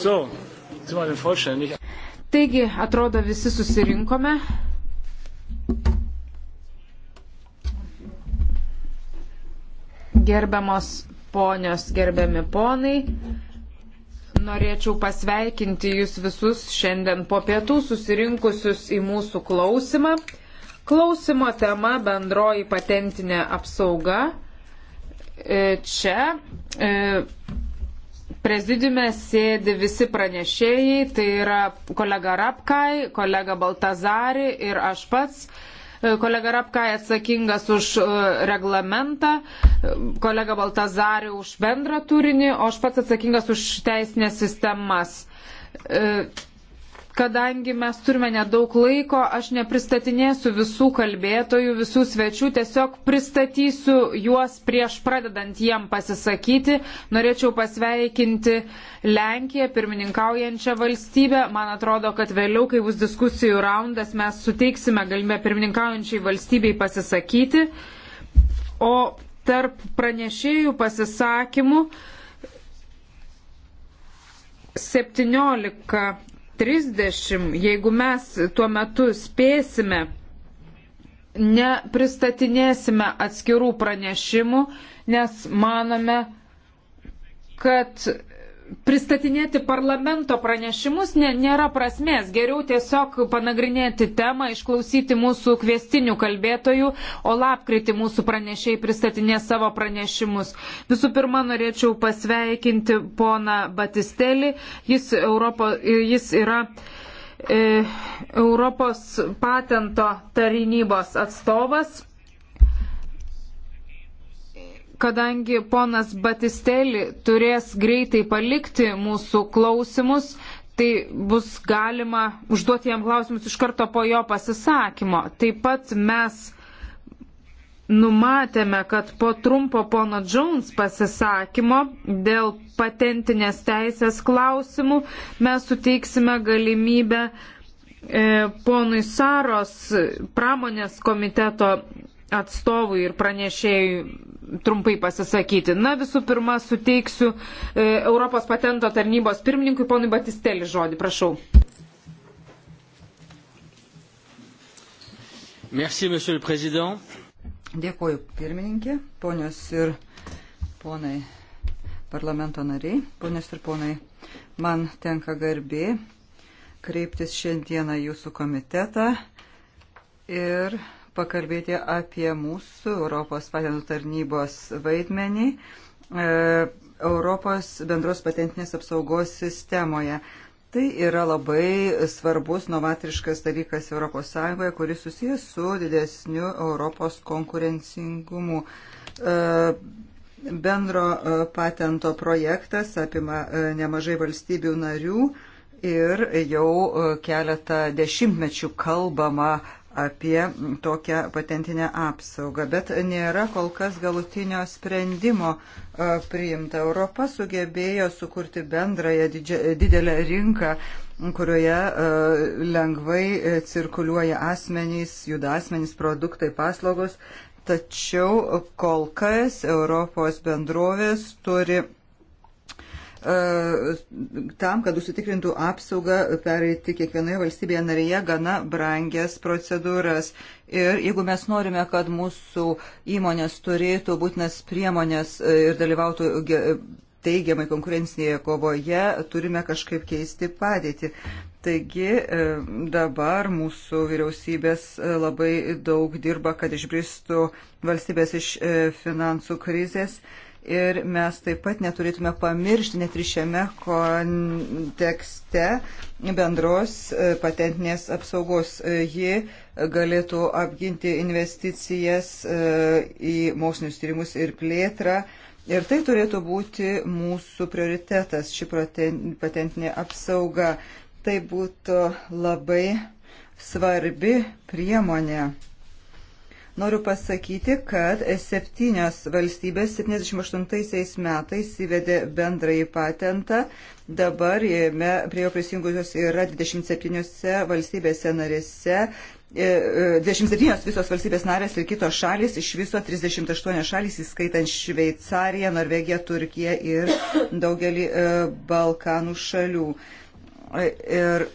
So, Taigi, atrodo, visi susirinkome. Gerbiamos ponios, gerbiami ponai, norėčiau pasveikinti jūs visus šiandien po pietų susirinkusius į mūsų klausimą. Klausimo tema bendroji patentinė apsauga. E, čia e, Prezidiume sėdi visi pranešėjai, tai yra kolega Rapkai, kolega Baltazari ir aš pats. Kolega Rapkai atsakingas už e, reglamentą, kolega Baltazari už bendrą turinį, o aš pats atsakingas už teisinės sistemas. E, Kadangi mes turime nedaug laiko, aš nepristatinėsiu visų kalbėtojų, visų svečių, tiesiog pristatysiu juos prieš pradedant jiem pasisakyti. Norėčiau pasveikinti Lenkiją, pirmininkaujančią valstybę. Man atrodo, kad vėliau, kai bus diskusijų raundas, mes suteiksime galimybę pirmininkaujančiai valstybei pasisakyti. O tarp pranešėjų pasisakymų 17 30, jeigu mes tuo metu spėsime, nepristatinėsime atskirų pranešimų, nes manome, kad pristatinėti parlamento pranešimus nė, nėra prasmės. Geriau tiesiog panagrinėti temą, išklausyti mūsų kvestinių kalbėtojų, o lapkritį mūsų pranešiai pristatinės savo pranešimus. Visų pirma, norėčiau pasveikinti poną Batistelį. Jis, Europo, jis yra. E, Europos patento tarnybos atstovas kadangi ponas Batisteli turės greitai palikti mūsų klausimus, tai bus galima užduoti jam klausimus iš karto po jo pasisakymo. Taip pat mes numatėme, kad po trumpo pono Jones pasisakymo dėl patentinės teisės klausimų mes suteiksime galimybę e, ponui Saros pramonės komiteto atstovui ir pranešėjui trumpai pasisakyti. Na, visų pirma, suteiksiu e, Europos patento tarnybos pirmininkui ponui Batistelį žodį. Prašau. Merci, monsieur le président. Dėkuoju pirmininkė, ponios ir ponai parlamento nariai, ponios ir ponai, man tenka garbė kreiptis šiandieną jūsų komitetą ir pakalbėti apie mūsų Europos patentų tarnybos vaidmenį e, Europos bendros patentinės apsaugos sistemoje. Tai yra labai svarbus novatriškas dalykas ES, kuris susijęs su didesniu Europos konkurencingumu. E, bendro e, patento projektas apima nemažai valstybių narių ir jau keletą dešimtmečių kalbama apie tokią patentinę apsaugą, bet nėra kol kas galutinio sprendimo e, priimta. Europa sugebėjo sukurti bendrąją didelę rinką, kurioje e, lengvai e, cirkuliuoja asmenys, juda asmenys, produktai, paslaugos, tačiau kol kas Europos bendrovės turi E, tam, kad užsitikrintų apsaugą pereiti kiekvienoje valstybėje narėje gana brangias procedūras. Ir jeigu mes norime, kad mūsų įmonės turėtų būtinas priemonės e, ir dalyvautų teigiamai konkurencinėje kovoje, turime kažkaip keisti padėtį. Taigi e, dabar mūsų vyriausybės labai daug dirba, kad išbristų valstybės iš finansų krizės ir mes taip pat neturėtume pamiršti net ir šiame kontekste bendros e, patentinės apsaugos. E, ji galėtų apginti investicijas e, į mokslinius tyrimus ir plėtrą. Ir tai turėtų būti mūsų prioritetas, ši patentinė apsauga. Tai būtų labai svarbi priemonė Noriu pasakyti, kad septynios valstybės 78 metais įvedė bendrąjį patentą. Dabar jame prie jo prisijungusios yra 27 valstybėse narėse. 27 e, e, visos valstybės narės ir kitos šalis, iš viso 38 šalis, įskaitant Šveicariją, Norvegiją, Turkiją ir daugelį e, Balkanų šalių. Ir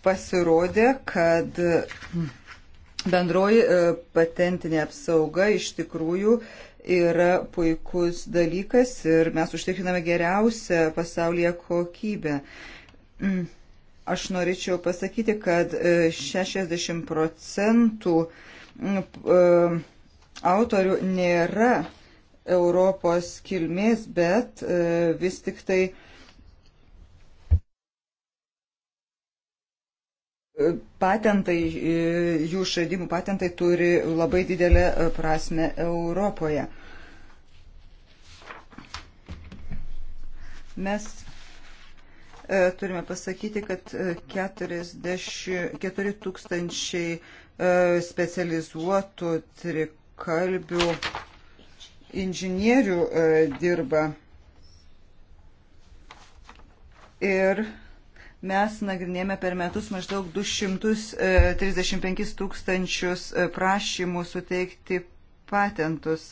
pasirodė, kad Bendroji e, patentinė apsauga iš tikrųjų yra puikus dalykas ir mes užtikriname geriausią pasaulyje kokybę. Mm. Aš norėčiau pasakyti, kad 60 e, procentų mm, e, autorių nėra Europos kilmės, bet vis tik tai patentai, e, jų išradimų patentai turi labai didelę e, prasme Europoje. Mes e, turime pasakyti, kad 44 tūkstančiai specializuotų trikalbių inžinierių dirba. Ir Mes nagrinėjame per metus maždaug 235 e, tūkstančius e, prašymų suteikti patentus.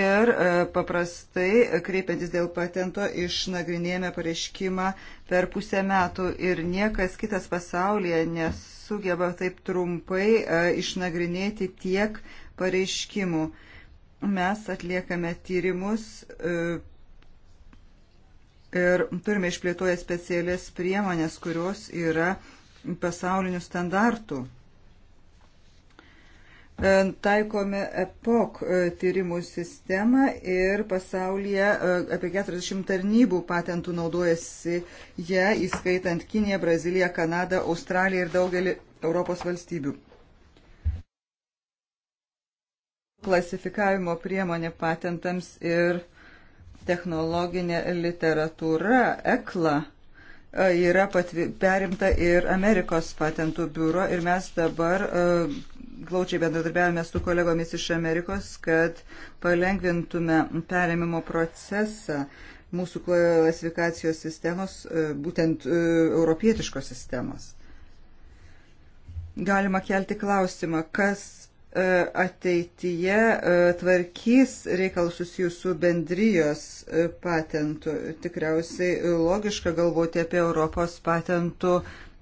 Ir e, paprastai, kreipiantis dėl patento, išnagrinėjame pareiškimą per pusę metų ir niekas kitas pasaulyje nesugeba taip trumpai išnagrinėti tiek pareiškimų. Mes atliekame tyrimus ir turime išplėtoję specialias priemonės, kurios yra pasaulinių standartų. E, taikome EPOC e, tyrimų sistemą ir pasaulyje e, apie 40 tarnybų patentų naudojasi ją, įskaitant Kiniją, Braziliją, Kanadą, Australiją ir daugelį Europos valstybių. Klasifikavimo priemonė patentams ir patentams technologinė literatūra, ECLA, e, yra patvi, perimta ir Amerikos patentų biuro ir mes dabar uh, e, glaučiai bendradarbiavame su kolegomis iš Amerikos, kad palengvintume perėmimo procesą mūsų klasifikacijos sistemos, uh, būtent uh, europietiškos sistemos. Galima kelti klausimą, kas E, ateityje e, tvarkys reikalus susijus su bendrijos e, patentu. Tikriausiai logiška galvoti apie Europos patentų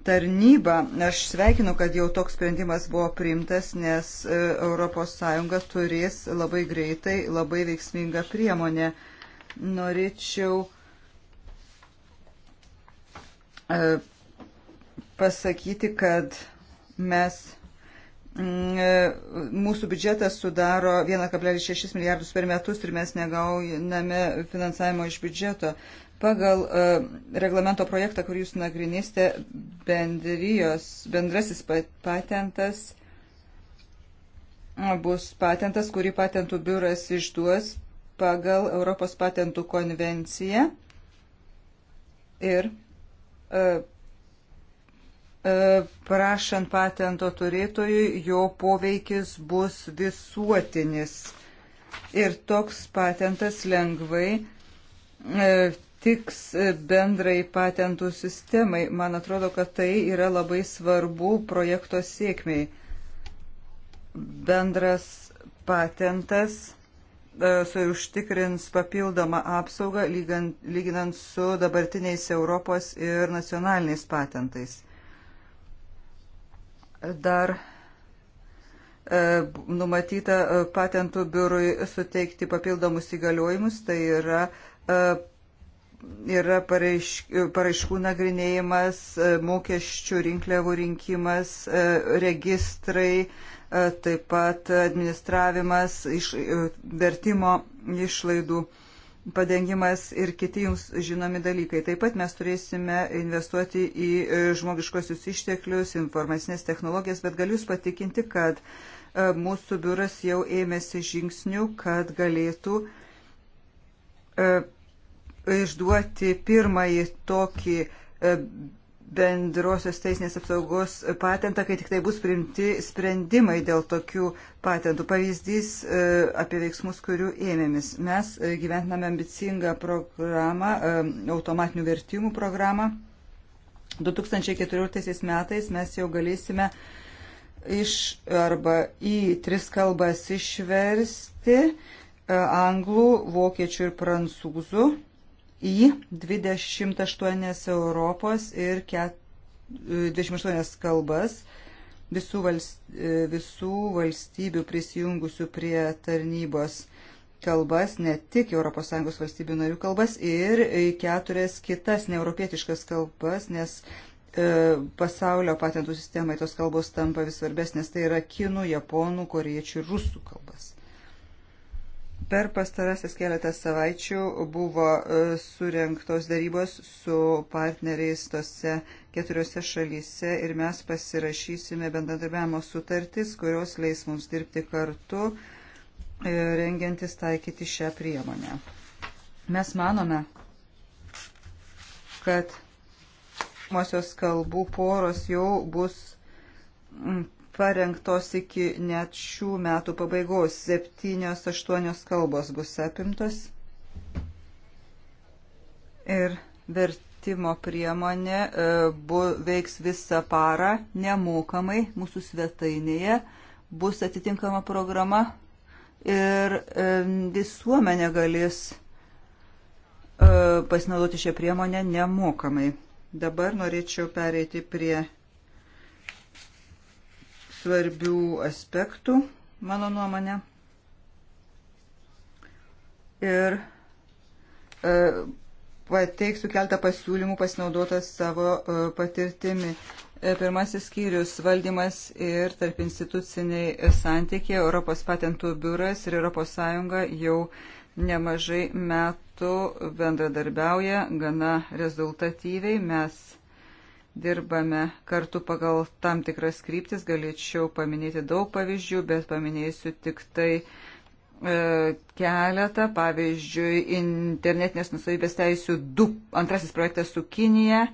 tarnybą. Aš sveikinu, kad jau toks sprendimas buvo priimtas, nes ES turės labai greitai, labai veiksmingą priemonę. Norėčiau pasakyti, kad mes Mm, e, mūsų biudžetas sudaro 1,6 milijardus per metus ir mes negauname finansavimo iš biudžeto. Pagal e, reglamento projektą, kurį jūs nagrinėsite, bendrijos, bendrasis patentas bus patentas, kurį patentų biuras išduos pagal Europos patentų konvenciją ir e, E, prašant patento turėtojui, jo poveikis bus visuotinis. Ir toks patentas lengvai e, tiks e, bendrai patentų sistemai. Man atrodo, kad tai yra labai svarbu projekto sėkmiai. Bendras patentas užtikrins papildomą apsaugą lyginant su dabartiniais Europos ir nacionaliniais patentais dar e, numatyta e, patentų biurui suteikti papildomus įgaliojimus, tai yra, e, yra pareišk, paraiškų nagrinėjimas, mokesčių rinkliavų rinkimas, registrai, taip pat administravimas, iš, vertimo išlaidų padengimas ir kiti jums žinomi dalykai. Taip pat mes turėsime investuoti į e, žmogiškosius išteklius, informacinės technologijas, bet galiu jūs patikinti, kad e, mūsų biuras jau ėmėsi žingsnių, kad galėtų e, išduoti pirmąjį tokį bendrosios teisinės apsaugos patentą, kai tik tai bus priimti sprendimai dėl tokių patentų. Pavyzdys e, apie veiksmus, kurių ėmėmis. Mes e, gyventiname ambicingą programą, e, automatinių vertimų programą. 2014 metais mes jau galėsime iš arba į tris kalbas išversti anglų, vokiečių ir prancūzų į 28 Europos ir 28 e, kalbas visų, valst, e, visų valstybių prisijungusių prie tarnybos kalbas, ne tik ES valstybių narių kalbas ir keturias kitas neuropietiškas kalbas, nes e, pasaulio patentų sistemai tos kalbos tampa vis svarbesnės, tai yra kinų, japonų, koriečių ir rusų kalbas. Per pastarąsias keletą savaičių buvo e, surinktos darybos su partneriais tose keturiose šalyse ir mes pasirašysime bendradarbiavimo sutartis, kurios leis mums dirbti kartu, e, rengiantis taikyti šią priemonę. Mes manome, kad mosios kalbų poros jau bus parengtos iki net šių metų pabaigos. Septynios, aštuonios kalbos bus apimtos. Ir vertimo priemonė e, bu, veiks visą parą nemokamai mūsų svetainėje. Bus atitinkama programa ir e, visuomenė galės e, pasinaudoti šią priemonę nemokamai. Dabar norėčiau pereiti prie svarbių aspektų, mano nuomonė. Ir e, pateiksiu keltą pasiūlymų pasinaudotas savo e, patirtimi. E, pirmasis skyrius - valdymas ir tarp instituciniai santykiai. Europos patentų biuras ir ES jau nemažai metų bendradarbiauja gana rezultatyviai. Mes dirbame kartu pagal tam tikras kryptis. Galėčiau paminėti daug pavyzdžių, bet paminėsiu tik tai e, keletą, pavyzdžiui, internetinės nusavybės teisių du, antrasis projektas su Kinija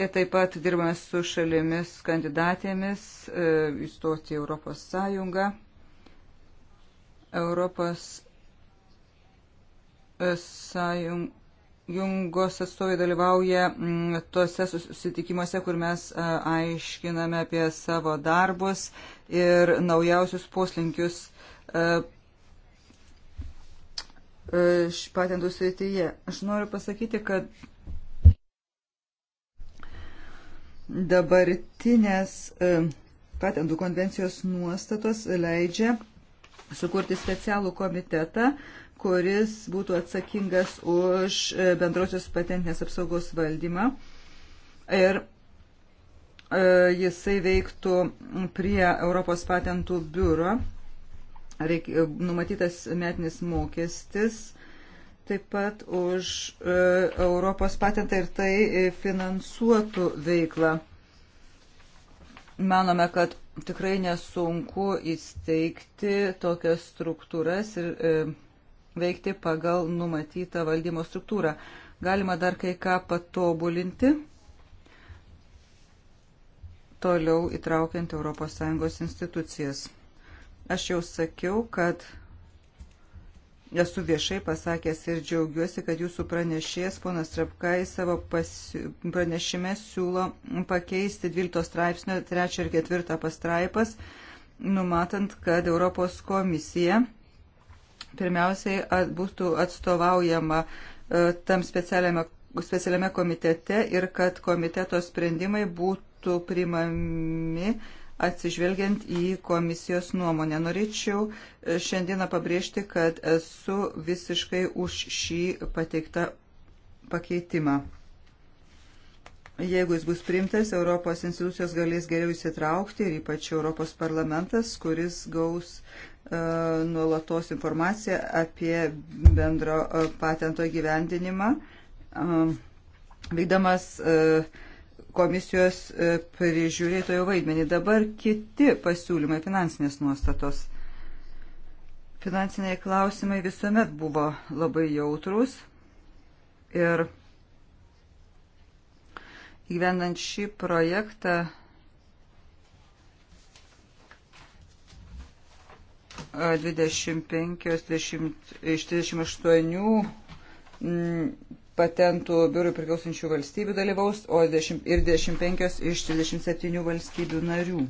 ir taip pat dirbame su šalimis kandidatėmis e, įstoti į Europos Sąjungą. Europos e, Sąjung, Jungos atstovai dalyvauja mm, tuose susitikimuose, kur mes aiškiname apie savo darbus ir naujausius poslinkius patentų srityje. Aš noriu pasakyti, kad dabartinės patentų konvencijos nuostatos leidžia sukurti specialų komitetą, uh, kuris būtų atsakingas už e, bendrosios patentinės apsaugos valdymą ir e, jisai veiktų prie Europos patentų biuro. Reik, e, numatytas metinis mokestis taip pat už Europos patentą ir tai finansuotų veiklą. Manome, kad tikrai nesunku įsteigti tokias struktūras ir veikti pagal numatytą valdymo struktūrą. Galima dar kai ką patobulinti, toliau įtraukiant ES institucijas. Aš jau sakiau, kad esu viešai pasakęs ir džiaugiuosi, kad jūsų pranešėjas, ponas Trapkai, savo pasi... pranešime siūlo pakeisti 12 straipsnio 3 ir 4 pastraipas, numatant, kad Europos komisija pirmiausiai at, būtų atstovaujama e, tam specialiame, specialiame komitete ir kad komiteto sprendimai būtų primami atsižvelgiant į komisijos nuomonę. Norėčiau e, šiandieną pabrėžti, kad esu visiškai už šį pateiktą pakeitimą. Jeigu jis bus priimtas, Europos institucijos galės geriau įsitraukti ir ypač Europos parlamentas, kuris gaus E, nuolatos informaciją apie bendro e, patento gyvendinimą. E, vykdamas komisijos prižiūrėtojo vaidmenį. Dabar kiti pasiūlymai finansinės nuostatos. Finansiniai klausimai visuomet buvo labai jautrus ir įgyvendant šį projektą 25 20, iš 38 mm, patentų biurui priklausančių valstybių dalyvaus, o 10, ir 25 iš 37 valstybių narių.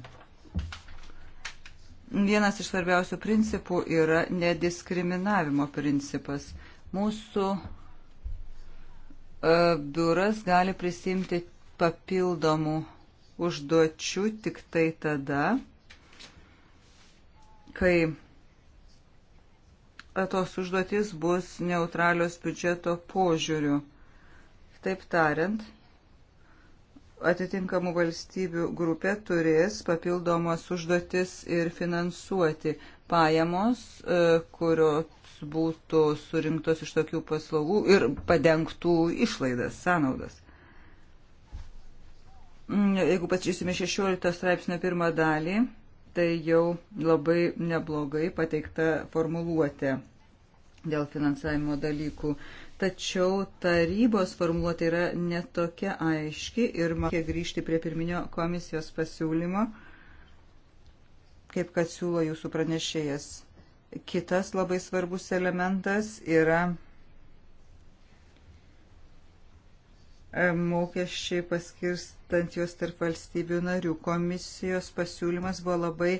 Vienas iš svarbiausių principų yra nediskriminavimo principas. Mūsų e, biuras gali prisimti papildomų užduočių tik tai tada, kai tos užduotis bus neutralios biudžeto požiūrių. Taip tariant, atitinkamų valstybių grupė turės papildomas užduotis ir finansuoti pajamos, e, kurios būtų surinktos iš tokių paslaugų ir padengtų išlaidas, sąnaudas. Mm, jeigu pačiūsime 16 straipsnio pirmą dalį, tai jau labai neblogai pateikta formuluotė dėl finansavimo dalykų. Tačiau tarybos formuluotė yra netokia aiški ir reikia grįžti prie pirminio komisijos pasiūlymo, kaip kad siūlo jūsų pranešėjas. Kitas labai svarbus elementas yra E, mokesčiai paskirstant juos tarp valstybių narių. Komisijos pasiūlymas buvo labai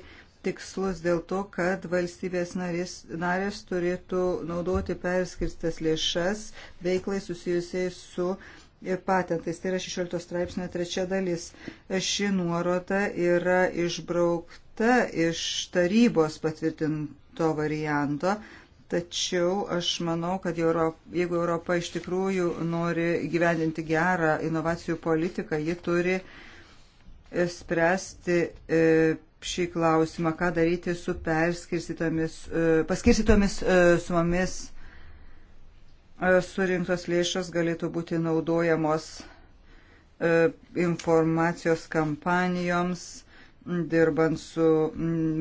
tikslus dėl to, kad valstybės narės, narės turėtų naudoti perskirstas lėšas veiklai susijusiai su e, patentais. Tai yra 16 straipsnio trečia dalis. E, ši nuoroda yra išbraukta iš tarybos patvirtinto varianto Tačiau aš manau, kad jeigu Europa iš tikrųjų nori gyvendinti gerą inovacijų politiką, ji turi e, spręsti e, šį klausimą, ką daryti su perskirstytomis, e, paskirstytomis sumomis surinktos lėšos galėtų būti naudojamos informacijos kampanijoms, dirbant su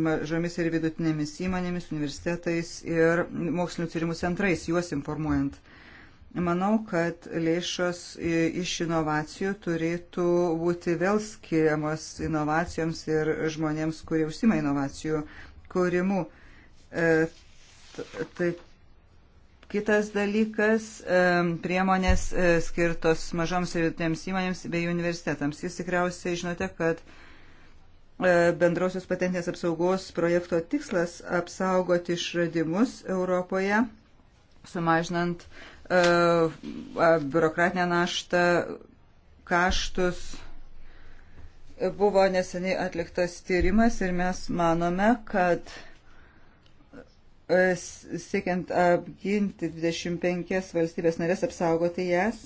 mažomis ir vidutinėmis įmonėmis, universitetais ir mokslinio tyrimų centrais, juos informuojant. Manau, kad lėšos iš inovacijų turėtų būti vėl skiriamos inovacijoms ir žmonėms, kurie užsima inovacijų kūrimu. E, Taip Kitas dalykas e, - priemonės e, skirtos mažoms ir vidutinėms įmonėms bei universitetams. Jūs tikriausiai žinote, kad E, bendrausios patentinės apsaugos projekto tikslas - apsaugoti išradimus Europoje, sumažinant uh, biurokratinę naštą, kaštus. E, buvo neseniai atliktas tyrimas ir mes manome, kad siekiant apginti 25 valstybės narės, apsaugoti jas,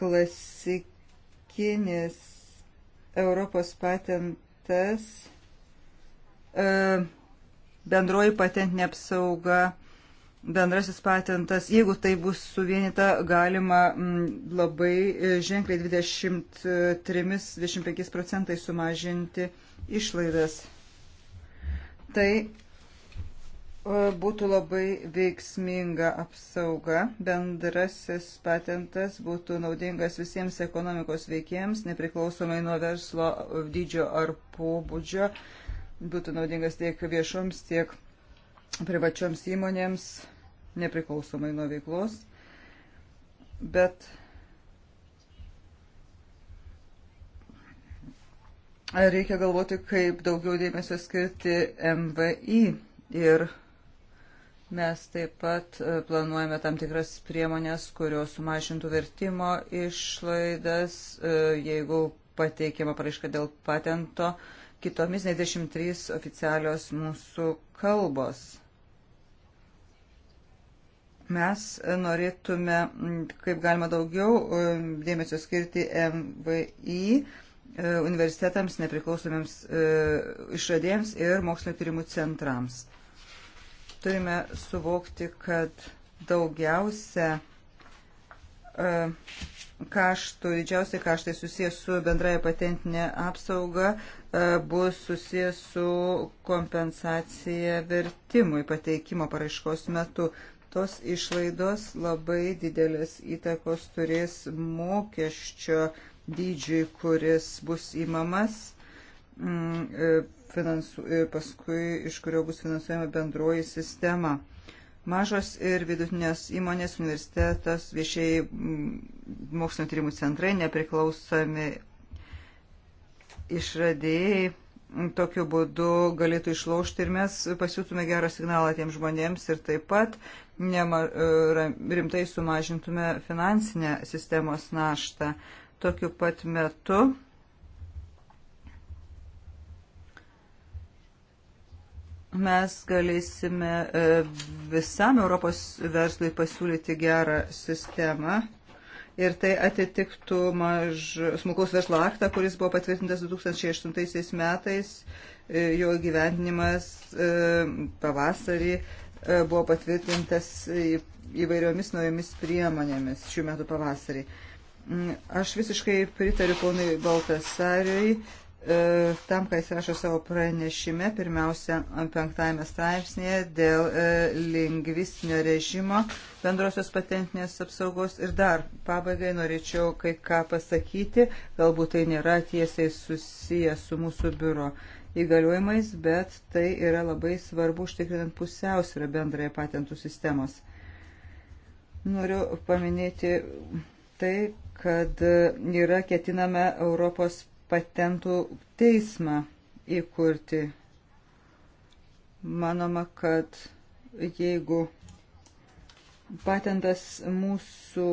klasikinis Europos patent aktas, e, bendroji patentinė apsauga, bendrasis patentas, jeigu tai bus suvienita, galima labai e, ženkliai 23-25 procentai sumažinti išlaidas. Tai E, būtų labai veiksminga apsauga. Bendrasis patentas būtų naudingas visiems ekonomikos veikėjams, nepriklausomai nuo verslo dydžio ar pobūdžio. Būtų naudingas tiek viešoms, tiek privačioms įmonėms, nepriklausomai nuo veiklos. Bet reikia galvoti, kaip daugiau dėmesio skirti MVI ir Mes taip pat e, planuojame tam tikras priemonės, kurios sumažintų vertimo išlaidas, e, jeigu pateikiama paraiška dėl patento kitomis 93 oficialios mūsų kalbos. Mes norėtume, kaip galima daugiau, e, dėmesio skirti MVI universitetams, nepriklausomiems išradėjams ir mokslinio tyrimų centrams. Turime suvokti, kad daugiausia e, kaštų, didžiausiai kaštai susijęs su bendraja patentinė apsauga e, bus susijęs su kompensacija vertimui pateikimo paraiškos metu. Tos išlaidos labai didelės įtakos turės mokesčio dydžiui, kuris bus įmamas Mm, e, finansu, ir e, paskui iš kurio bus finansuojama bendroji sistema. Mažos ir vidutinės įmonės, universitetas, viešieji mm, mokslinio tyrimų centrai, nepriklausomi išradėjai mm, tokiu būdu galėtų išlaužti ir mes pasiūtume gerą signalą tiems žmonėms ir taip pat nema, e, rimtai sumažintume finansinę sistemos naštą. Tokiu pat metu mes galėsime e, visam Europos verslui pasiūlyti gerą sistemą. Ir tai atitiktų maž smulkaus verslo aktą, kuris buvo patvirtintas 2008 metais, e, jo gyvendinimas e, pavasarį buvo patvirtintas įvairiomis naujomis priemonėmis šių metų pavasarį. Mm, aš visiškai pritariu ponui Baltasariui, E, tam, ką jis rašo savo pranešime, pirmiausia, penktajame straipsnėje dėl e, lingvistinio režimo bendrosios patentinės apsaugos. Ir dar pabaigai norėčiau kai ką pasakyti, galbūt tai nėra tiesiai susiję su mūsų biuro įgaliojimais, bet tai yra labai svarbu užtikrinant pusiausvyrą bendrąją patentų sistemos. Noriu paminėti tai, kad yra ketiname Europos patentų teismą įkurti. Manoma, kad jeigu patentas mūsų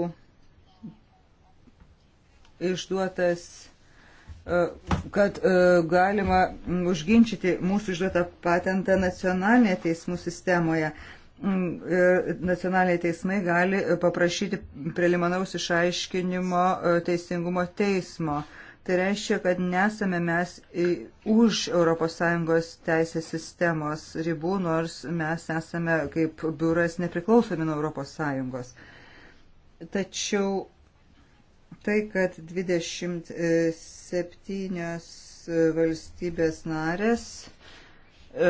išduotas, e, kad e, galima užginčyti mūsų išduotą patentą nacionalinėje teismų sistemoje. Ir e, nacionaliniai teismai gali paprašyti preliminaus išaiškinimo teisingumo teismo. Tai reiškia, kad nesame mes už ES teisės sistemos ribų, nors mes esame kaip biuras nepriklausomi nuo ES. Tačiau tai, kad 27 valstybės narės E,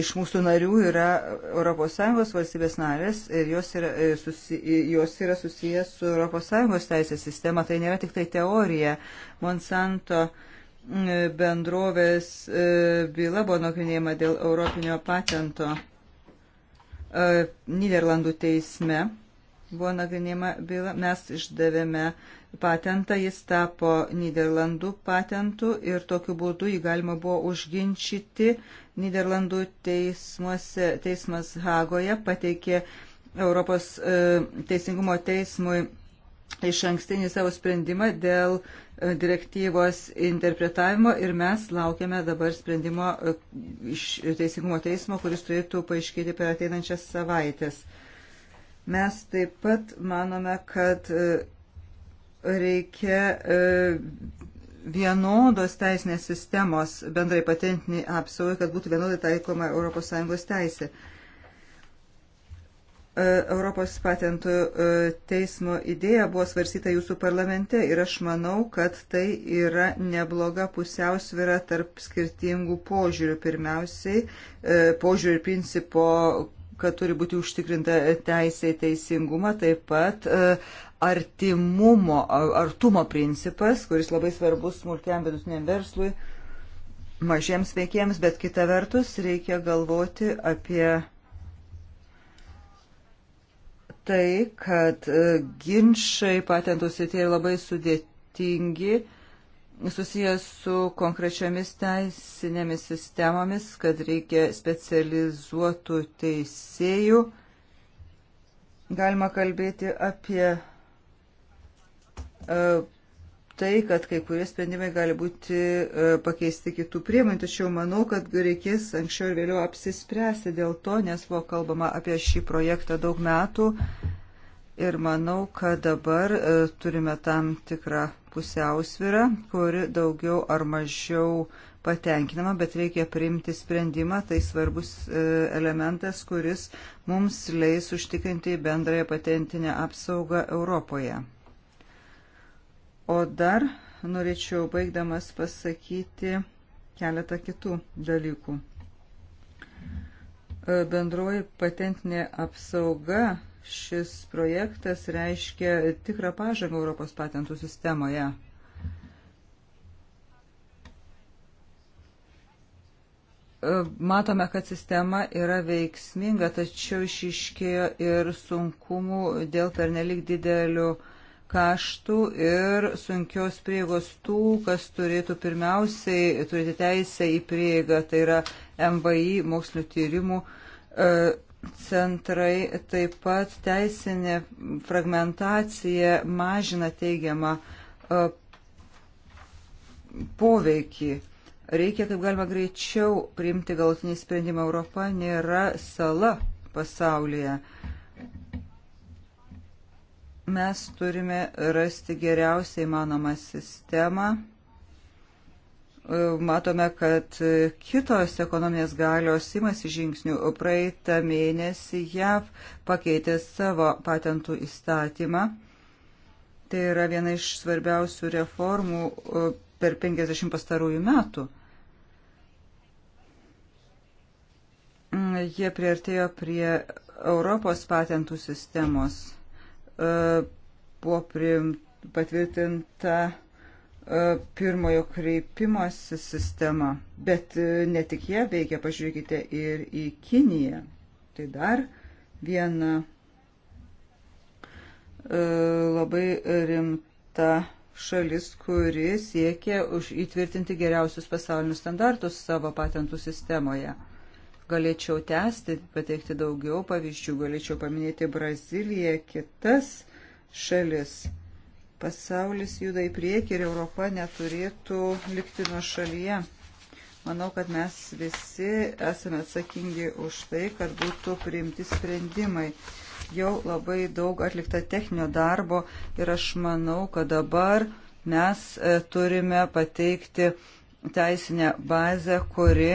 iš mūsų narių yra ES valstybės narės ir jos yra, e, susi, e, jos yra susijęs su ES teisės sistema. Tai nėra tik tai teorija. Monsanto mm, bendrovės byla buvo nagrinėjama dėl Europinio patento Niderlandų teisme. Buvo nagrinėjama byla. Mes išdavėme uh, patentą, jis tapo Niderlandų patentu ir tokiu būdu jį galima buvo užginčyti. Niderlandų teismuose, teismas Hagoje pateikė Europos e, teisingumo teismui iš ankstinį savo sprendimą dėl e, direktyvos interpretavimo ir mes laukiame dabar sprendimo e, iš teisingumo teismo, kuris turėtų paaiškėti per ateinančias savaitės. Mes taip pat manome, kad e, reikia e, vienodos teisinės sistemos bendrai patentiniai apsaugai, kad būtų vienodai taikoma ES teisė. E, Europos patentų e, teismo idėja buvo svarsyta jūsų parlamente ir aš manau, kad tai yra nebloga pusiausvyrą tarp skirtingų požiūrių. Pirmiausiai, požiūrių ir principo, kad turi būti užtikrinta teisė į teisingumą, taip pat artimumo, artumo principas, kuris labai svarbus smulkiam vidutiniam verslui, mažiems veikėjams, bet kita vertus reikia galvoti apie tai, kad e, ginčiai patentų srityje labai sudėtingi, susijęs su konkrečiamis teisinėmis sistemomis, kad reikia specializuotų teisėjų. Galima kalbėti apie E, tai, kad kai kurie sprendimai gali būti e, pakeisti kitų priemonių, tačiau manau, kad reikės anksčiau ir vėliau apsispręsti dėl to, nes buvo kalbama apie šį projektą daug metų ir manau, kad dabar e, turime tam tikrą pusiausvyrą, kuri daugiau ar mažiau patenkinama, bet reikia priimti sprendimą, tai svarbus elementas, kuris mums leis užtikrinti bendrąją patentinę apsaugą Europoje. O dar norėčiau baigdamas pasakyti keletą kitų dalykų. E, bendroji patentinė apsauga šis projektas reiškia tikrą pažangą Europos patentų sistemoje. E, matome, kad sistema yra veiksminga, tačiau išiškėjo ir sunkumų dėl pernelik didelių uh, kaštų ir sunkios prieigos tų, kas turėtų pirmiausiai turėti teisę į prieigą, tai yra MVI mokslinio tyrimų e, centrai, taip pat teisinė fragmentacija mažina teigiamą e, poveikį. Reikia kaip galima greičiau priimti galutinį sprendimą. Europa nėra sala pasaulyje. Uh, Mes turime rasti geriausiai manomą sistemą. Matome, kad kitos ekonominės galios imasi žingsnių. Praeitą mėnesį JAV pakeitė savo patentų įstatymą. Tai yra viena iš svarbiausių reformų e, per 50 pastarųjų metų. Mm, jie priartėjo prie Europos patentų sistemos buvo e, patvirtinta e, pirmojo kreipimosi sistema, bet e, ne tik jie veikia, pažiūrėkite ir į Kiniją. Tai dar viena labai rimta šalis, kuri siekia įtvirtinti geriausius pasaulinius standartus savo patentų sistemoje. Galėčiau tęsti, pateikti daugiau pavyzdžių, galėčiau paminėti Braziliją, kitas šalis. Pasaulis juda į priekį ir Europa neturėtų likti nuo šalyje. Manau, kad mes visi esame atsakingi už tai, kad būtų priimti sprendimai. Jau labai daug atlikta techninio darbo ir aš manau, kad dabar mes e, turime pateikti teisinę bazę, kuri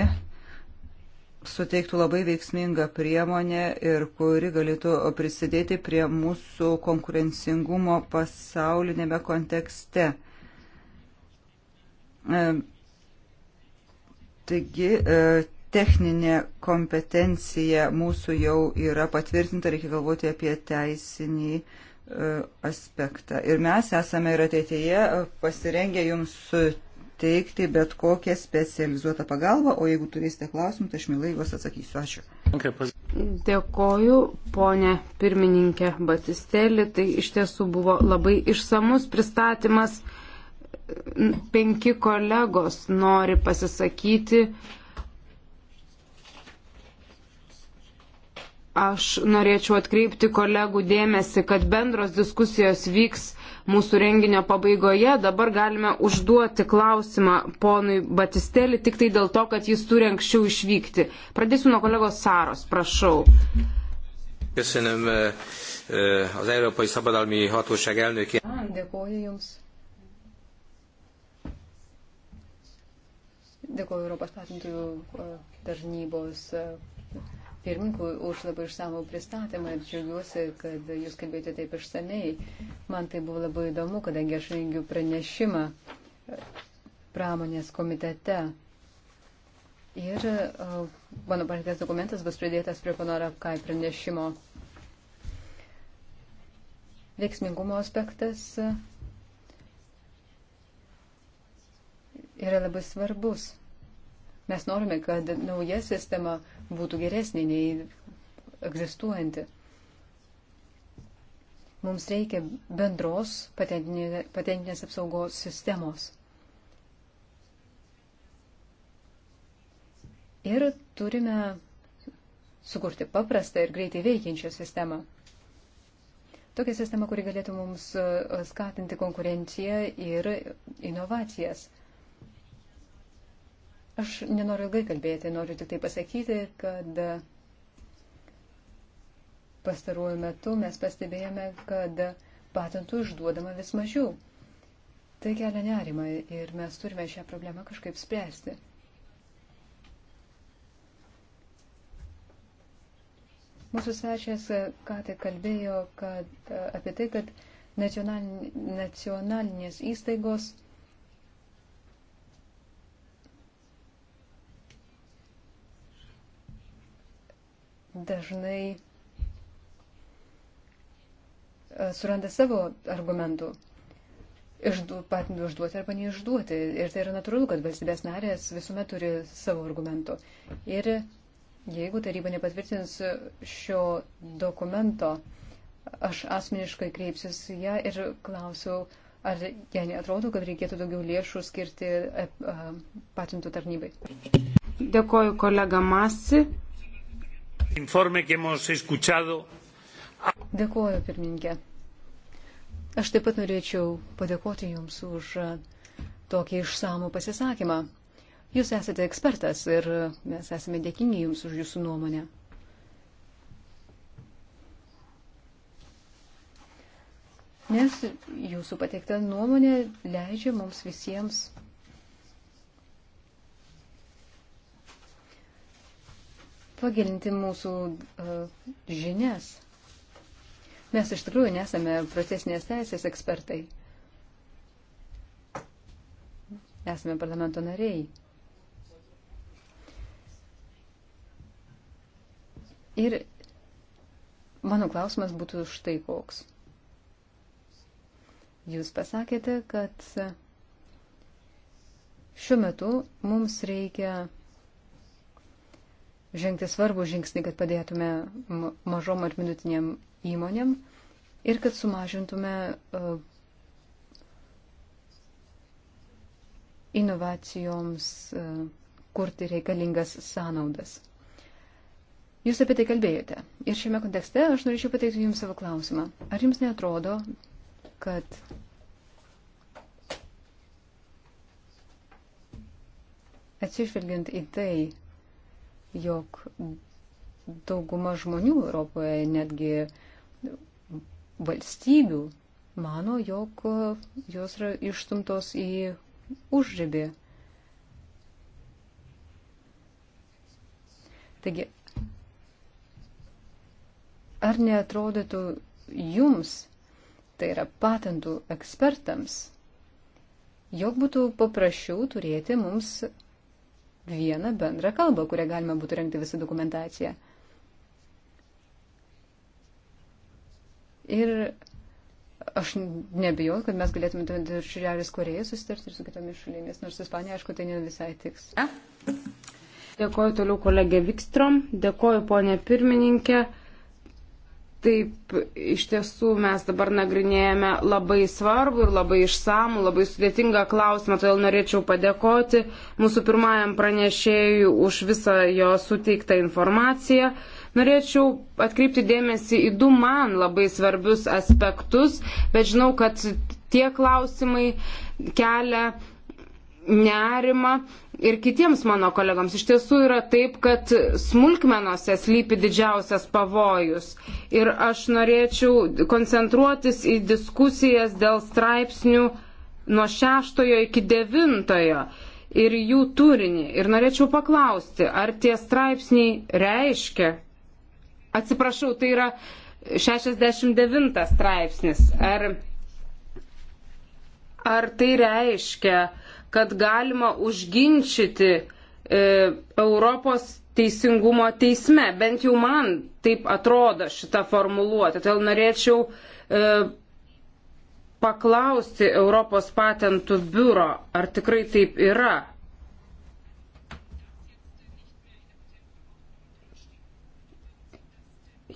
suteiktų labai veiksmingą priemonę ir kuri galėtų prisidėti prie mūsų konkurencingumo pasaulinėme kontekste. E, taigi, e, techninė kompetencija mūsų jau yra patvirtinta, reikia galvoti apie teisinį e, aspektą. Ir mes esame ir ateityje pasirengę jums sutikti teikti bet kokią specializuotą pagalbą, o jeigu turėsite klausimų, tai aš mielai juos atsakysiu. Ačiū. Dėkoju, ponė pirmininkė Batistelė. Tai iš tiesų buvo labai išsamus pristatymas. Penki kolegos nori pasisakyti. Aš norėčiau atkreipti kolegų dėmesį, kad bendros diskusijos vyks mūsų renginio pabaigoje. Dabar galime užduoti klausimą ponui Batistelį tik tai dėl to, kad jis turi anksčiau išvykti. Pradėsiu nuo kolegos Saros, prašau. Köszönöm eh, eh, az Európai Szabadalmi Hatóság elnökének. Ah, Dėkuoju Jums. Dėkuoju Europos patentų eh, tarnybos pirmininkui už labai išsamų pristatymą ir džiaugiuosi, kad jūs kalbėjote taip išsamei. Man tai buvo labai įdomu, kadangi aš rengiu pranešimą pramonės komitete. Ir mano parengtas dokumentas bus pridėtas prie panoro apkai pranešimo. Veiksmingumo aspektas yra labai svarbus. Mes norime, kad nauja sistema būtų geresnė nei egzistuojanti. Mums reikia bendros patentinės apsaugos sistemos. Ir turime sukurti paprastą ir greitai veikiančią sistemą. Tokią sistemą, kuri galėtų mums uh, skatinti konkurenciją ir inovacijas. Aš nenoriu ilgai kalbėti, noriu tik tai pasakyti, kad pastaruoju metu mes pastebėjome, kad patentų išduodama vis mažiau. Tai kelia nerimą ir mes turime šią problemą kažkaip spręsti. Mūsų svečias ką tik kalbėjo kad, apie tai, kad nacionalinės įstaigos dažnai e, suranda savo argumentų išdu, patinų išduoti arba neišduoti. Ir tai yra natūralu, kad valstybės narės visuomet turi savo argumentų. Ir jeigu taryba nepatvirtins šio dokumento, aš asmeniškai kreipsiuos ją ir klausiu, ar jai netrodo, kad reikėtų daugiau lėšų skirti e, e, patentų tarnybai. Dėkoju kolega Masi. Dėkuoju, pirmininkė. Aš taip pat norėčiau padėkoti Jums už tokį išsamų pasisakymą. Jūs esate ekspertas ir mes esame dėkingi Jums už Jūsų nuomonę. Nes Jūsų pateikta nuomonė leidžia mums visiems pagilinti mūsų e, žinias. Mes iš tikrųjų nesame procesinės teisės ekspertai. Esame parlamento nariai. Ir mano klausimas būtų štai koks. Jūs pasakėte, kad šiuo metu mums reikia žengti svarbų žingsnį, kad padėtume mažom ar minutiniam įmonėm ir kad sumažintume e, inovacijoms e, kurti reikalingas sąnaudas. Jūs apie tai kalbėjote. Ir šiame kontekste aš norėčiau pateikti Jums savo klausimą. Ar Jums netrodo, kad atsižvelgiant į tai, jog dauguma žmonių Europoje, netgi valstybių, mano, jog jos yra išstumtos į užribį. Taigi, ar neatrodytų jums, tai yra patentų ekspertams, jog būtų paprasčiau turėti mums vieną bendrą kalbą, kurią galima būtų rengti visą dokumentaciją. Ir aš nebijau, kad mes galėtume ir Šiaurės Korėją susitarti ir su kitomis šalimis, nors Ispanija, aišku, tai ne visai tiks. A? Dėkoju toliau kolegė Vikstrom, dėkoju ponė pirmininkė. Taip, iš tiesų mes dabar nagrinėjame labai svarbų ir labai išsamų, labai sudėtingą klausimą, todėl norėčiau padėkoti mūsų pirmajam pranešėjui už visą jo suteiktą informaciją. Norėčiau atkreipti dėmesį į du man labai svarbius aspektus, bet žinau, kad tie klausimai kelia nerimą ir kitiems mano kolegams. Iš tiesų yra taip, kad smulkmenose slypi didžiausias pavojus. Ir aš norėčiau koncentruotis į diskusijas dėl straipsnių nuo šeštojo iki devintojo ir jų turinį. Ir norėčiau paklausti, ar tie straipsniai reiškia, atsiprašau, tai yra 69 straipsnis, ar, ar tai reiškia, kad galima užginčyti e, Europos teisingumo teisme. Bent jau man taip atrodo šita formuluotė. Todėl norėčiau e, paklausti Europos patentų biuro, ar tikrai taip yra.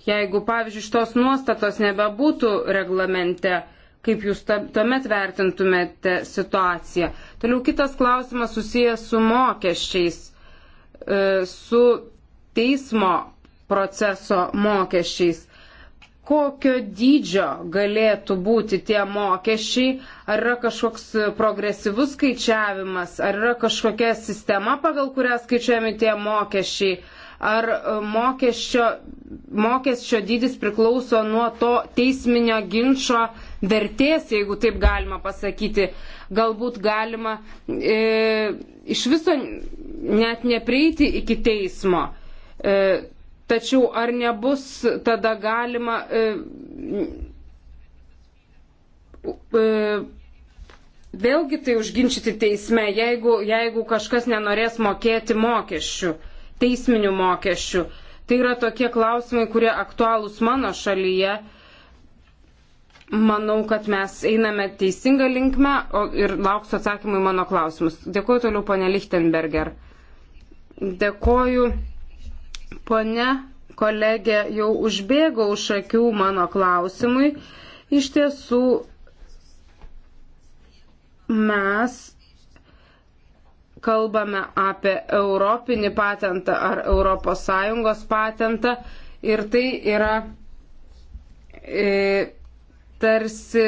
Jeigu, pavyzdžiui, šitos nuostatos nebebūtų reglamente, kaip jūs tuomet vertintumėte situaciją. Toliau kitas klausimas susijęs su mokesčiais, e, su teismo proceso mokesčiais. Kokio dydžio galėtų būti tie mokesčiai, ar yra kažkoks progresyvus skaičiavimas, ar yra kažkokia sistema, pagal kurią skaičiuojami tie mokesčiai, ar e, mokesčio, mokesčio dydis priklauso nuo to teisminio ginčio vertės, jeigu taip galima pasakyti. Galbūt galima e, iš viso net neprieiti iki teismo. E, tačiau ar nebus tada galima. E, e, Vėlgi tai užginčyti teisme, jeigu, jeigu kažkas nenorės mokėti mokesčių, teisminių mokesčių. Tai yra tokie klausimai, kurie aktualūs mano šalyje. E, Manau, kad mes einame teisingą linkmę o, ir lauksiu atsakymų į mano klausimus. Dėkuoju toliau, ponė Lichtenberger. Dėkuoju, ponė kolegė, jau užbėgo už akių mano klausimui. Iš tiesų, mes kalbame apie europinį patentą ar ES patentą ir tai yra. E, tarsi.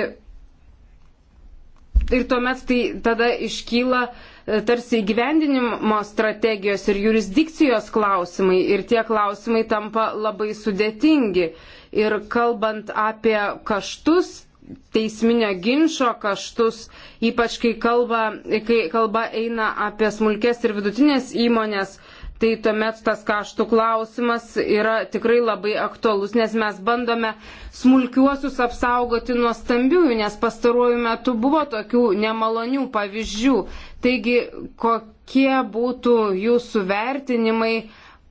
Ir tuomet tai tada iškyla e, tarsi įgyvendinimo strategijos ir jurisdikcijos klausimai ir tie klausimai tampa labai sudėtingi. Ir kalbant apie kaštus, teisminio ginčio kaštus, ypač kai kalba, kai kalba eina apie smulkės ir vidutinės įmonės, tai tuomet tas kaštų klausimas yra tikrai labai aktualus, nes mes bandome smulkiuosius apsaugoti nuo stambiųjų, nes pastaruoju metu buvo tokių nemalonių pavyzdžių. Taigi, kokie būtų jūsų vertinimai,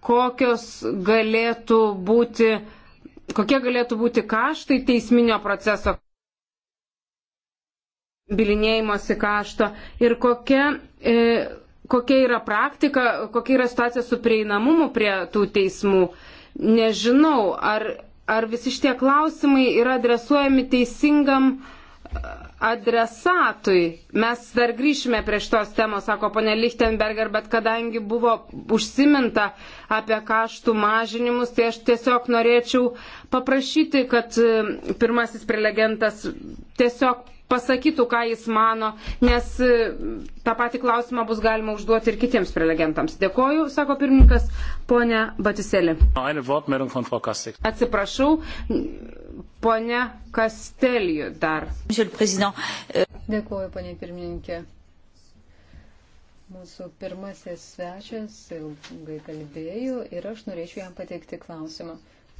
kokios galėtų būti, kokie galėtų būti kaštai teisminio proceso? bilinėjimosi kašto ir kokia e, kokia yra praktika, kokia yra situacija su prieinamumu prie tų teismų. Nežinau, ar, ar visi šitie klausimai yra adresuojami teisingam e, adresatui. Mes dar grįšime prie šitos temos, sako ponė Lichtenberger, bet kadangi buvo užsiminta, uh, apie kaštų mažinimus, tai aš tiesiog norėčiau paprašyti, kad e, pirmasis prelegentas tiesiog pasakytų, ką jis mano, nes e, tą patį klausimą bus galima užduoti ir kitiems prelegentams. Dėkoju, sako pirmininkas, ponia Batiselė. Atsiprašau, ponia Kastelijų dar. Euh, Dėkoju, ponia pirmininkė. Mūsų pirmasis svečias ilgai kalbėjo ir aš norėčiau jam pateikti klausimą.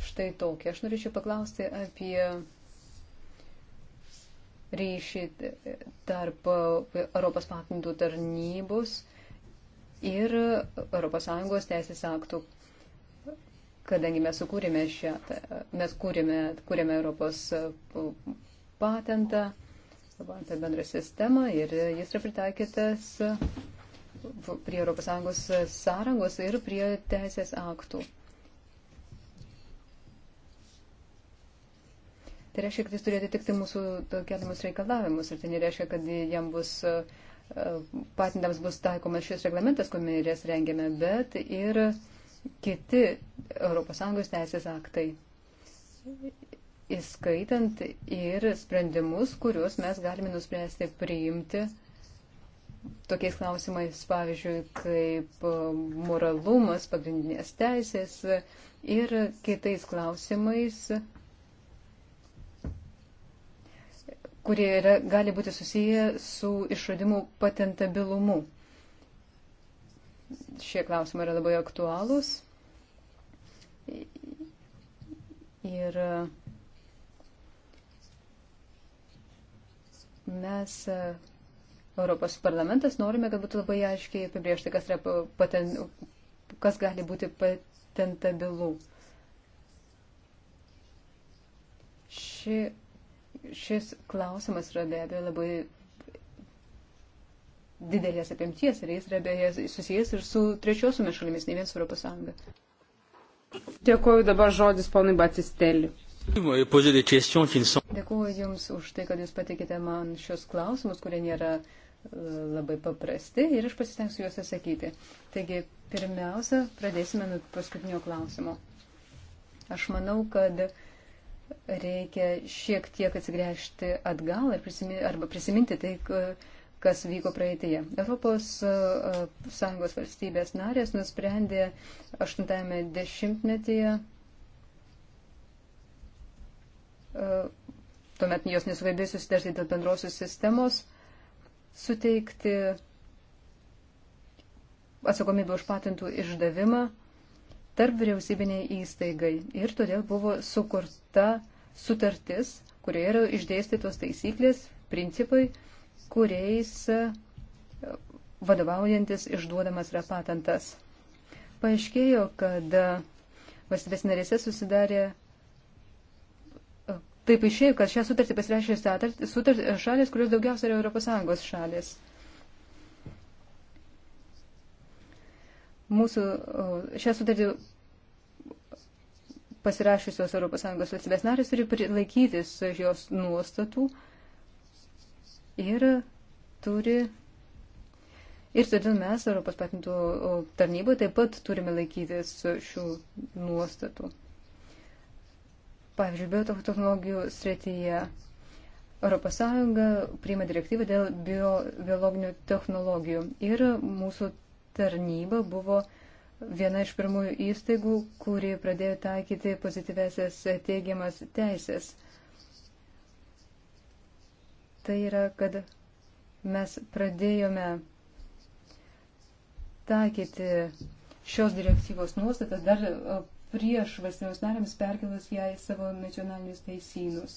Štai tokį. Aš norėčiau paklausti apie ryšį tarp Europos patentų tarnybos ir ES teisės aktų, kadangi mes sukūrėme šią, mes kūrėme, kūrėme Europos patentą, patentą bendrą sistemą ir jis yra pritaikytas prie ES sąrangos ir prie teisės aktų. Tai reiškia, kad jis turėtų tikti mūsų keliamus reikalavimus ir tai nereiškia, kad jam bus, patentams bus taikomas šis reglamentas, kuomenės rengiame, bet ir kiti ES teisės aktai, įskaitant ir sprendimus, kuriuos mes galime nuspręsti priimti tokiais klausimais, pavyzdžiui, kaip e, moralumas, pagrindinės teisės ir kitais klausimais, kurie yra, gali būti susiję su išradimu patentabilumu. Šie klausimai yra labai aktualūs. Ir mes Europos parlamentas, norime, kad būtų labai aiškiai apibriežta, kas, paten, kas gali būti patentabilu. Ši, šis klausimas yra be abejo labai didelės apimties ir jis yra beje susijęs ir su trečiosiomis šalimis, ne vien su Europos Sąjunga. Dėkuoju dabar žodis ponui Batisteliu. Dėkuoju Jums už tai, kad Jūs patikite man šios klausimus, kurie nėra labai paprasti ir aš pasitengsiu juos atsakyti. Taigi, pirmiausia, pradėsime nuo paskutinio klausimo. Aš manau, kad reikia šiek tiek atsigręžti atgal prisiminti, arba prisiminti tai, kas vyko praeitėje. Europos Sąjungos valstybės narės nusprendė 80-ame dešimtmetyje tuomet jos nesugebėjo susitarti dėl bendrosios sistemos, suteikti atsakomybę už patentų išdavimą tarp vyriausybiniai įstaigai. Ir todėl buvo sukurta sutartis, kurioje yra išdėstytos taisyklės, principai, kuriais e, vadovaujantis išduodamas yra patentas. Paaiškėjo, kad e, valstybės narėse susidarė Taip išėjo, kad šią sutartį pasirašė šalis, kurios daugiausia yra ES šalis. Mūsų šią sutartį pasirašysios ES valstybės narės turi laikytis jos nuostatų ir turi. Ir todėl mes Europos patentų tarnyboje taip pat turime laikytis šių nuostatų. Pavyzdžiui, biotechnologijų srityje ES priima direktyvą dėl bio, biologinių technologijų ir mūsų tarnyba buvo viena iš pirmųjų įstaigų, kuri pradėjo taikyti pozityvesias teigiamas teisės. Tai yra, kad mes pradėjome taikyti šios direktyvos nuostatas dar prieš valstybės narėms perkelus ją į savo nacionalinius teisynus.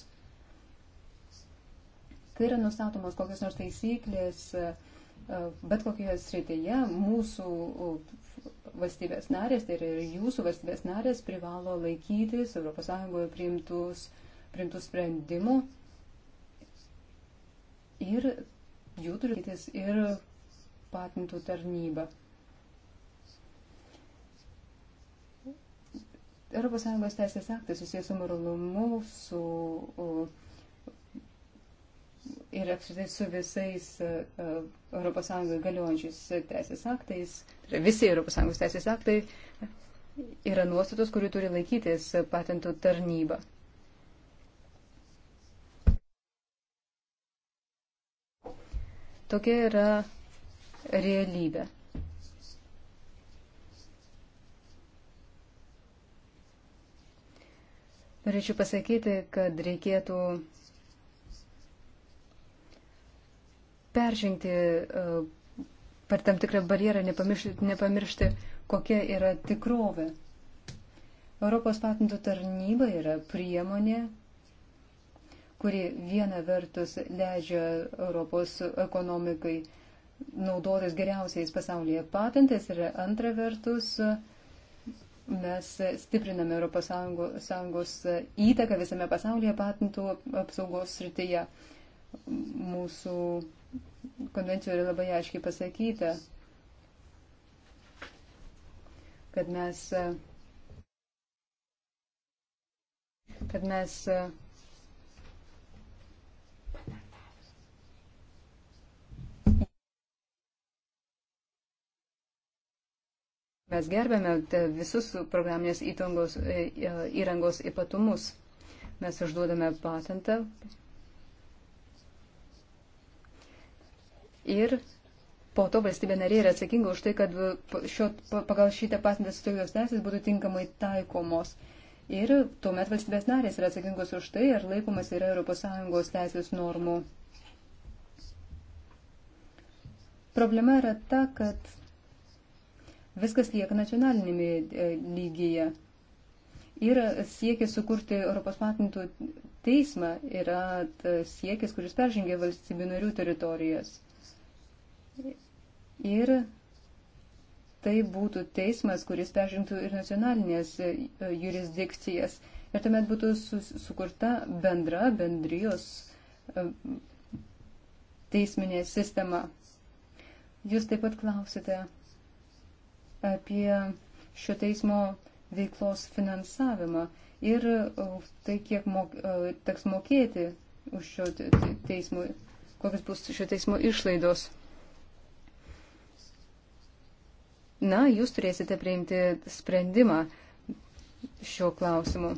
Kai yra nustatomos kokios nors taisyklės, e, e, bet kokioje srityje mūsų valstybės narės, tai yra ir jūsų valstybės narės, privalo laikytis ES priimtus, priimtus sprendimų ir jų turi laikytis ir patentų tarnyba. ES teisės aktai susijęs su moralumu, su ir apskritai su visais ES e, galiojančiais teisės aktais, tai visi ES teisės aktai yra nuostatos, kurių turi laikytis patentų tarnyba. Tokia yra realybė. Norėčiau pasakyti, kad reikėtų peržengti e, per tam tikrą barjerą, nepamiršti, nepamiršti kokia yra tikrovė. Europos patentų tarnyba yra priemonė, kuri viena vertus leidžia Europos ekonomikai naudotis geriausiais pasaulyje patentais ir antra vertus uh, Mes stipriname ES įtaką visame pasaulyje patentų apsaugos srityje. Mūsų konvencijoje yra labai aiškiai pasakyta, kad mes, kad mes Mes gerbėme visus programinės įtangos, e, e, įrangos ypatumus. Mes užduodame patentą ir po to valstybė narė yra atsakinga už tai, kad šio, pagal šitą patentą sutiktos teisės būtų tinkamai taikomos. Ir tuomet valstybės narės yra atsakingos už tai, ar laikomas yra ES teisės normų. Problema yra ta, kad Viskas lieka nacionalinėme e, lygyje. Ir siekis sukurti Europos patentų teismą yra siekis, kuris peržengia valstybių narių teritorijas. Ir tai būtų teismas, kuris peržengtų ir nacionalinės e, jurisdikcijas. Ir tuomet būtų sukurta bendra bendrijos e, teisminė sistema. Jūs taip pat klausite, apie šio teismo veiklos finansavimą ir e, tai, kiek mok, e, teks mokėti už šio teismo, kokios bus šio teismo išlaidos. Na, jūs turėsite priimti sprendimą šiuo klausimu.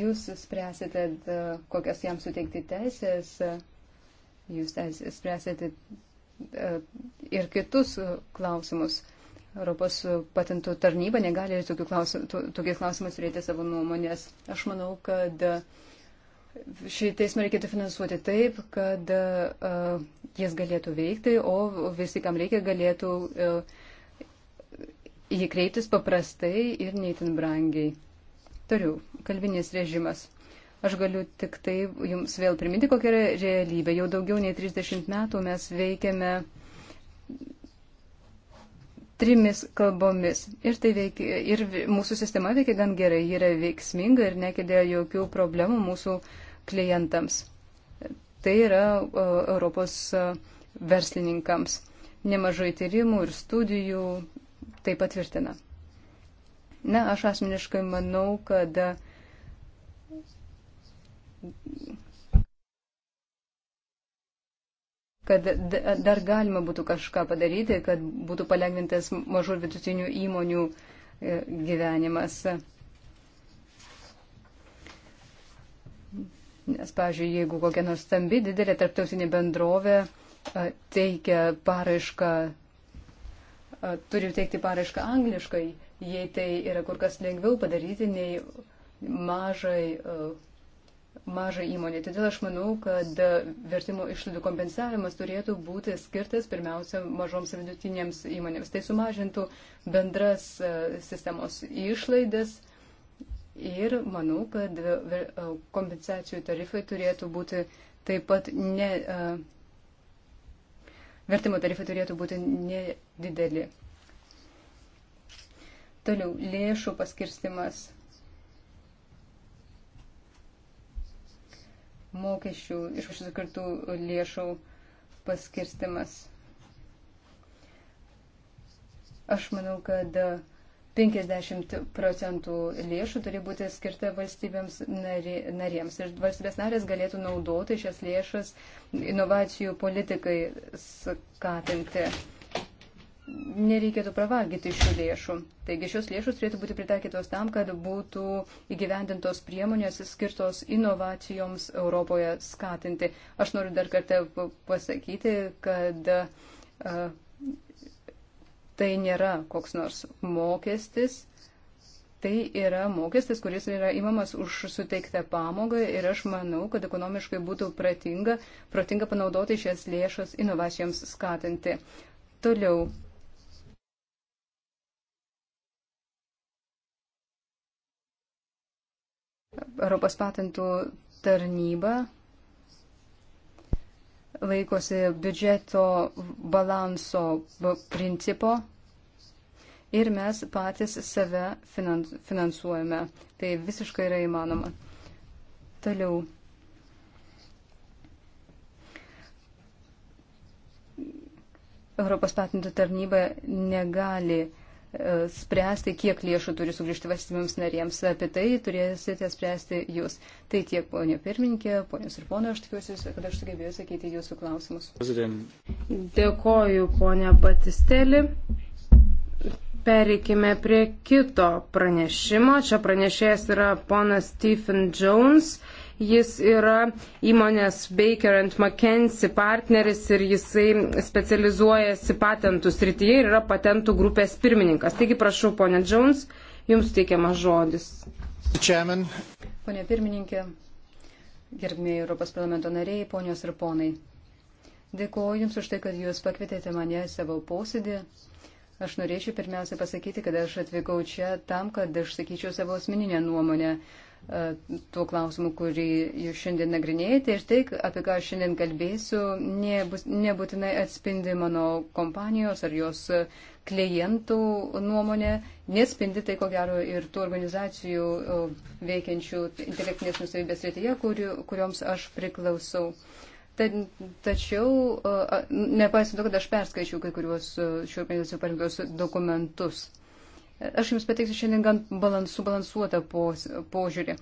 Jūs spręsite, e, kokias jam suteikti teisės, jūs spręsite ir kitus klausimus. Europos patentų tarnyba negali tokiais klausimais turėti savo nuomonės. Aš manau, kad šį teismą reikėtų finansuoti taip, kad uh, jis galėtų veikti, o visi, kam reikia, galėtų uh, jį kreiptis paprastai ir neįtin brangiai. Toliau, kalbinis režimas. Aš galiu tik tai jums vėl priminti, kokia yra realybė. Jau daugiau nei 30 metų mes veikiame trimis kalbomis. Ir, tai veikia, ir mūsų sistema veikia gan gerai, ji yra veiksminga ir nekelia jokių problemų mūsų klientams. Tai yra uh, Europos uh, verslininkams. Nemažai tyrimų ir studijų tai patvirtina. Na, aš asmeniškai manau, kad uh, kad dar galima būtų kažką padaryti, kad būtų palengvintas mažų ir vidutinių įmonių e, gyvenimas. Nes, pavyzdžiui, jeigu kokia nors stambi didelė tarptautinė bendrovė e, teikia paraišką, e, turi teikti paraišką angliškai, jei tai yra kur kas lengviau padaryti nei mažai mažą įmonę. Todėl aš manau, kad vertimo išlaidų kompensavimas turėtų būti skirtas pirmiausia mažoms ir vidutinėms įmonėms. Tai sumažintų bendras e, sistemos išlaidas ir manau, kad e, kompensacijų tarifai turėtų būti taip pat ne. E, vertimo tarifai turėtų būti nedideli. Toliau, lėšų paskirstimas mokesčių iš už skirtų lėšų paskirstimas. Aš manau, kad 50 procentų lėšų turi būti skirta valstybėms narėms. Ir valstybės narės galėtų naudoti šias lėšas inovacijų politikai skatinti nereikėtų pravagyti šių lėšų. Taigi šios lėšos turėtų būti pritaikytos tam, kad būtų įgyvendintos priemonės skirtos inovacijoms Europoje skatinti. Aš noriu dar kartą pasakyti, kad a, tai nėra koks nors mokestis. Tai yra mokestis, kuris yra imamas už suteiktą pamogą ir aš manau, kad ekonomiškai būtų pratinga, pratinga panaudoti šias lėšas inovacijoms skatinti. Toliau Europos patentų tarnyba laikosi biudžeto balanso principo ir mes patys save finansuojame. Tai visiškai yra įmanoma. Toliau. Europos patentų tarnyba negali uh, spręsti, kiek lėšų turi sugrįžti valstybėms narėms. Apie tai turėsite spręsti jūs. Tai tiek, ponio pirmininkė, ponios ir ponio, aš tikiuosi, kad aš sugebėjau sakyti jūsų klausimus. Dėkoju, ponia Batisteli. Pereikime prie kito pranešimo. Čia pranešėjas yra ponas Stephen Jones. Jis yra įmonės Baker McKenzie partneris ir jisai specializuojasi patentų srityje ir yra patentų grupės pirmininkas. Taigi prašau, ponė Jones, jums teikiamas žodis. Pone pirmininkė, gerbėjai Europos parlamento nariai, ponios ir ponai. Dėkuoju Jums už tai, kad Jūs pakvietėte mane į savo posėdį. Aš norėčiau pirmiausia pasakyti, kad aš atvykau čia tam, kad išsakyčiau savo asmeninę nuomonę E, tuo klausimu, kurį jūs šiandien nagrinėjate ir tai, apie ką aš šiandien kalbėsiu, nebus, nebūtinai atspindi mano kompanijos ar jos klientų nuomonę, nespindi tai, ko gero, ir tų organizacijų e, veikiančių intelektinės nusavybės rytyje, kurioms aš priklausau. Tačiau, e, nepaisant to, kad aš perskaičiau kai kuriuos šių organizacijų parinktos dokumentus. Aš Jums pateiksiu šiandien gan balans, subalansuotą požiūrį.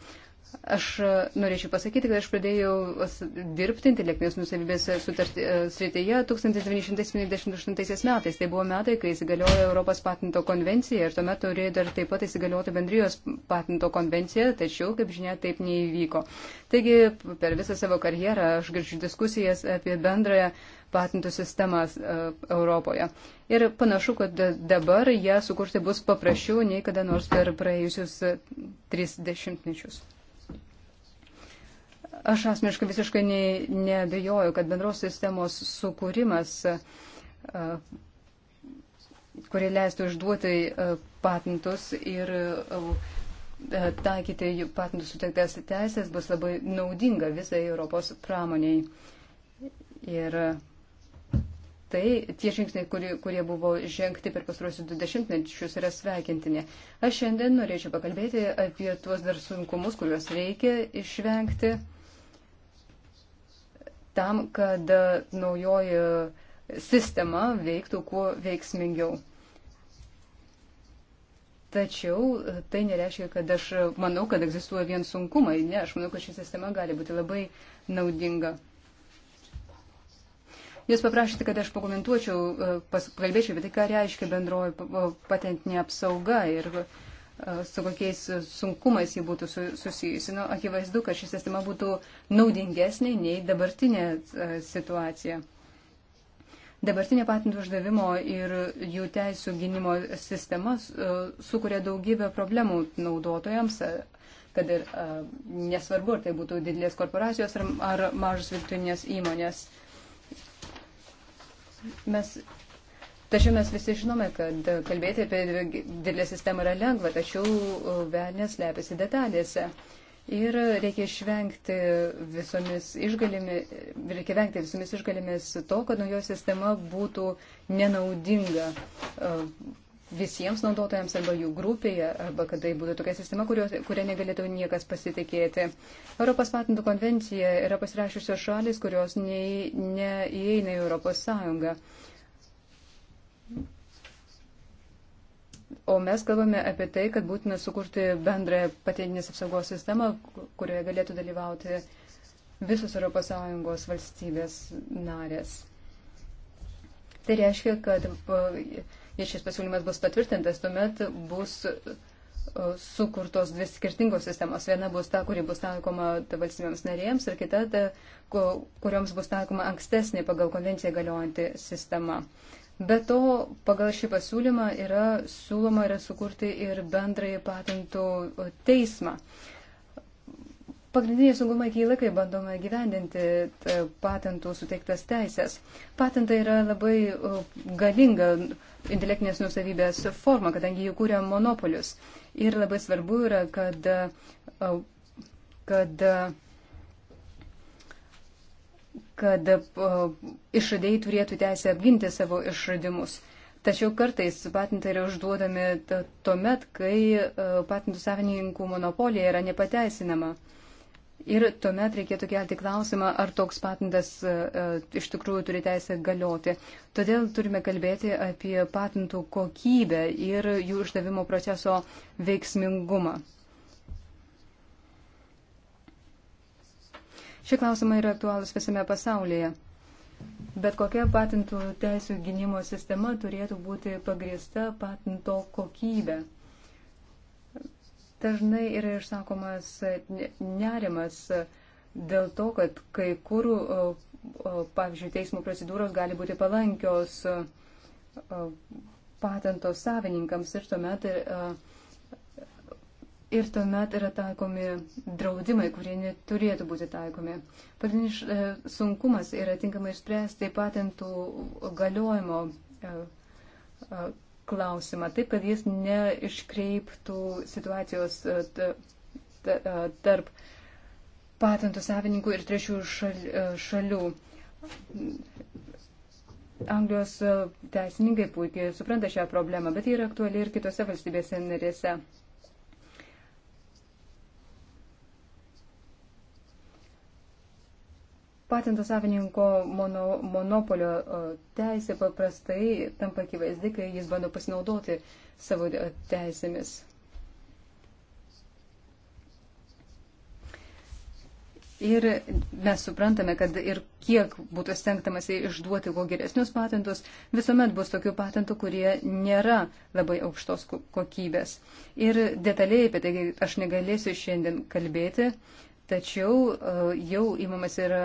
Aš norėčiau pasakyti, kad aš pradėjau dirbti intelektinės nusavybės e, srityje 1978 metais. Tai buvo metai, kai įsigaliojo Europos patento konvencija ir tuomet turėjo dar taip pat įsigalioti bendrijos patento konvencija, tačiau, kaip žinia, taip neįvyko. Taigi per visą savo karjerą aš girdžiu diskusijas apie bendrąją patentų sistemą e, Europoje. Ir panašu, kad dabar ją sukurti bus paprasčiau nei kada nors per praėjusius e, tris dešimtmečius. Aš asmeniškai visiškai ne, nebejoju, kad bendros sistemos sukūrimas, e, kuri leistų išduoti patentus ir taikyti patentų sutektas teisės, bus labai naudinga visai Europos pramoniai. Ir tai tie žingsniai, kurie, kurie buvo žengti per pastruosius du dešimtmečius, yra sveikintinė. Aš šiandien norėčiau pakalbėti apie tuos dar sunkumus, kuriuos reikia išvengti tam, kad naujoji sistema veiktų kuo veiksmingiau. Tačiau tai nereiškia, kad aš manau, kad egzistuoja vien sunkumai. Ne, aš manau, kad ši sistema gali būti labai naudinga. Jūs paprašėte, kad aš pakomentuočiau, e, pakalbėčiau apie tai, ką reiškia bendroji patentinė apsauga ir e, su kokiais sunkumais jį būtų susijusi. Nu, akivaizdu, kad ši sistema būtų naudingesnė nei dabartinė e, situacija. Dabartinė patentų uždavimo ir jų teisų gynimo sistema sukuria daugybę problemų naudotojams, kad ir nesvarbu, ar tai būtų didelės korporacijos ar, ar mažos vidutinės įmonės. Mes, tačiau mes visi žinome, kad kalbėti apie didelę sistemą yra lengva, tačiau velnės lepiasi detalėse. Ir reikia išvengti visomis išgalimis, reikia vengti visomis išgalimis to, kad naujo sistema būtų nenaudinga visiems naudotojams arba jų grupėje, arba kad tai būtų tokia sistema, kurio, kuria negalėtų niekas pasitikėti. Europos patentų konvencija yra pasirašiusios šalis, kurios neįeina ne į Europos Sąjungą. O mes kalbame apie tai, kad būtina sukurti bendrą patentinės apsaugos sistemą, kurioje galėtų dalyvauti visos ES valstybės narės. Tai reiškia, kad Jei šis pasiūlymas bus patvirtintas, tuomet bus e, sukurtos dvi skirtingos sistemos. Viena bus ta, kuri bus taikoma valstybėms narėms ir kita, ta, kurioms bus taikoma ankstesnė pagal konvenciją galiojanti sistema. Be to, pagal šį pasiūlymą yra siūloma yra sukurti ir bendrąjį patentų teismą. Uh, Pagrindiniai sunkumai kyla, kai bandoma gyvendinti e, patentų suteiktas teisės. Patentai yra labai e, galinga intelektinės nusavybės forma, kadangi jų kūrė monopolius. Ir labai svarbu yra, kad, e, kad kad išradėjai turėtų teisę apginti savo išradimus. Tačiau kartais patentai yra užduodami tuomet, kai patentų savininkų monopolija yra nepateisinama. Ir tuomet reikėtų kelti klausimą, ar toks patentas uh, iš tikrųjų turi teisę galioti. Todėl turime kalbėti apie patentų kokybę ir jų išdavimo proceso veiksmingumą. Šie klausimai yra aktualūs visame pasaulyje. Bet kokia patentų teisų gynimo sistema turėtų būti pagrįsta patento kokybė. Dažnai yra išsakomas nerimas dėl to, kad kai kur, pavyzdžiui, teismų procedūros gali būti palankios patento savininkams ir tuomet, e, ir tuomet yra taikomi draudimai, kurie neturėtų būti taikomi. Pagrindinis e, sunkumas yra tinkamai išspręsti patentų galiojimo e, klausimą, taip kad jis neiškreiptų situacijos e, e, tarp patentų savininkų ir trečių e, šalių. Anglijos teisininkai puikiai supranta šią problemą, bet ji yra aktuali ir kitose valstybėse narėse. patento savininko mono, monopolio teisė paprastai tampa akivaizdi, kai jis bando pasinaudoti savo e, teisėmis. Ir mes suprantame, kad ir kiek būtų stengtamasi išduoti kuo geresnius patentus, visuomet bus tokių patentų, kurie nėra labai aukštos kokybės. Ir detaliai apie tai aš negalėsiu šiandien kalbėti, tačiau e, jau įmamas yra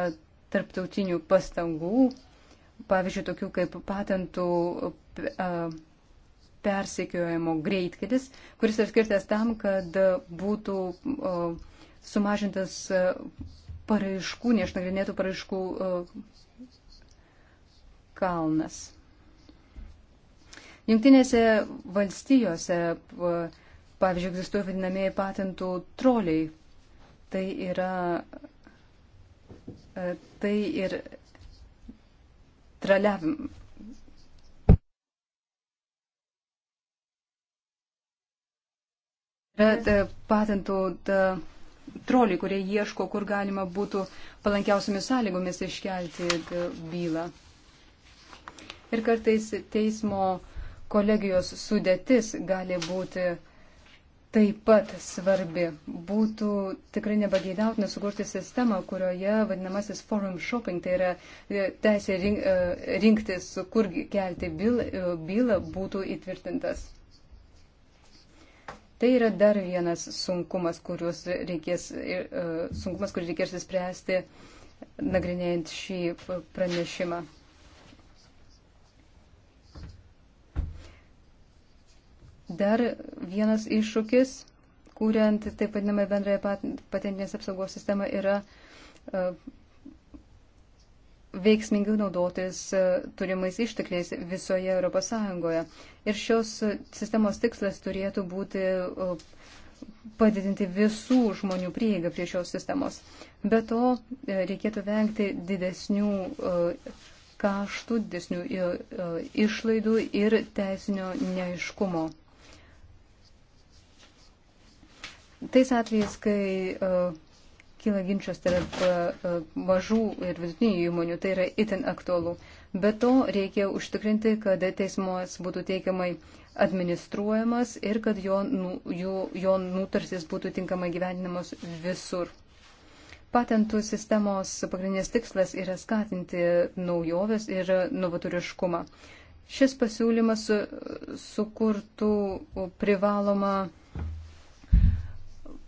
tarptautinių pastangų, pavyzdžiui, tokių kaip patentų persekiojimo greitkelis, kuris yra skirtas tam, kad būtų sumažintas paraiškų, neišnagrinėtų paraiškų kalnas. Junktinėse valstijose, pavyzdžiui, egzistuoja vadinamieji patentų troliai. Tai yra tai ir traliavim. Yra e, patentų e, troliai, kurie ieško, kur galima būtų palankiausiamis sąlygomis iškelti e, bylą. Ir kartais teismo kolegijos sudėtis gali būti uh, taip pat svarbi. Būtų tikrai nebageidautina sukurti sistemą, kurioje vadinamasis forum shopping, tai yra e, teisė rink, e, rinktis, kur kelti bylą, e, bylą, būtų įtvirtintas. Tai yra dar vienas sunkumas, reikės, sunkumas kurį reikės spręsti nagrinėjant šį pranešimą. Dar vienas iššūkis, kuriant taip vadinamą bendrąją patentinės apsaugos sistemą, yra e, veiksmingiau naudotis e, turimais ištekliais visoje Europos Sąjungoje. Ir šios sistemos tikslas turėtų būti padidinti visų žmonių prieigą prie šios sistemos. Be to, e, reikėtų vengti didesnių kaštų, didesnių išlaidų ir teisinio neiškumo. Tais atvejais, kai uh, kyla ginčios tarp uh, mažų ir vidutinių įmonių, tai yra itin aktualu. Be to reikia užtikrinti, kad teismas būtų teikiamai administruojamas ir kad jo, nu, jo, jo nutarsis būtų tinkamai gyveninamas visur. Patentų sistemos pagrindinės tikslas yra skatinti naujoves ir novatoriškumą. Šis pasiūlymas sukurtų privalomą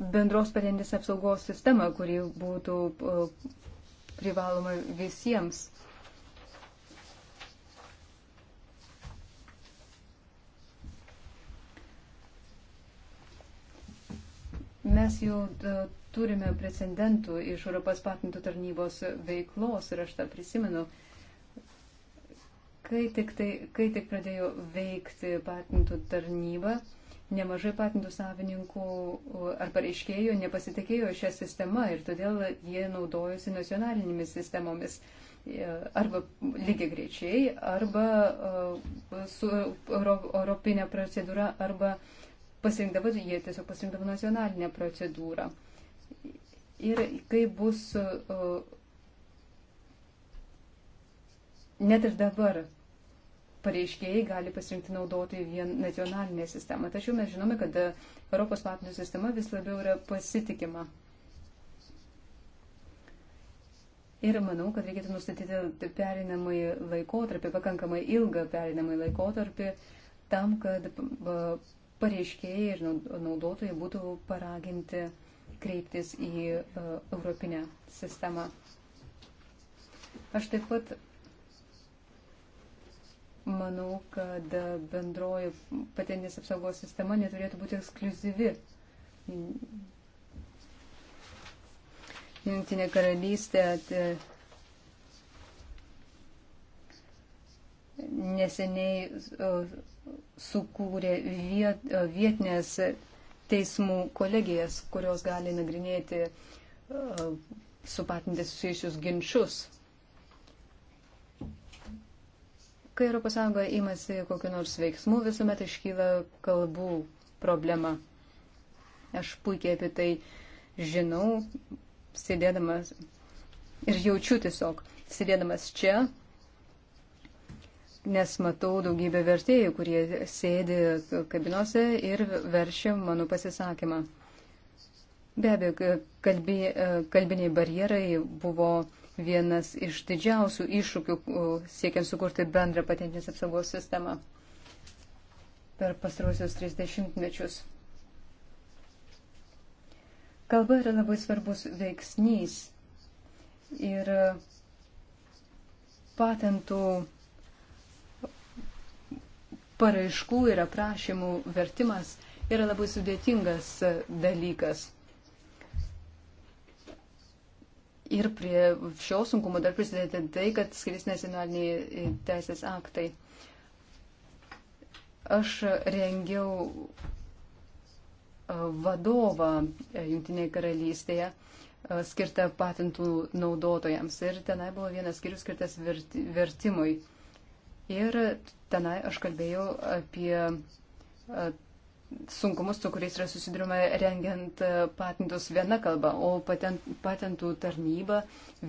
bendros patentės apsaugos sistemą, kuri būtų uh, privaloma visiems. Mes jau uh, turime precedentų iš Europos patentų tarnybos veiklos ir aš tą prisimenu. Kai tik, tai, kai tik pradėjo veikti patentų tarnybą, Nemažai patentų savininkų ar pareiškėjų nepasitikėjo šią sistemą ir todėl jie naudojosi nacionalinėmis sistemomis e, arba lygiai greičiai, arba e, su euro, europinė procedūra, arba pasirinkdavo, jie tiesiog pasirinkdavo nacionalinę procedūrą. Ir kai bus e, net ir dabar pareiškėjai gali pasirinkti naudoti vien nacionalinę sistemą. Tačiau mes žinome, kad Europos patentų sistema vis labiau yra pasitikima. Ir manau, kad reikėtų nustatyti perinamai laikotarpį, pakankamai ilgą perinamai laikotarpį, tam, kad pareiškėjai ir naudotojai būtų paraginti kreiptis į uh, Europinę sistemą. Aš taip pat manau, kad bendroji patentinės apsaugos sistema neturėtų būti ekskluzivi. Jungtinė karalystė e, neseniai e, sukūrė viet, e, vietinės teismų kolegijas, kurios gali nagrinėti su patinti susijusius ginčius. Kai ES imasi kokiu nors veiksmu, visuomet iškyla kalbų problema. Aš puikiai apie tai žinau, sėdėdamas ir jaučiu tiesiog, sėdėdamas čia, nes matau daugybę vertėjų, kurie sėdi kabinose ir veršia mano pasisakymą. Be abejo, kalbi, kalbiniai barjerai buvo vienas iš didžiausių iššūkių siekiant sukurti bendrą patentinės apsaugos sistemą per pastarosius 30 mečius. Kalba yra labai svarbus veiksnys ir patentų paraiškų ir aprašymų vertimas yra labai sudėtingas dalykas. Ir prie šio sunkumo dar prisideda tai, kad skiriasi nacionaliniai e, teisės aktai. Aš rengiau e, vadovą e, Junktinėje karalystėje skirtą patentų naudotojams. Ir tenai buvo vienas skirius skirtas vertimui. Ir tenai aš kalbėjau apie sunkumus, su kuriais yra susidurima rengiant e, patentus viena kalba, o patent, patentų tarnyba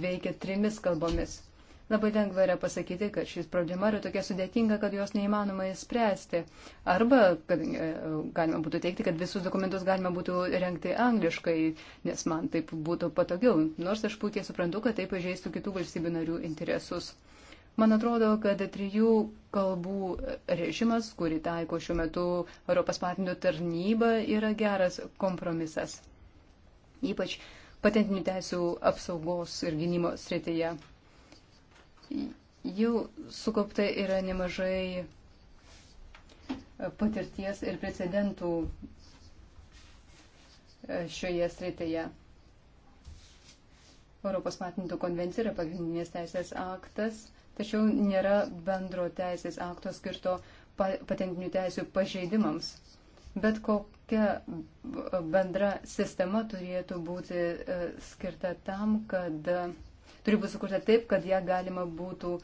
veikia trimis kalbomis. Labai lengva yra pasakyti, kad šis problema yra tokia sudėtinga, kad jos neįmanoma įspręsti. Arba, kad e, galima būtų teikti, kad visus dokumentus galima būtų renkti angliškai, nes man taip būtų patogiau, nors aš puikiai suprantu, kad tai pažeistų kitų valstybių narių interesus. Man atrodo, kad trijų kalbų režimas, kurį taiko šiuo metu Europos patentų tarnyba, yra geras kompromisas. Ypač patentinių teisų apsaugos ir gynimo srityje. Jau sukaupta yra nemažai patirties ir precedentų šioje srityje. Europos patentų konvencija yra pagrindinės teisės aktas tačiau nėra bendro teisės akto skirto patentinių teisų pažeidimams. Bet kokia bendra sistema turėtų būti e, skirta tam, kad e, turi būti sukurta taip, kad ją galima būtų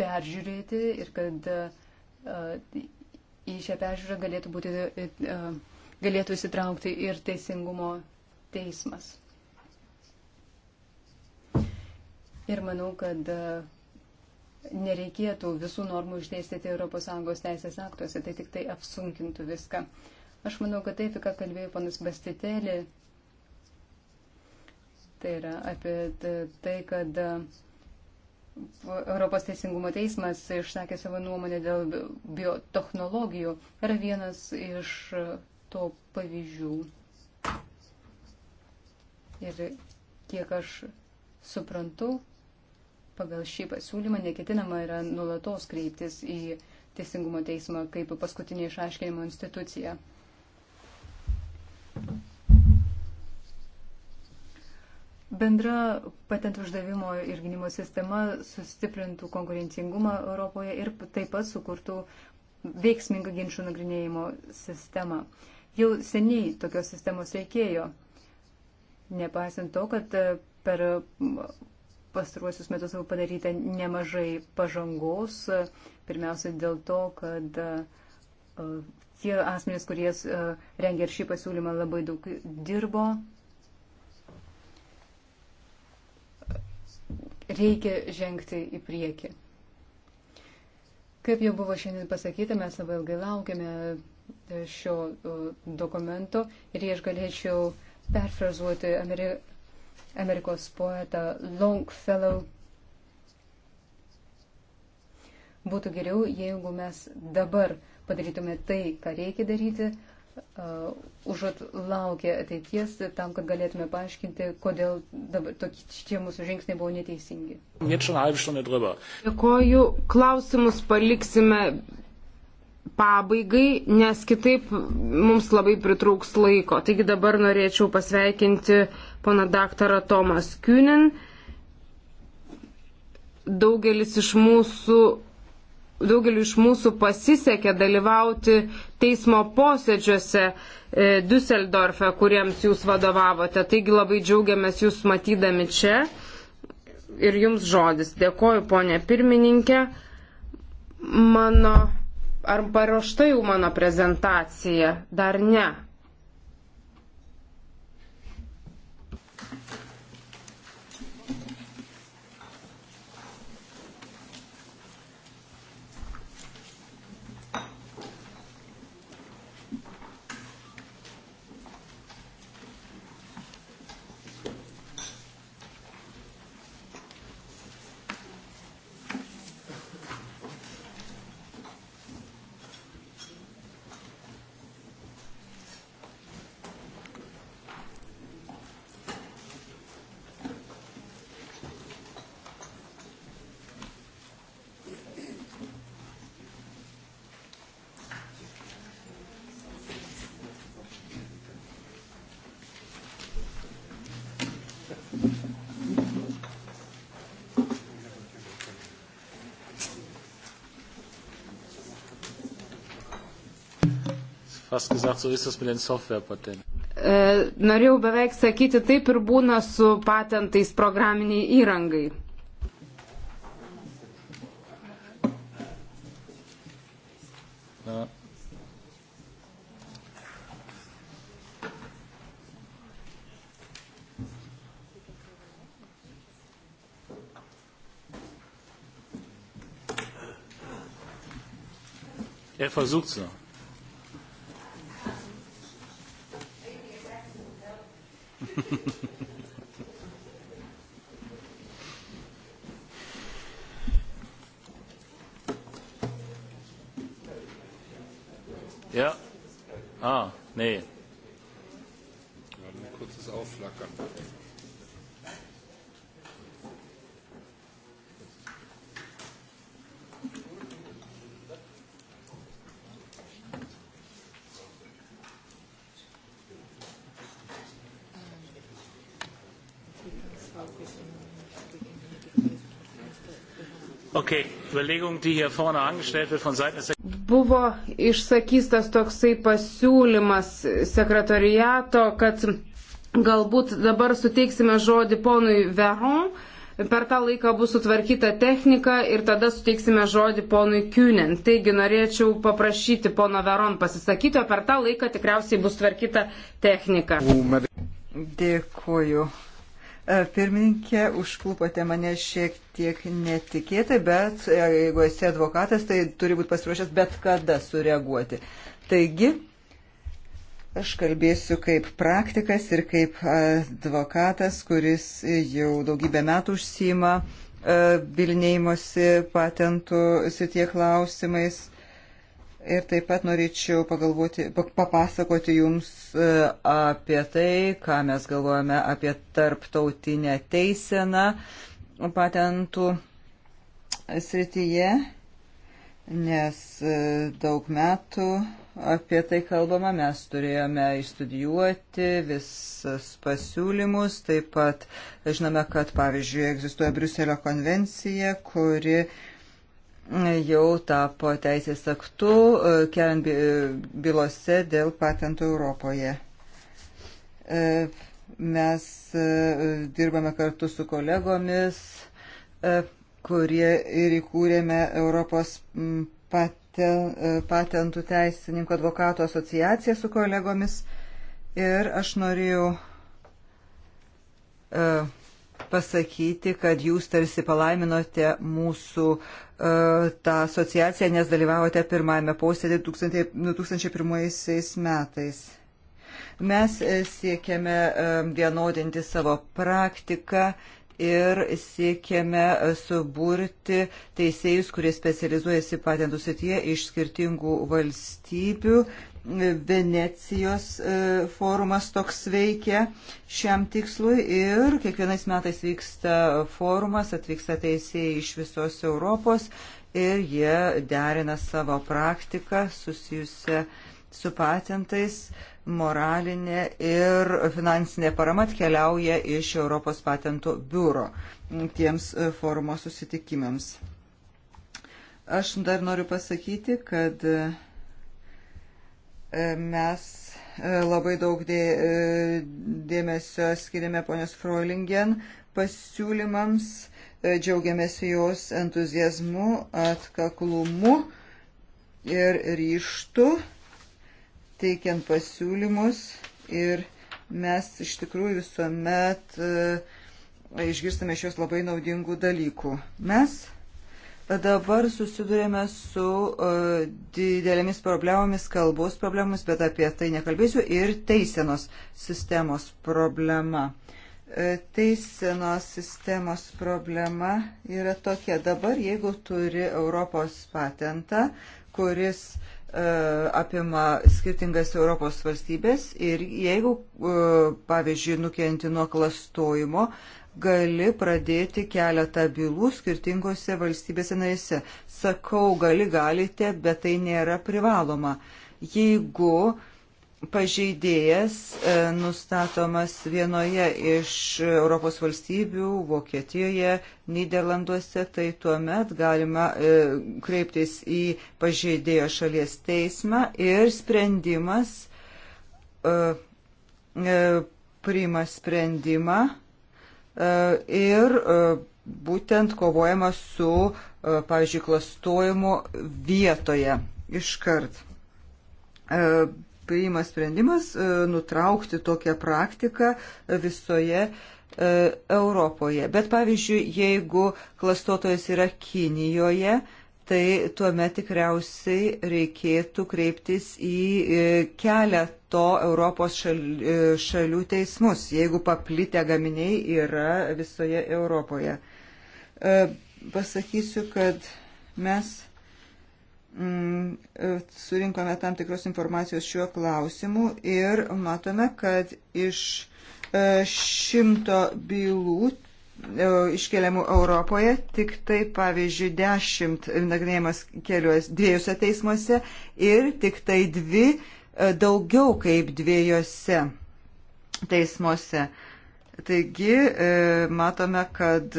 peržiūrėti ir kad e, į šią peržiūrą galėtų, būti, galėtų įsitraukti ir teisingumo teismas. Ir manau, kad nereikėtų visų normų išdėstyti ES teisės aktuose, tai tik tai apsunkintų viską. Aš manau, kad taip, ką kalbėjo panas Bastitelė, tai yra apie tai, kad e, Europos Teisingumo teismas išsakė savo nuomonę dėl biotechnologijų, yra vienas iš to pavyzdžių. Ir kiek aš suprantu, Pagal šį pasiūlymą neketinama yra nulatos kreiptis į Teisingumo teismą kaip paskutinį išaiškinimo instituciją. Bendra patentų uždavimo ir gynimo sistema sustiprintų konkurencingumą Europoje ir taip pat sukurtų veiksmingą ginčių nagrinėjimo sistemą. Jau seniai tokios sistemos reikėjo, nepaisant to, kad per pastaruosius metus jau padaryta nemažai pažangos, pirmiausia dėl to, kad e, tie asmenys, kurie e, rengė ir šį pasiūlymą, labai daug dirbo. Reikia žengti į priekį. Kaip jau buvo šiandien pasakyta, mes labai ilgai laukiame šio e, dokumento ir aš galėčiau perfrazuoti Ameri Amerikos poetą Longfellow. Būtų geriau, jeigu mes dabar padarytume tai, ką reikia daryti, uh, užuot laukę ateities, tam, kad galėtume paaiškinti, kodėl dabar tokie mūsų žingsniai buvo neteisingi. Dėkoju, klausimus paliksime pabaigai, nes kitaip mums labai pritrūks laiko. Taigi dabar norėčiau pasveikinti pana daktarą Tomas Künin. Daugelis iš mūsų daugeliu iš mūsų pasisekė dalyvauti teismo posėdžiuose e, Düsseldorfe, kuriems jūs vadovavote. Taigi labai džiaugiamės jūs matydami čia. Ir jums žodis. Dėkoju, ponė pirmininkė. Mano ar paruošta jau mano prezentacija? Dar ne. fast gesagt, so ist das mit den Softwarepatenten. E, norėjau beveik sakyti, taip ir būna su patentais programiniai įrangai. Na. Er versucht's noch. Buvo išsakystas toksai pasiūlymas sekretariato, kad galbūt dabar suteiksime žodį ponui Veron, per tą laiką bus sutvarkyta technika ir tada suteiksime žodį ponui Kiūnen. Taigi norėčiau paprašyti pono Veron pasisakyti, o per tą laiką tikriausiai bus tvarkyta technika. Dėkuoju. E, pirmininkė, užklupote mane šiek tiek netikėtai, bet e, jeigu esi advokatas, tai turi būti pasiruošęs bet kada sureaguoti. Taigi, aš kalbėsiu kaip praktikas ir kaip advokatas, kuris jau daugybę metų užsima e, bilinėjimosi patentų sitie klausimais. Ir taip pat norėčiau pagalvoti, papasakoti Jums e, apie tai, ką mes galvojame apie tarptautinę teiseną patentų srityje, nes e, daug metų apie tai kalbama, mes turėjome išstudijuoti visas pasiūlymus, taip pat žinome, kad pavyzdžiui egzistuoja Briuselio konvencija, kuri uh, jau tapo teisės aktu, e, keliant e, bylose dėl patentų Europoje. E, mes dirbame kartu su kolegomis, kurie ir įkūrėme Europos patentų teisininkų advokato asociaciją su kolegomis. Ir aš norėjau pasakyti, kad jūs tarsi palaiminote mūsų uh, tą asociaciją, nes dalyvavote pirmajame posėdė 2001 metais. Mes e, siekiame e, vienodinti savo praktiką ir siekiame suburti teisėjus, kurie specializuojasi patentų srityje iš skirtingų valstybių Venecijos e, forumas toks veikia šiam tikslui ir kiekvienais metais vyksta forumas, atvyksta teisėjai iš visos Europos ir jie derina savo praktiką susijusią su patentais, moralinė ir finansinė parama atkeliauja iš Europos patentų biuro tiems e, forumo susitikimams. Aš dar noriu pasakyti, kad e, Mes e, labai daug e, dėmesio skiriame ponios Froilingen pasiūlymams, e, džiaugiamės jos entuzijazmu, atkaklumu ir ryštu, teikiant pasiūlymus ir mes iš tikrųjų visuomet išgirstame šios labai naudingų dalykų. Mes Dabar susidurėme su uh, didelėmis problemomis, kalbos problemomis, bet apie tai nekalbėsiu, ir teisenos sistemos problema. Uh, teisenos sistemos problema yra tokia. Dabar, jeigu turi Europos patentą, kuris e, apima skirtingas Europos valstybės ir jeigu, pavyzdžiui, nukenti nuo klastojimo, gali pradėti keletą bylų skirtingose valstybėse narėse. Sakau, gali, galite, bet tai nėra privaloma. Jeigu pažeidėjas e, nustatomas vienoje iš Europos valstybių, Vokietijoje, Niderlanduose, tai tuomet galima e, kreiptis į pažeidėjo šalies teismą ir sprendimas e, priima sprendimą E, ir e, būtent kovojama su, e, pavyzdžiui, klastojimu vietoje iškart. Priima sprendimas nutraukti tokią praktiką visoje Europoje. Bet pavyzdžiui, jeigu klastotojas yra Kinijoje, tai tuomet tikriausiai reikėtų kreiptis į e, keletą Europos e, šalių teismus, jeigu paplitę gaminiai yra visoje Europoje. E, pasakysiu, kad mes mm, surinkome tam tikros informacijos šiuo klausimu ir matome, kad iš šimto bylų E, iškeliamų Europoje, tik tai pavyzdžiui 10 nagrinėjimas kelios dviejose teismuose ir tik tai dvi e, daugiau kaip dviejose teismuose. Taigi e, matome, kad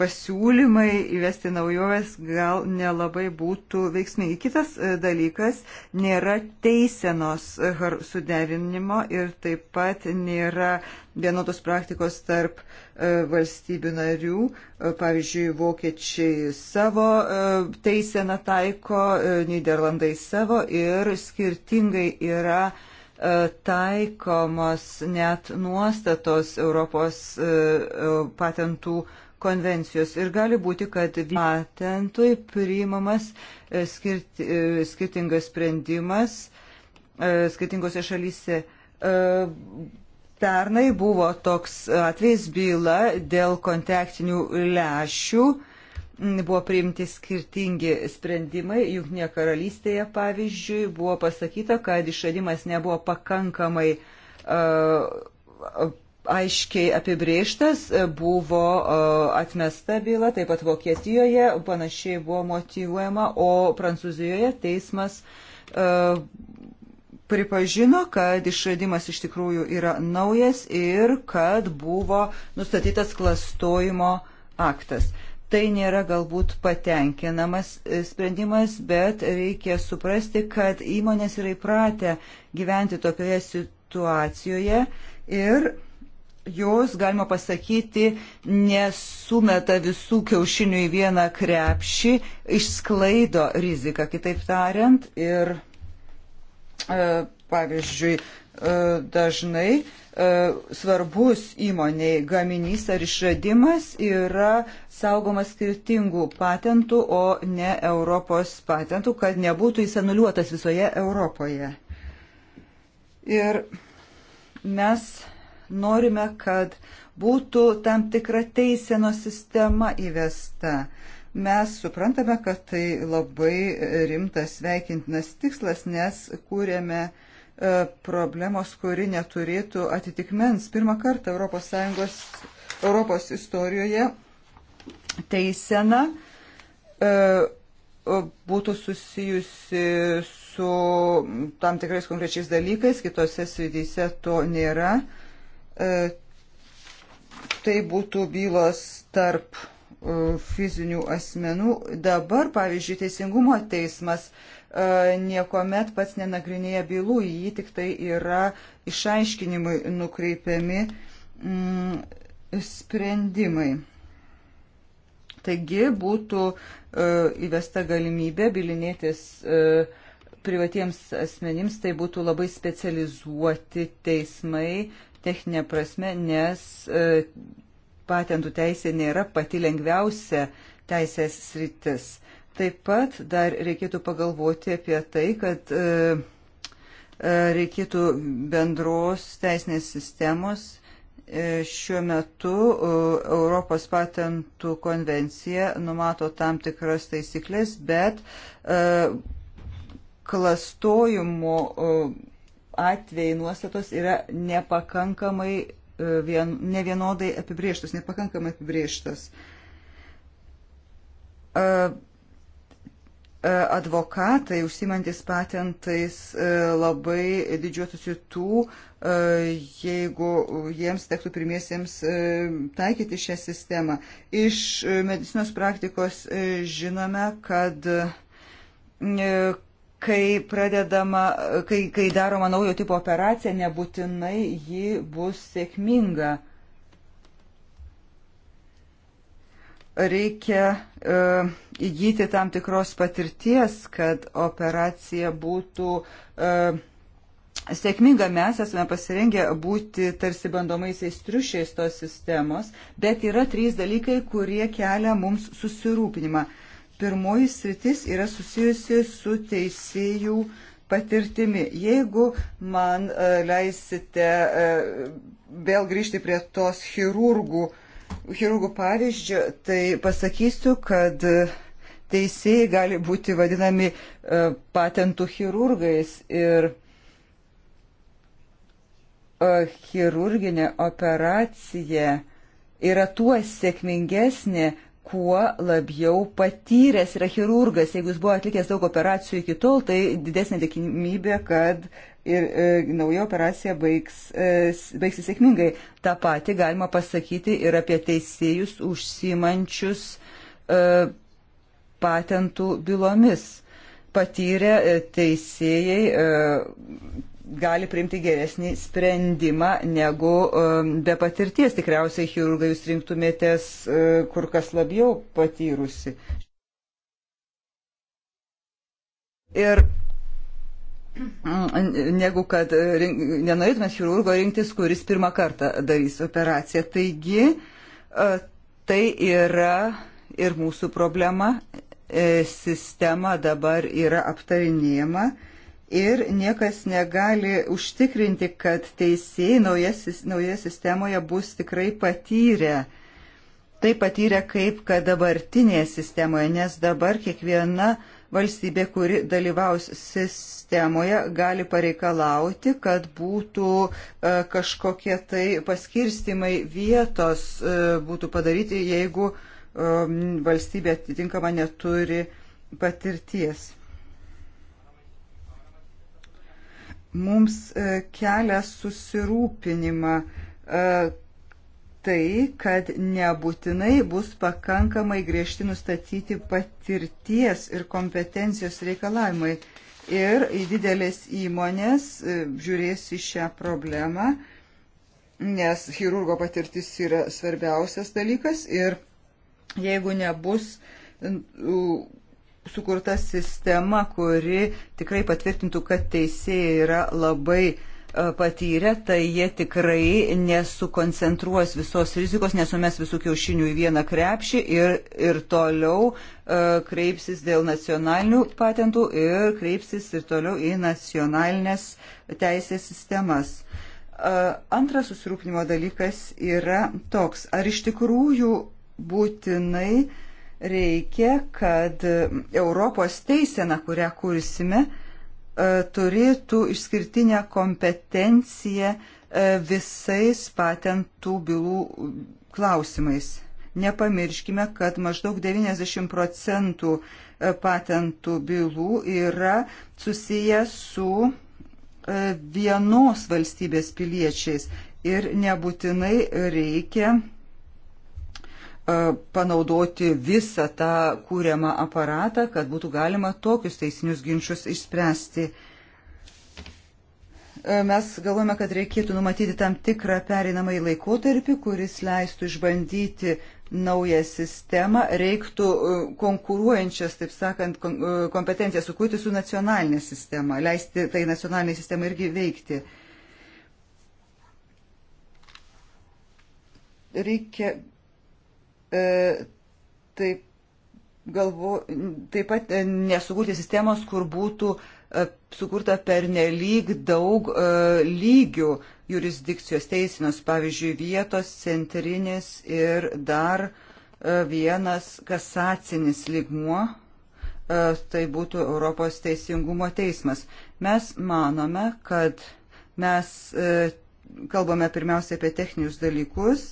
pasiūlymai įvesti naujoves gal nelabai būtų veiksmingi. Kitas e, dalykas - nėra teisenos e, suderinimo ir taip pat nėra vienodos praktikos tarp e, valstybių narių. Pavyzdžiui, vokiečiai savo teiseną taiko, Niderlandai savo ir skirtingai yra taikomos net nuostatos Europos patentų konvencijos ir gali būti, kad patentui priimamas e, skirti, e, skirtingas sprendimas e, skirtingose šalyse. Pernai buvo toks atvejs byla dėl kontaktinių lešių mm, buvo priimti skirtingi sprendimai. Junktinėje karalystėje, pavyzdžiui, buvo pasakyta, kad išradimas nebuvo pakankamai uh, aiškiai apibrieštas, e, buvo e, atmesta byla, taip pat Vokietijoje panašiai buvo motyvuojama, o Prancūzijoje teismas e, pripažino, kad išradimas iš tikrųjų yra naujas ir kad buvo nustatytas klastojimo aktas. Tai nėra galbūt patenkinamas sprendimas, bet reikia suprasti, kad įmonės yra įpratę gyventi tokioje situacijoje ir jos, galima pasakyti, nesumeta visų kiaušinių į vieną krepšį, išsklaido riziką, kitaip tariant. Ir e, pavyzdžiui, e, dažnai e, svarbus įmoniai gaminys ar išradimas yra saugomas skirtingų patentų, o ne Europos patentų, kad nebūtų jis anuliuotas visoje Europoje. Ir mes norime, kad būtų tam tikra teiseno sistema įvesta. Mes suprantame, kad tai labai rimtas sveikintinas tikslas, nes kūrėme e, problemos, kuri neturėtų atitikmens. Pirmą kartą ES, Europos istorijoje teisena e, būtų susijusi su tam tikrais konkrečiais dalykais, kitose srityse to nėra. E, E, tai būtų bylos tarp e, fizinių asmenų. Dabar, pavyzdžiui, Teisingumo teismas e, niekuomet pats nenagrinėja bylų, jį tik tai yra išaiškinimui nukreipiami mm, sprendimai. Taigi būtų uh, įvesta galimybė bilinėtis uh, privatiems asmenims, tai būtų labai specializuoti teismai, techninė prasme, nes e, patentų teisė nėra pati lengviausia teisės sritis. Taip pat dar reikėtų pagalvoti apie tai, kad e, e, reikėtų bendros teisinės sistemos. Šiuo metu Europos patentų konvencija numato tam tikras taisyklės, bet klastojimo atvejai nuostatos yra nepakankamai e, vien, nevienodai apibrieštos, nepakankamai apibrieštos. E, e, advokatai, užsimantis patentais, labai didžiuotųsi tų, jeigu jiems tektų pirmiesiems taikyti šią sistemą. Iš medicinos praktikos žinome, kad kai pradedama, kai, kai daroma naujo tipo operacija, nebūtinai ji bus sėkminga. Reikia e, įgyti tam tikros patirties, kad operacija būtų e, sėkminga. Mes esame pasirengę būti tarsi bandomaisiais triušiais tos sistemos, bet yra trys dalykai, kurie kelia mums susirūpinimą. E, Pirmoji sritis yra susijusi su teisėjų patirtimi. Jeigu man e, leisite e, vėl grįžti prie tos chirurgų, chirurgų pavyzdžio, tai pasakysiu, kad teisėjai gali būti vadinami e, patentų chirurgais ir chirurginė operacija yra tuo sėkmingesnė, kuo labiau patyręs yra chirurgas. Jeigu jis buvo atlikęs daug operacijų iki tol, tai didesnė tikimybė, kad ir e, nauja operacija baigs, e, baigsi sėkmingai. Ta pati galima pasakyti ir apie teisėjus užsimančius e, patentų bylomis. Patyrę e, teisėjai e, gali priimti geresnį sprendimą negu um, be patirties. Tikriausiai chirurgai jūs rinktumėtės uh, kur kas labiau patyrusi. Ir mm, negu kad uh, rink, nenorėtumėt chirurgo rinktis, kuris pirmą kartą darys operaciją. Taigi uh, tai yra ir mūsų problema. E, sistema dabar yra aptarinėjama ir niekas negali užtikrinti, kad teisėjai naujoje sistemoje bus tikrai patyrę. Tai patyrę kaip, kad dabartinėje sistemoje, nes dabar kiekviena valstybė, kuri dalyvaus sistemoje, gali pareikalauti, kad būtų e, kažkokie tai paskirstimai vietos e, būtų padaryti, jeigu e, valstybė atitinkama neturi patirties. mums e, kelia susirūpinimą e, tai, kad nebūtinai bus pakankamai griežti nustatyti patirties ir kompetencijos reikalavimai. Ir didelės įmonės e, žiūrės į šią problemą, nes chirurgo patirtis yra svarbiausias dalykas ir jeigu nebus sukurta sistema, kuri tikrai patvirtintų, kad teisėjai yra labai e, patyrę, tai jie tikrai nesukoncentruos visos rizikos, nesumes visų kiaušinių į vieną krepšį ir, ir toliau e, kreipsis dėl nacionalinių patentų ir kreipsis ir toliau į nacionalinės teisės sistemas. E, antras susirūpinimo dalykas yra toks, ar iš tikrųjų būtinai e, Reikia, kad Europos teisena, kurią kursime, e, turėtų išskirtinę kompetenciją e, visais patentų bylų klausimais. Nepamirškime, kad maždaug 90 procentų e, patentų bylų yra susiję su vienos valstybės piliečiais ir nebūtinai reikia E, panaudoti visą tą kūriamą aparatą, kad būtų galima tokius teisinius ginčius išspręsti. E, mes galvojame, kad reikėtų numatyti tam tikrą pereinamąjį laikotarpį, kuris leistų išbandyti naują sistemą, reiktų e, konkuruojančias, taip sakant, kompetencijas sukurti su nacionalinė sistema, leisti tai nacionalinė sistema irgi veikti. Reikia E, taip, galvo, taip pat nesukurti sistemos, kur būtų e, sukurta per nelyg daug e, lygių jurisdikcijos teisinos, pavyzdžiui, vietos, centrinis ir dar vienas kasacinis lygmuo, tai būtų Europos teisingumo teismas. Mes manome, kad mes kalbame pirmiausia apie techninius dalykus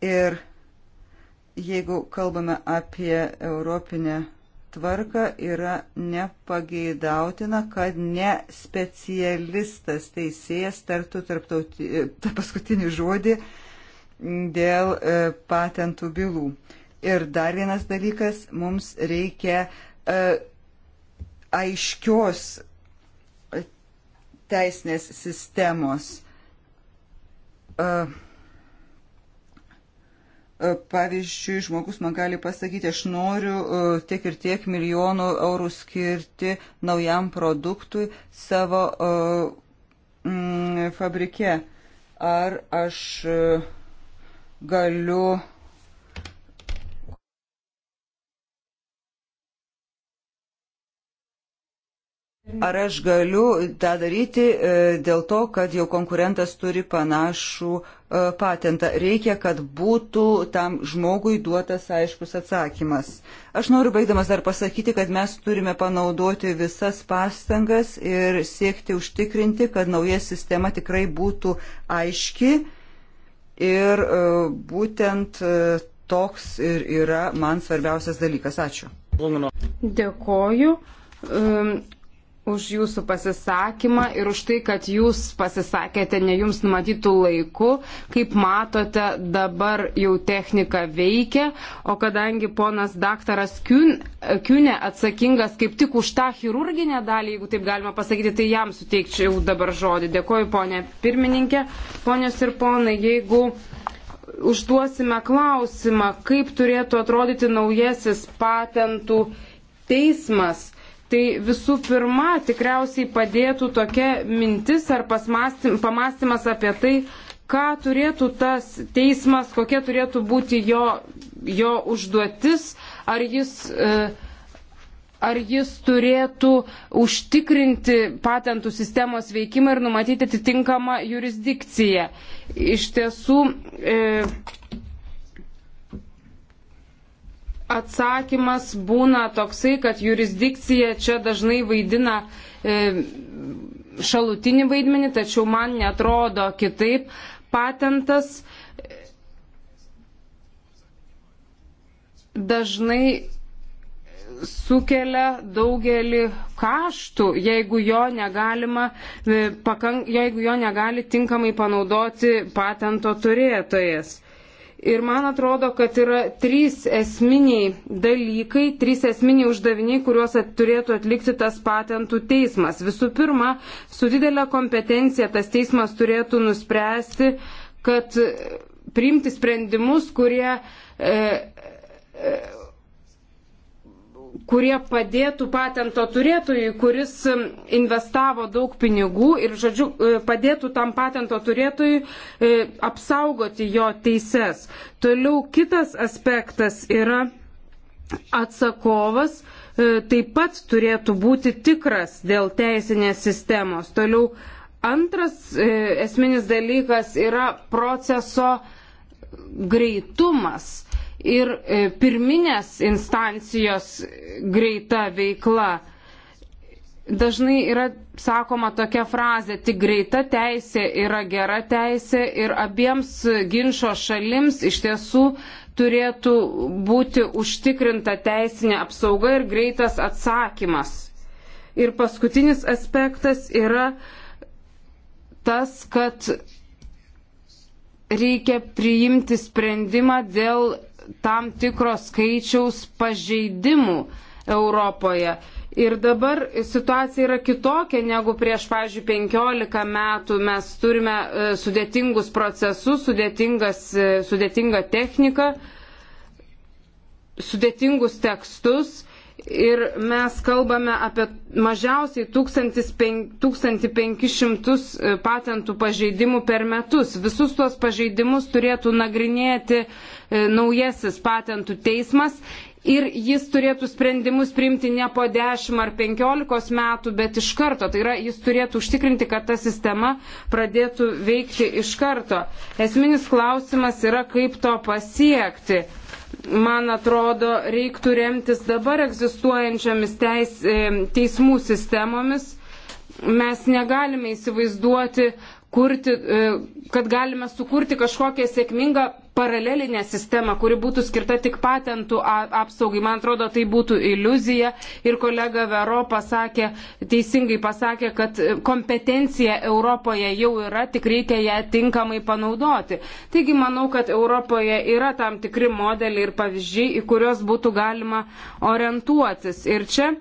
Ir jeigu kalbame apie europinę tvarką, yra nepageidautina, kad ne specialistas teisėjas tartų tą paskutinį žodį dėl e, patentų bylų. Ir dar vienas dalykas, mums reikia e, aiškios teisinės sistemos. Uh, E, pavyzdžiui, žmogus man gali pasakyti, aš noriu e, tiek ir tiek milijonų eurų skirti naujam produktui savo e, mm, fabrike. Ar aš galiu Ar aš galiu tą daryti e, dėl to, kad jau konkurentas turi panašų e, patentą? Reikia, kad būtų tam žmogui duotas aiškus atsakymas. Aš noriu baigdamas dar pasakyti, kad mes turime panaudoti visas pastangas ir siekti užtikrinti, kad nauja sistema tikrai būtų aiški. Ir e, būtent toks ir yra man svarbiausias dalykas. Ačiū. Dėkoju už jūsų pasisakymą ir už tai, kad jūs pasisakėte ne jums numatytų laiku. Kaip matote, dabar jau technika veikia, o kadangi ponas daktaras Kiūne atsakingas kaip tik už tą chirurginę dalį, jeigu taip galima pasakyti, tai jam suteikčiau dabar žodį. Dėkoju, ponė pirmininkė. Ponios ir ponai, jeigu užduosime klausimą, kaip turėtų atrodyti naujasis patentų teismas, tai visų pirma tikriausiai padėtų tokia mintis ar pamastymas apie tai, ką turėtų tas teismas, kokia turėtų būti jo, jo užduotis, ar jis. E, ar jis turėtų užtikrinti patentų sistemos veikimą ir numatyti atitinkamą jurisdikciją. Iš tiesų, e, atsakymas būna toksai, kad jurisdikcija čia dažnai vaidina e, šalutinį vaidmenį, tačiau man netrodo kitaip. Patentas dažnai sukelia daugelį kaštų, jeigu jo, negalima, e, jeigu jo negali tinkamai panaudoti patento turėtojas. Ir man atrodo, kad yra trys esminiai dalykai, trys esminiai uždaviniai, kuriuos at, turėtų atlikti tas patentų teismas. Visų pirma, su didelė kompetencija tas teismas turėtų nuspręsti, kad priimti sprendimus, kurie e, e, kurie padėtų patento turėtojui, kuris investavo daug pinigų ir, žodžiu, e, padėtų tam patento turėtojui e, apsaugoti jo teises. Toliau kitas aspektas yra atsakovas e, taip pat turėtų būti tikras dėl teisinės sistemos. Toliau antras esminis dalykas yra proceso greitumas ir e, pirminės instancijos greita veikla. Dažnai yra sakoma tokia frazė, tik greita teisė yra gera teisė ir abiems ginčio šalims iš tiesų turėtų būti užtikrinta teisinė apsauga ir greitas atsakymas. Ir paskutinis aspektas yra tas, kad reikia priimti sprendimą dėl tam tikros skaičiaus pažeidimų Europoje. Ir dabar situacija yra kitokia negu prieš, pažiūrėjau, 15 metų. Mes turime e, sudėtingus procesus, sudėtingą e, techniką, sudėtingus tekstus ir mes kalbame apie mažiausiai 1500 e, patentų pažeidimų per metus. Visus tuos pažeidimus turėtų nagrinėti e, naujasis patentų teismas ir jis turėtų sprendimus priimti ne po 10 ar 15 metų, bet iš karto. Tai yra, jis turėtų užtikrinti, kad ta sistema pradėtų veikti iš karto. Esminis klausimas yra, kaip to pasiekti man atrodo, reiktų remtis dabar egzistuojančiamis teis, e, teismų sistemomis. Mes negalime įsivaizduoti, kurti e, kad galime sukurti kažkokią sėkmingą paralelinę sistemą, kuri būtų skirta tik patentų apsaugai. Man atrodo, tai būtų iliuzija. Ir kolega Vero pasakė, teisingai pasakė, kad kompetencija Europoje jau yra, tik reikia ją tinkamai panaudoti. Taigi manau, kad Europoje yra tam tikri modeliai ir pavyzdžiai, į kuriuos būtų galima orientuotis. Ir čia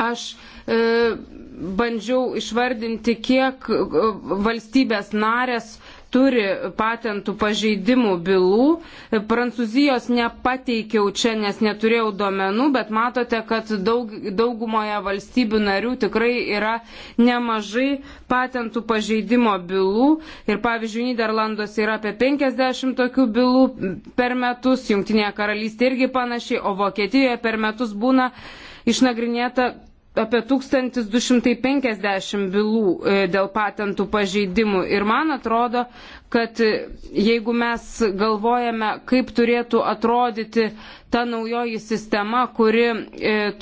aš. E, bandžiau išvardinti, kiek e, valstybės narės turi patentų pažeidimų bylų. Prancūzijos nepateikiau čia, nes neturėjau duomenų, bet matote, kad daug, daugumoje valstybių narių tikrai yra nemažai patentų pažeidimo bylų. Ir pavyzdžiui, Niderlanduose yra apie 50 tokių bylų per metus, Junktinėje karalystėje irgi panašiai, o Vokietijoje per metus būna išnagrinėta apie 1250 bylų e, dėl patentų pažeidimų. Ir man atrodo, kad e, jeigu mes galvojame, kaip turėtų atrodyti ta naujoji sistema, kuri e,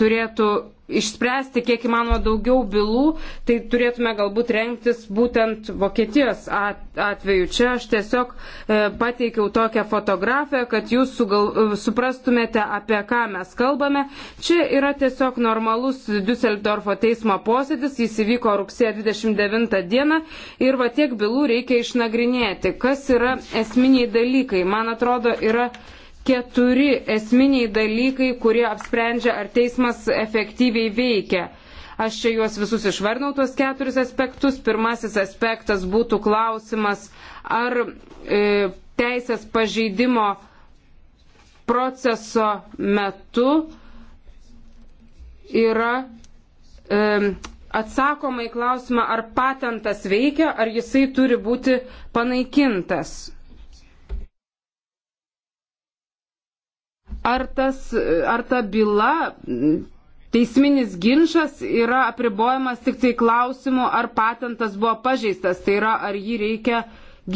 turėtų išspręsti kiek įmanoma daugiau bylų, tai turėtume galbūt renktis būtent Vokietijos atveju. Čia aš tiesiog e, pateikiau tokią fotografiją, kad jūs sugal, suprastumėte, apie ką mes kalbame. Čia yra tiesiog normalus Düsseldorfo teismo posėdis, jis įvyko rugsėjo 29 dieną ir va tiek bylų reikia išnagrinėti. Kas yra esminiai dalykai? Man atrodo, yra keturi esminiai dalykai, kurie apsprendžia, ar teismas efektyviai veikia. Aš čia juos visus išvardinau, tuos keturis aspektus. Pirmasis aspektas būtų klausimas, ar e, teisės pažeidimo proceso metu yra e, atsakoma į klausimą, ar patentas veikia, ar jisai turi būti panaikintas. Ar, tas, ar ta byla, teisminis ginčas yra apribojamas tik tai klausimu, ar patentas buvo pažeistas, tai yra, ar jį reikia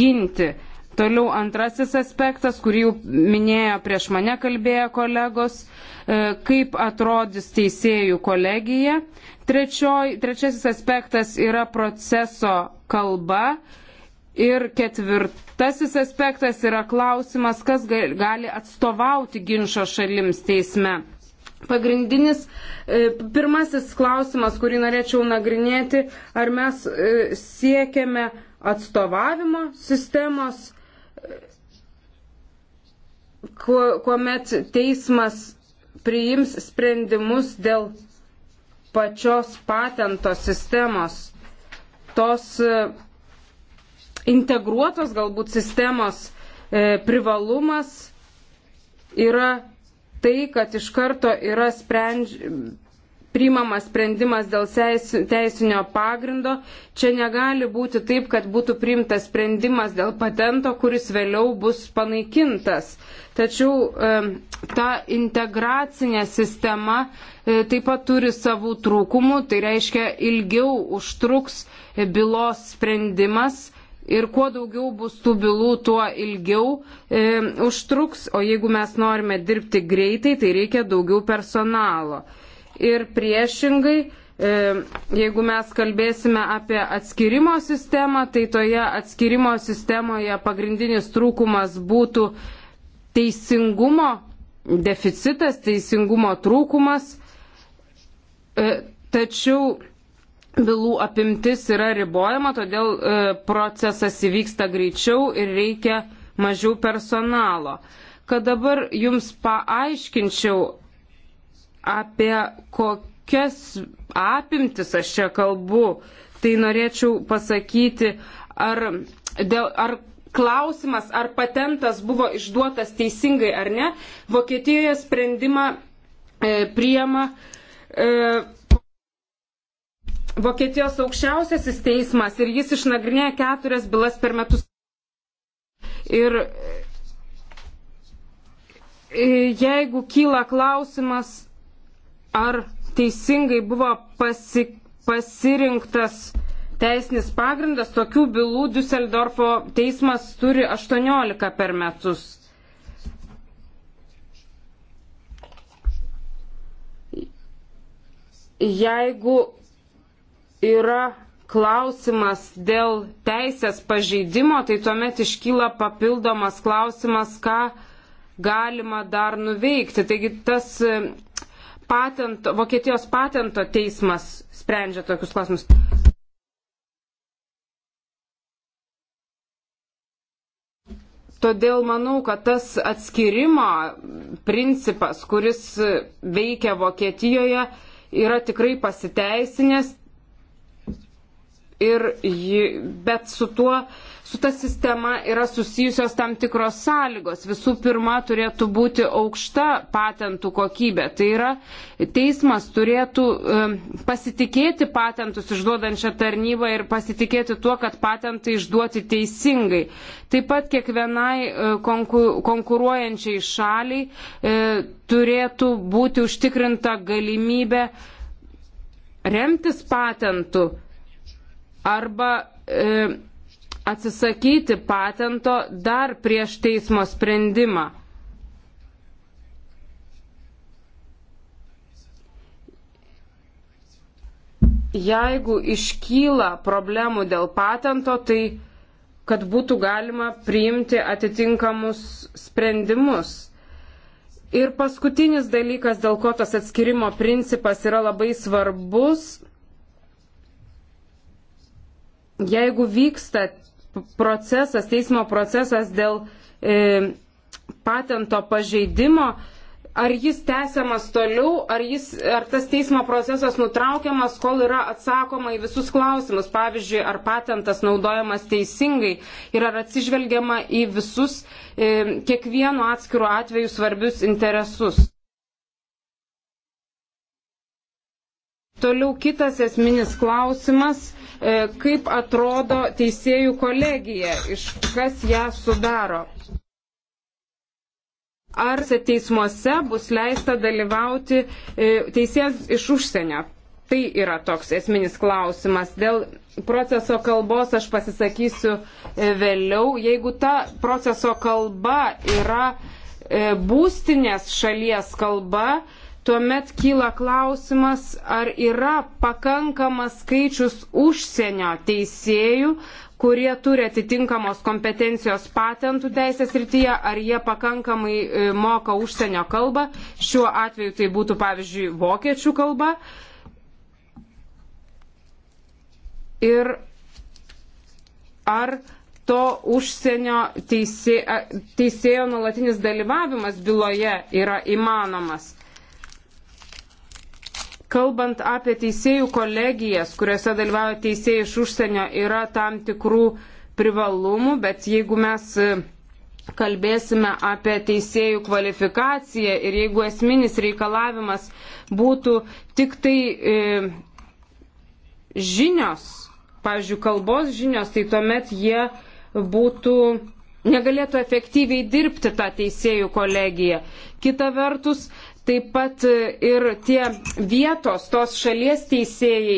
ginti. Toliau antrasis aspektas, kurį jau minėjo prieš mane kalbėję kolegos, e, kaip atrodys teisėjų kolegija. Trečioj, trečiasis aspektas yra proceso kalba. Ir ketvirtasis aspektas yra klausimas, kas gali atstovauti ginčio šalims teisme. Pagrindinis e, pirmasis klausimas, kurį norėčiau nagrinėti, ar mes e, siekiame atstovavimo sistemos, e, kuomet teismas priims sprendimus dėl pačios patento sistemos. Tos integruotos galbūt sistemos e, privalumas yra tai, kad iš karto yra sprendž... priimamas sprendimas dėl teisinio pagrindo. Čia negali būti taip, kad būtų priimtas sprendimas dėl patento, kuris vėliau bus panaikintas. Tačiau e, ta integracinė sistema e, taip pat turi savų trūkumų, tai reiškia ilgiau užtruks bylos sprendimas ir kuo daugiau bus tų bylų, tuo ilgiau e, užtruks, o jeigu mes norime dirbti greitai, tai reikia daugiau personalo. Ir priešingai, e, jeigu mes kalbėsime apie atskirimo sistemą, tai toje atskirimo sistemoje pagrindinis trūkumas būtų teisingumo deficitas, teisingumo trūkumas. E, tačiau bylų apimtis yra ribojama, todėl e, procesas įvyksta greičiau ir reikia mažiau personalo. Kad dabar jums paaiškinčiau, apie kokias apimtis aš čia kalbu, tai norėčiau pasakyti, ar, dėl, ar klausimas, ar patentas buvo išduotas teisingai ar ne, Vokietijoje sprendimą e, priema. E, Vokietijos aukščiausiasis teismas ir jis išnagrinėja keturias bylas per metus. Ir e, jeigu kyla klausimas, ar teisingai buvo pasi, pasirinktas teisinis pagrindas, tokių bylų Düsseldorfo teismas turi 18 per metus. Jeigu yra klausimas dėl teisės pažeidimo, tai tuomet iškyla papildomas klausimas, ką galima dar nuveikti. Taigi tas e, patento, Vokietijos patento teismas sprendžia tokius klausimus. Todėl manau, kad tas atskirimo principas, kuris veikia Vokietijoje, yra tikrai pasiteisinęs, ir ji, bet su tuo, su ta sistema yra susijusios tam tikros sąlygos. Visų pirma, turėtų būti aukšta patentų kokybė. Tai yra, teismas turėtų e, pasitikėti patentus išduodančią tarnybą ir pasitikėti tuo, kad patentai išduoti teisingai. Taip pat kiekvienai e, konkur, konkuruojančiai šaliai e, turėtų būti užtikrinta galimybė remtis patentu arba e, atsisakyti patento dar prieš teismo sprendimą. Jeigu iškyla problemų dėl patento, tai kad būtų galima priimti atitinkamus sprendimus. Ir paskutinis dalykas, dėl ko tas atskirimo principas yra labai svarbus, jeigu vyksta procesas, teismo procesas dėl e, patento pažeidimo, ar jis tęsiamas toliau, ar, jis, ar tas teismo procesas nutraukiamas, kol yra atsakoma į visus klausimus, pavyzdžiui, ar patentas naudojamas teisingai ir ar atsižvelgiama į visus e, kiekvienu atskiru atveju svarbius interesus. Toliau kitas esminis klausimas, e, kaip atrodo teisėjų kolegija, iš kas ją sudaro. Ar teismuose bus leista dalyvauti e, teisėjas iš užsienio? Tai yra toks esminis klausimas. Dėl proceso kalbos aš pasisakysiu e, vėliau. Jeigu ta proceso kalba yra būstinės šalies kalba, tuomet kyla klausimas, ar yra pakankamas skaičius užsienio teisėjų, kurie turi atitinkamos kompetencijos patentų teisės rytyje, ar jie pakankamai e, moka užsienio kalbą. Šiuo atveju tai būtų, pavyzdžiui, vokiečių kalba. Ir ar to užsienio teisė, e, teisėjo nuolatinis dalyvavimas byloje yra įmanomas kalbant apie teisėjų kolegijas, kuriuose dalyvauja teisėjai iš užsienio, yra tam tikrų privalumų, bet jeigu mes e, kalbėsime apie teisėjų kvalifikaciją ir jeigu esminis reikalavimas būtų tik tai e, žinios, pavyzdžiui, kalbos žinios, tai tuomet jie būtų negalėtų efektyviai dirbti tą teisėjų kolegiją. Kita vertus, Taip pat e, ir tie vietos, tos šalies teisėjai,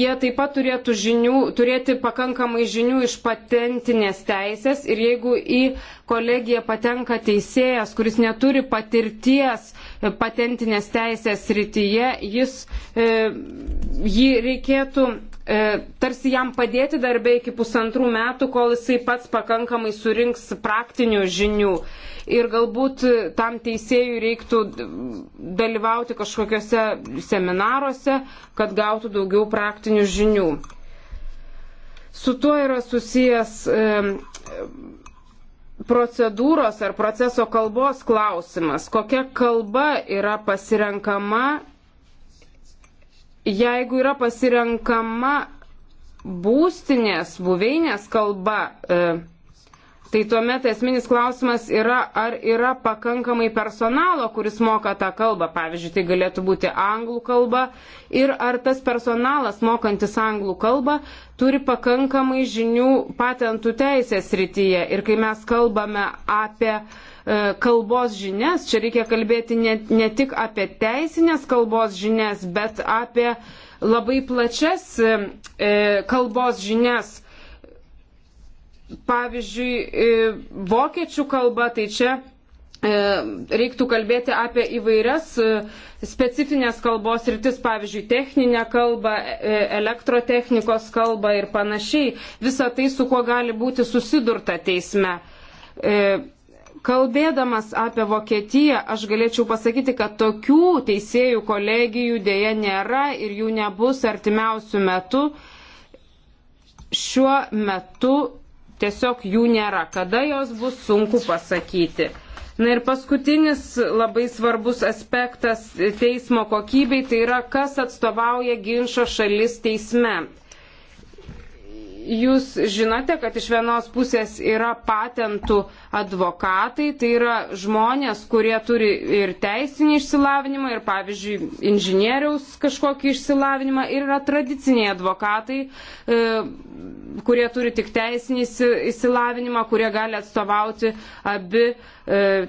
jie taip pat turėtų žinių, turėti pakankamai žinių iš patentinės teisės ir jeigu į kolegiją patenka teisėjas, kuris neturi patirties e, patentinės teisės rytyje, jis, e, jį reikėtų e, tarsi jam padėti darbę iki pusantrų metų, kol jisai pats pakankamai surinks praktinių žinių. E, ir galbūt tam teisėjui reiktų dalyvauti kažkokiuose seminaruose, kad gautų daugiau praktinių žinių. Su tuo yra susijęs e, procedūros ar proceso kalbos klausimas, kokia kalba yra pasirenkama, jeigu yra pasirenkama būstinės, buveinės kalba. E, Tai tuomet esminis klausimas yra, ar yra pakankamai personalo, kuris moka tą kalbą. Pavyzdžiui, tai galėtų būti anglų kalba. Ir ar tas personalas mokantis anglų kalbą turi pakankamai žinių patentų teisės rytyje. Ir kai mes kalbame apie e, kalbos žinias, čia reikia kalbėti ne, ne tik apie teisinės kalbos žinias, bet apie labai plačias e, kalbos žinias, pavyzdžiui, e, vokiečių kalba, tai čia e, reiktų kalbėti apie įvairias e, specifinės kalbos rytis, pavyzdžiui, techninę kalbą, elektrotechnikos kalbą ir panašiai. Visa tai, su kuo gali būti susidurta teisme. Kalbėdamas apie Vokietiją, aš galėčiau pasakyti, kad tokių teisėjų kolegijų dėja nėra ir jų nebus artimiausių metų. Šiuo metu tiesiog jų nėra. Kada jos bus, sunku pasakyti. Na ir paskutinis labai svarbus aspektas teismo kokybei tai yra, kas atstovauja ginčio šalis teisme jūs žinote, kad iš vienos pusės yra patentų advokatai, tai yra žmonės, kurie turi ir teisinį išsilavinimą, ir pavyzdžiui, inžinieriaus kažkokį išsilavinimą, ir yra tradiciniai advokatai, e, kurie turi tik teisinį išsilavinimą, kurie gali atstovauti abi e,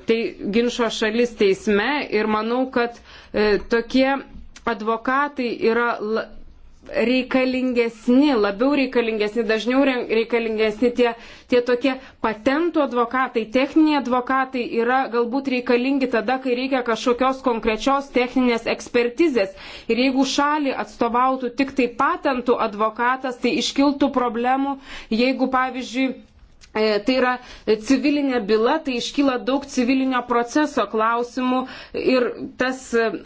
tai, ginčio šalis teisme. Ir manau, kad e, tokie advokatai yra reikalingesni, labiau reikalingesni, dažniau reikalingesni tie, tie tokie patentų advokatai, techniniai advokatai yra galbūt reikalingi tada, kai reikia kažkokios konkrečios techninės ekspertizės. Ir jeigu šalį atstovautų tik tai patentų advokatas, tai iškiltų problemų, jeigu pavyzdžiui E, tai yra civilinė byla, tai iškyla daug civilinio proceso klausimų ir tas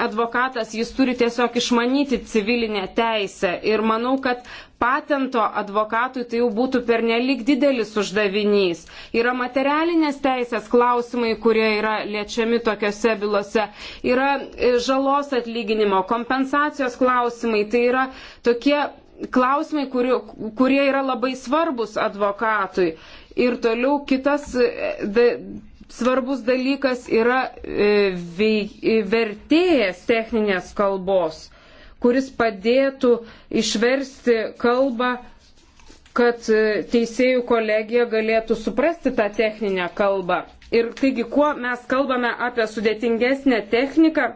advokatas, jis turi tiesiog išmanyti civilinę teisę. Ir manau, kad patento advokatui tai jau būtų pernelik didelis uždavinys. Yra materialinės teisės klausimai, kurie yra liečiami tokiuose bylose. Yra e, žalos atlyginimo, kompensacijos klausimai. Tai yra tokie klausimai, kurie, kurie yra labai svarbus advokatui. Ir toliau kitas e, da, svarbus dalykas yra e, vei, e, vertėjas techninės kalbos, kuris padėtų išversti kalbą kad teisėjų kolegija galėtų suprasti tą techninę kalbą. Ir taigi, kuo mes kalbame apie sudėtingesnę techniką,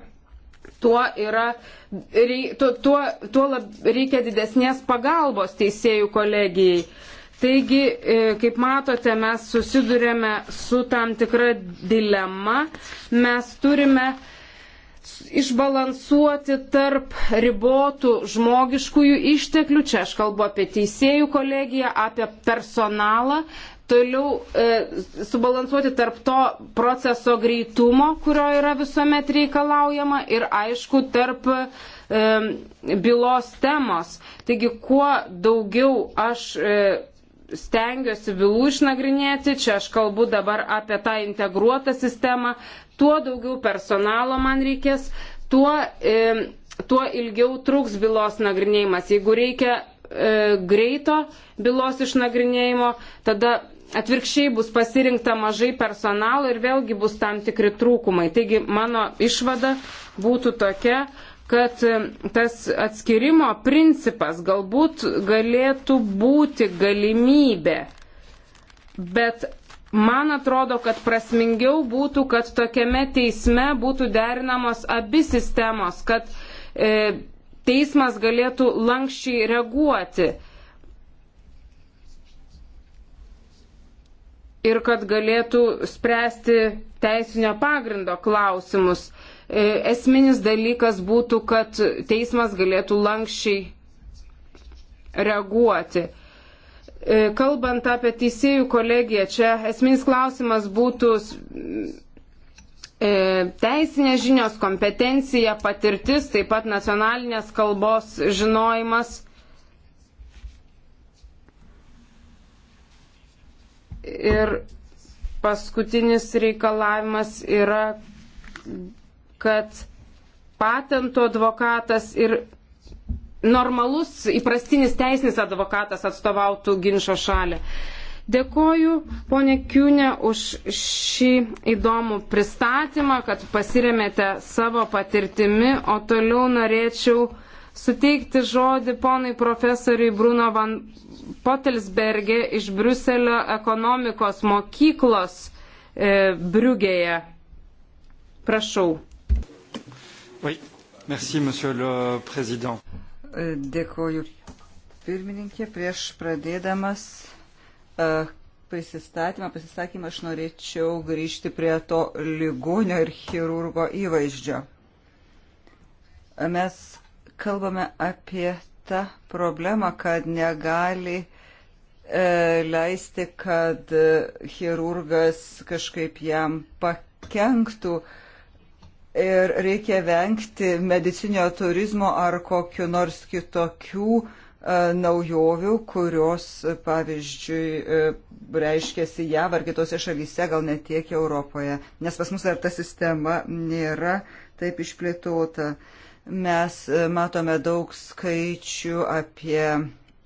tuo, yra, tuo, tuo, tuo lab, reikia didesnės pagalbos teisėjų kolegijai. Taigi, e, kaip matote, mes susidurėme su tam tikra dilema. Mes turime išbalansuoti tarp ribotų žmogiškųjų išteklių, čia aš kalbu apie teisėjų kolegiją, apie personalą, toliau e, subalansuoti tarp to proceso greitumo, kurio yra visuomet reikalaujama ir aišku tarp e, bylos temos. Taigi, kuo daugiau aš e, stengiuosi bylų išnagrinėti, čia aš kalbu dabar apie tą integruotą sistemą, tuo daugiau personalo man reikės, tuo, e, tuo ilgiau truks bylos nagrinėjimas. Jeigu reikia e, greito bylos išnagrinėjimo, tada atvirkščiai bus pasirinkta mažai personalo ir vėlgi bus tam tikri trūkumai. Taigi mano išvada būtų tokia, kad e, tas atskirimo principas galbūt galėtų būti galimybė, bet man atrodo, kad prasmingiau būtų, kad tokiame teisme būtų derinamos abi sistemos, kad e, teismas galėtų lankščiai reaguoti ir kad galėtų spręsti teisinio pagrindo klausimus. E, esminis dalykas būtų, kad teismas galėtų lankščiai reaguoti. E, kalbant apie teisėjų kolegiją, čia esminis klausimas būtų e, teisinės žinios, kompetencija, patirtis, taip pat nacionalinės kalbos žinojimas. Ir paskutinis reikalavimas yra kad patento advokatas ir normalus įprastinis teisinis advokatas atstovautų ginčio šalį. Dėkoju, ponė Kiūne, už šį įdomų pristatymą, kad pasiremėte savo patirtimi, o toliau norėčiau suteikti žodį ponai profesoriui Bruno Van Potelsbergė iš Bruselio ekonomikos mokyklos e, Briugėje. Prašau. Oui. Merci, monsieur le président. E, dėkoju pirmininkė. Prieš pradėdamas e, prisistatymą, pasisakymą, aš norėčiau grįžti prie to ligonio ir chirurgo įvaizdžio. E, mes kalbame apie tą problemą, kad negali leisti, kad chirurgas kažkaip jam pakenktų ir reikia vengti medicinio turizmo ar kokiu nors kitokių e, naujovių, kurios, e, pavyzdžiui, e, reiškiasi JAV ar kitose šalyse, gal net tiek Europoje, nes pas mus dar ta sistema nėra taip išplėtota. Mes matome daug skaičių apie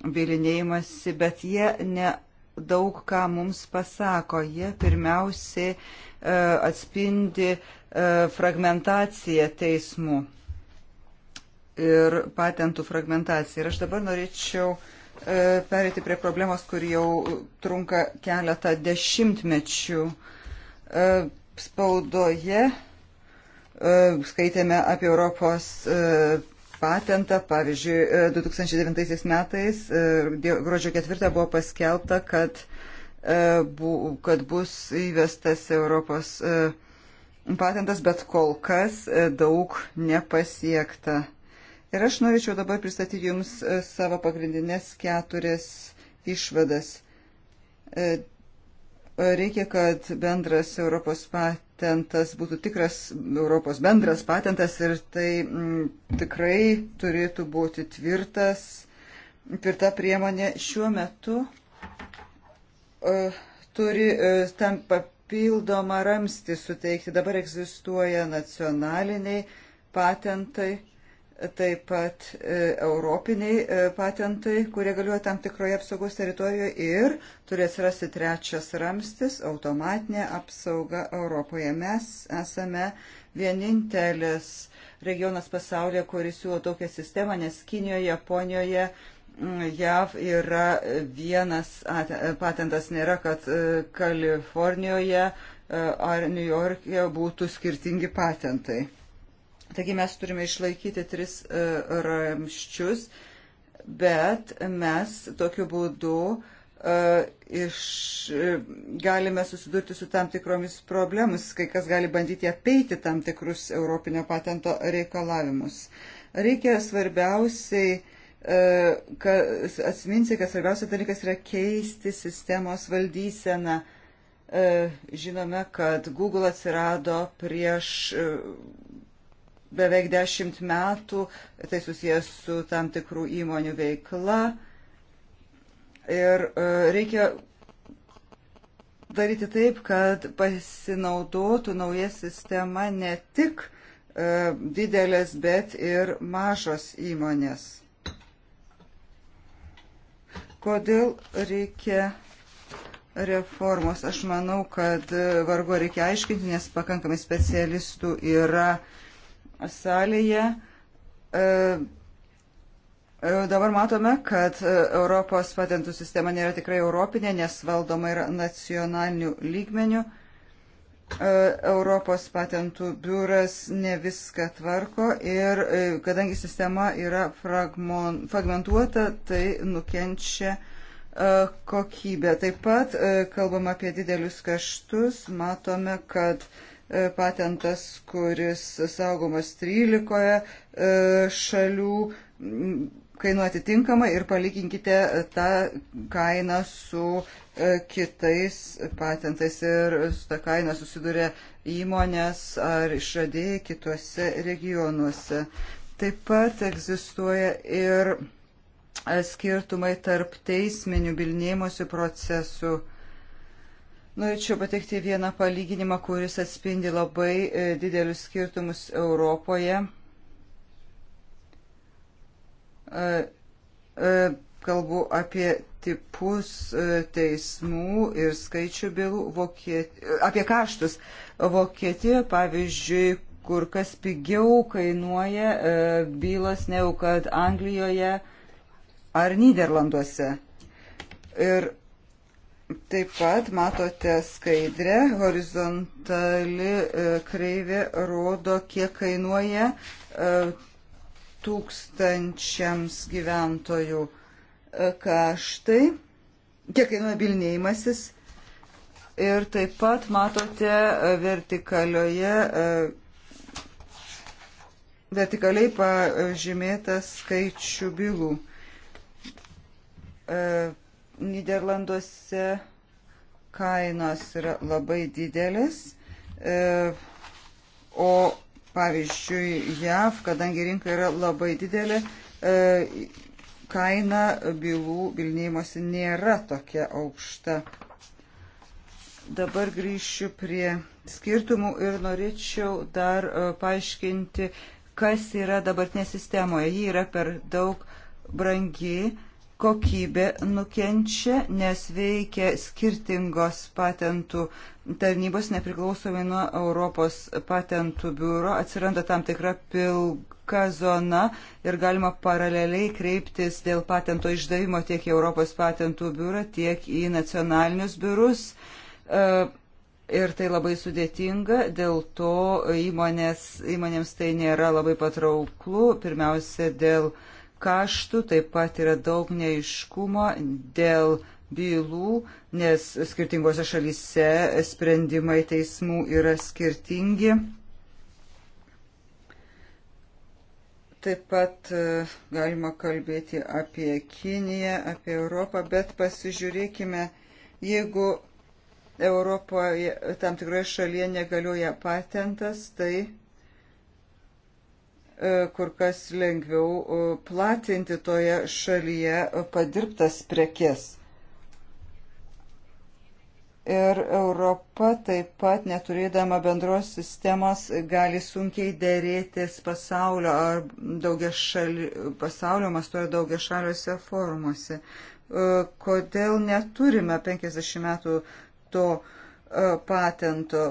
bilinėjimąsi, bet jie ne daug ką mums pasako. Jie pirmiausiai E, atspindi e, fragmentaciją teismų ir patentų fragmentaciją. Ir aš dabar norėčiau e, perėti prie problemos, kur jau trunka keletą dešimtmečių. Spaudoje skaitėme apie Europos patentą. Pavyzdžiui, 2009 metais gruodžio 4 buvo paskelbta, kad E, kad bus įvestas Europos e, patentas, bet kol kas e, daug nepasiekta. Ir aš norėčiau dabar pristatyti Jums savo pagrindinės keturias išvadas. Reikia, kad bendras Europos patentas būtų tikras Europos bendras patentas ir tai m, tikrai turėtų būti tvirtas, tvirta priemonė šiuo metu E, turi e, tam papildomą ramstį suteikti. Dabar egzistuoja nacionaliniai patentai, taip pat e, europiniai patentai, kurie galioja tam tikroje apsaugos teritorijoje ir turi atsirasti trečias ramstis - automatinė apsauga Europoje. Mes esame vienintelis regionas pasaulyje, kuris siūlo tokią sistemą, nes Kinijoje, Japonijoje, JAV yra vienas patentas, nėra, kad e, Kalifornijoje e, ar New York'e būtų skirtingi patentai. Taigi mes turime išlaikyti tris e, ramščius, bet mes tokiu būdu iš, galime susidurti su tam tikromis problemus, kai kas gali bandyti apeiti tam tikrus Europinio patento reikalavimus. Reikia svarbiausiai E, kad atsiminti, kad svarbiausias dalykas yra keisti sistemos valdyseną. E, žinome, kad Google atsirado prieš e, beveik dešimt metų, tai susijęs su tam tikrų įmonių veikla. Ir reikia daryti taip, kad pasinaudotų nauja sistema ne tik didelės, bet ir mažos įmonės. Kodėl reikia reformos? Aš manau, kad vargo reikia aiškinti, nes pakankamai specialistų yra salėje. E, e, dabar matome, kad Europos patentų sistema nėra tikrai europinė, nes valdoma yra nacionalinių lygmenių. E, Europos patentų biuras ne viską tvarko ir e, kadangi sistema yra fragmentuota, tai nukenčia e, kokybė. Taip pat kalbam apie didelius kaštus, matome, kad patentas, kuris saugomas 13 šalių, kainuoja atitinkamai ir palyginkite tą kainą su e, kitais patentais ir su tą kainą susiduria įmonės ar išradėjai kitose regionuose. Taip pat egzistuoja ir e, skirtumai tarp teisminių bilinėjimosi procesų. Norėčiau pateikti vieną palyginimą, kuris atspindi labai e, didelius skirtumus Europoje E, e, kalbu apie tipus e, teismų ir skaičių bylų, Vokiet... apie kaštus. Vokietijoje, pavyzdžiui, kur kas pigiau kainuoja bylas negu kad Anglijoje ar Niderlanduose. Ir taip pat matote skaidrę, horizontali kreivė rodo, kiek kainuoja tūkstančiams gyventojų kaštai, kiek kainuoja bilinėjimasis. Ir taip pat matote vertikalioje, vertikaliai pažymėtą skaičių bylų. Niderlanduose kainos yra labai didelis, o Pavyzdžiui, JAV, kadangi rinka yra labai didelė, e, kaina bylų bilnėjimuose nėra tokia aukšta. Dabar grįšiu prie skirtumų ir norėčiau dar e, paaiškinti, kas yra dabartinė sistemoje. Ji yra per daug brangi kokybė nukenčia, nes veikia skirtingos patentų tarnybos nepriklausomai nuo Europos patentų biuro, atsiranda tam tikra pilka zona ir galima paraleliai kreiptis dėl patento išdavimo tiek į Europos patentų biurą, tiek į nacionalinius biurus. E, ir tai labai sudėtinga, dėl to įmonės, įmonėms tai nėra labai patrauklu, pirmiausia dėl uh, kaštų, taip pat yra daug neiškumo dėl bylų, nes skirtingose šalyse sprendimai teismų yra skirtingi. Taip pat e, galima kalbėti apie Kiniją, apie Europą, bet pasižiūrėkime, jeigu Europoje tam tikroje šalyje negalioja patentas, tai E, kur kas lengviau e, platinti toje šalyje padirbtas prekes. Ir Europa taip pat, neturėdama bendros sistemos, gali sunkiai dėrėtis pasaulio ar daugia šali, pasaulio mastu ar daugia šaliuose forumuose. E, kodėl neturime 50 metų to patento?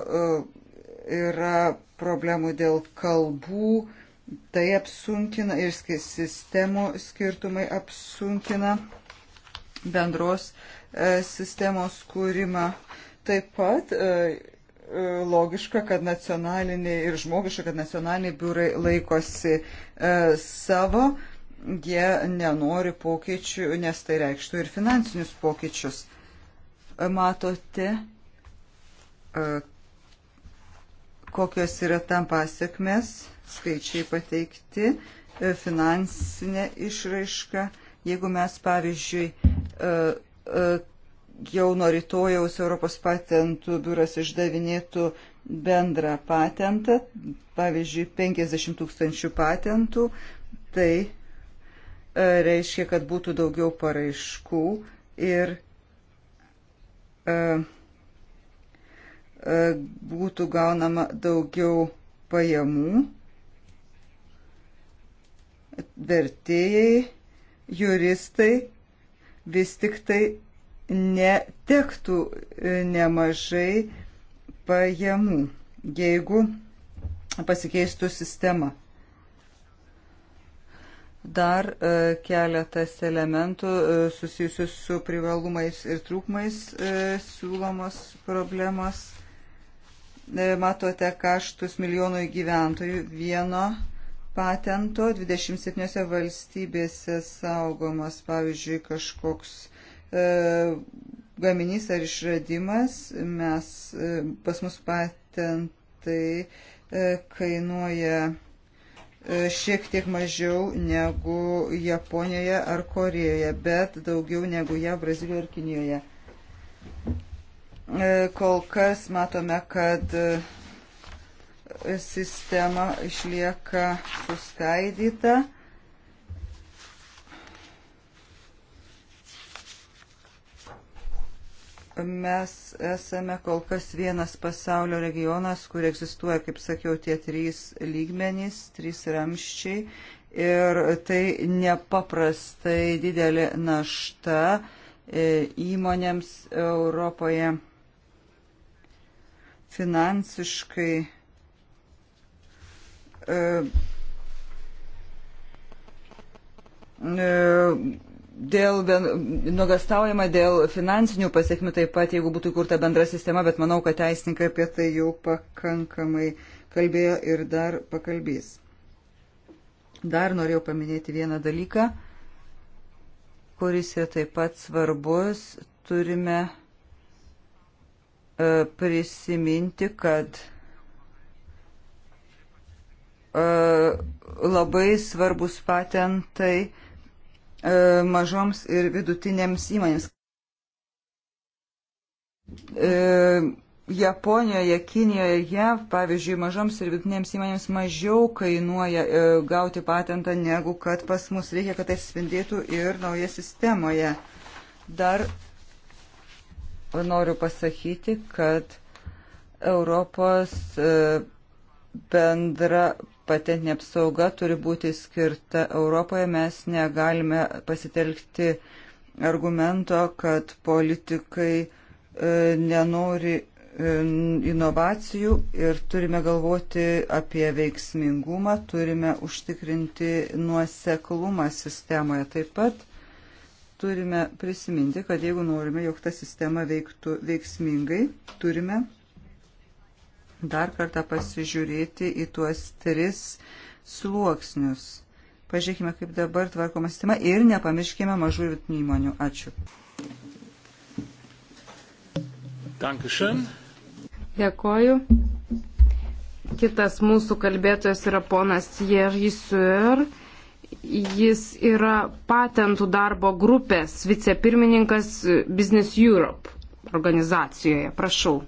Yra problemų dėl kalbų, tai apsunkina ir sistemų skirtumai apsunkina bendros e, sistemos kūrimą. Taip pat e, e, logiška, kad nacionaliniai ir žmogiška, kad nacionaliniai biurai laikosi savo, jie nenori pokyčių, nes tai reikštų ir finansinius pokyčius. Matote, kokios yra tam pasiekmes skaičiai pateikti, e, finansinė išraiška. Jeigu mes, pavyzdžiui, e, e, jau nuo rytojaus Europos patentų biuras išdavinėtų bendrą patentą, pavyzdžiui, 50 tūkstančių patentų, tai reiškia, kad būtų daugiau paraiškų ir būtų gaunama daugiau pajamų vertėjai, juristai vis tik tai netektų e, nemažai pajamų, jeigu pasikeistų sistema. Dar e, keletas elementų e, susijusių su privalumais ir trūkumais siūlomos problemos. Matote kaštus milijonui gyventojų vieno patento 27 valstybėse saugomas, pavyzdžiui, kažkoks e, gaminys ar išradimas. Mes, e, pas mus patentai e, kainuoja e, šiek tiek mažiau negu Japonijoje ar Korejoje, bet daugiau negu JAV, Brazilijoje ir Kinijoje. E, kol kas matome, kad e, sistema išlieka suskaidyta. Mes esame kol kas vienas pasaulio regionas, kur egzistuoja, kaip sakiau, tie trys lygmenys, trys ramščiai. Ir tai nepaprastai didelė našta e, įmonėms Europoje finansiškai Dėl nuogastaujama dėl finansinių pasiekmių taip pat, jeigu būtų įkurta bendra sistema, bet manau, kad teisininkai apie tai jau pakankamai kalbėjo ir dar pakalbės. Dar norėjau paminėti vieną dalyką, kuris yra taip pat svarbus. Turime e, prisiminti, kad E, labai svarbus patentai e, mažoms ir vidutinėms įmonėms. E, Japonijoje, Kinijoje, JAV, pavyzdžiui, mažoms ir vidutinėms įmonėms mažiau kainuoja e, gauti patentą, negu kad pas mus reikia, kad tai spindėtų ir nauja sistemoje. Dar noriu pasakyti, kad Europos e, bendra patentinė apsauga turi būti skirta Europoje. Mes negalime pasitelkti argumento, kad politikai e, nenori e, inovacijų ir turime galvoti apie veiksmingumą, turime užtikrinti nuoseklumą sistemoje. Taip pat turime prisiminti, kad jeigu norime, jog ta sistema veiktų veiksmingai, turime dar kartą pasižiūrėti į tuos tris sluoksnius. Pažiūrėkime, kaip dabar tvarkoma sistema ir nepamirškime mažų ir vidutinių įmonių. Ačiū. Dankeschön. Dėkoju. Kitas mūsų kalbėtojas yra ponas Jerry Suer. Jis yra patentų darbo grupės vicepirmininkas Business Europe organizacijoje. Prašau.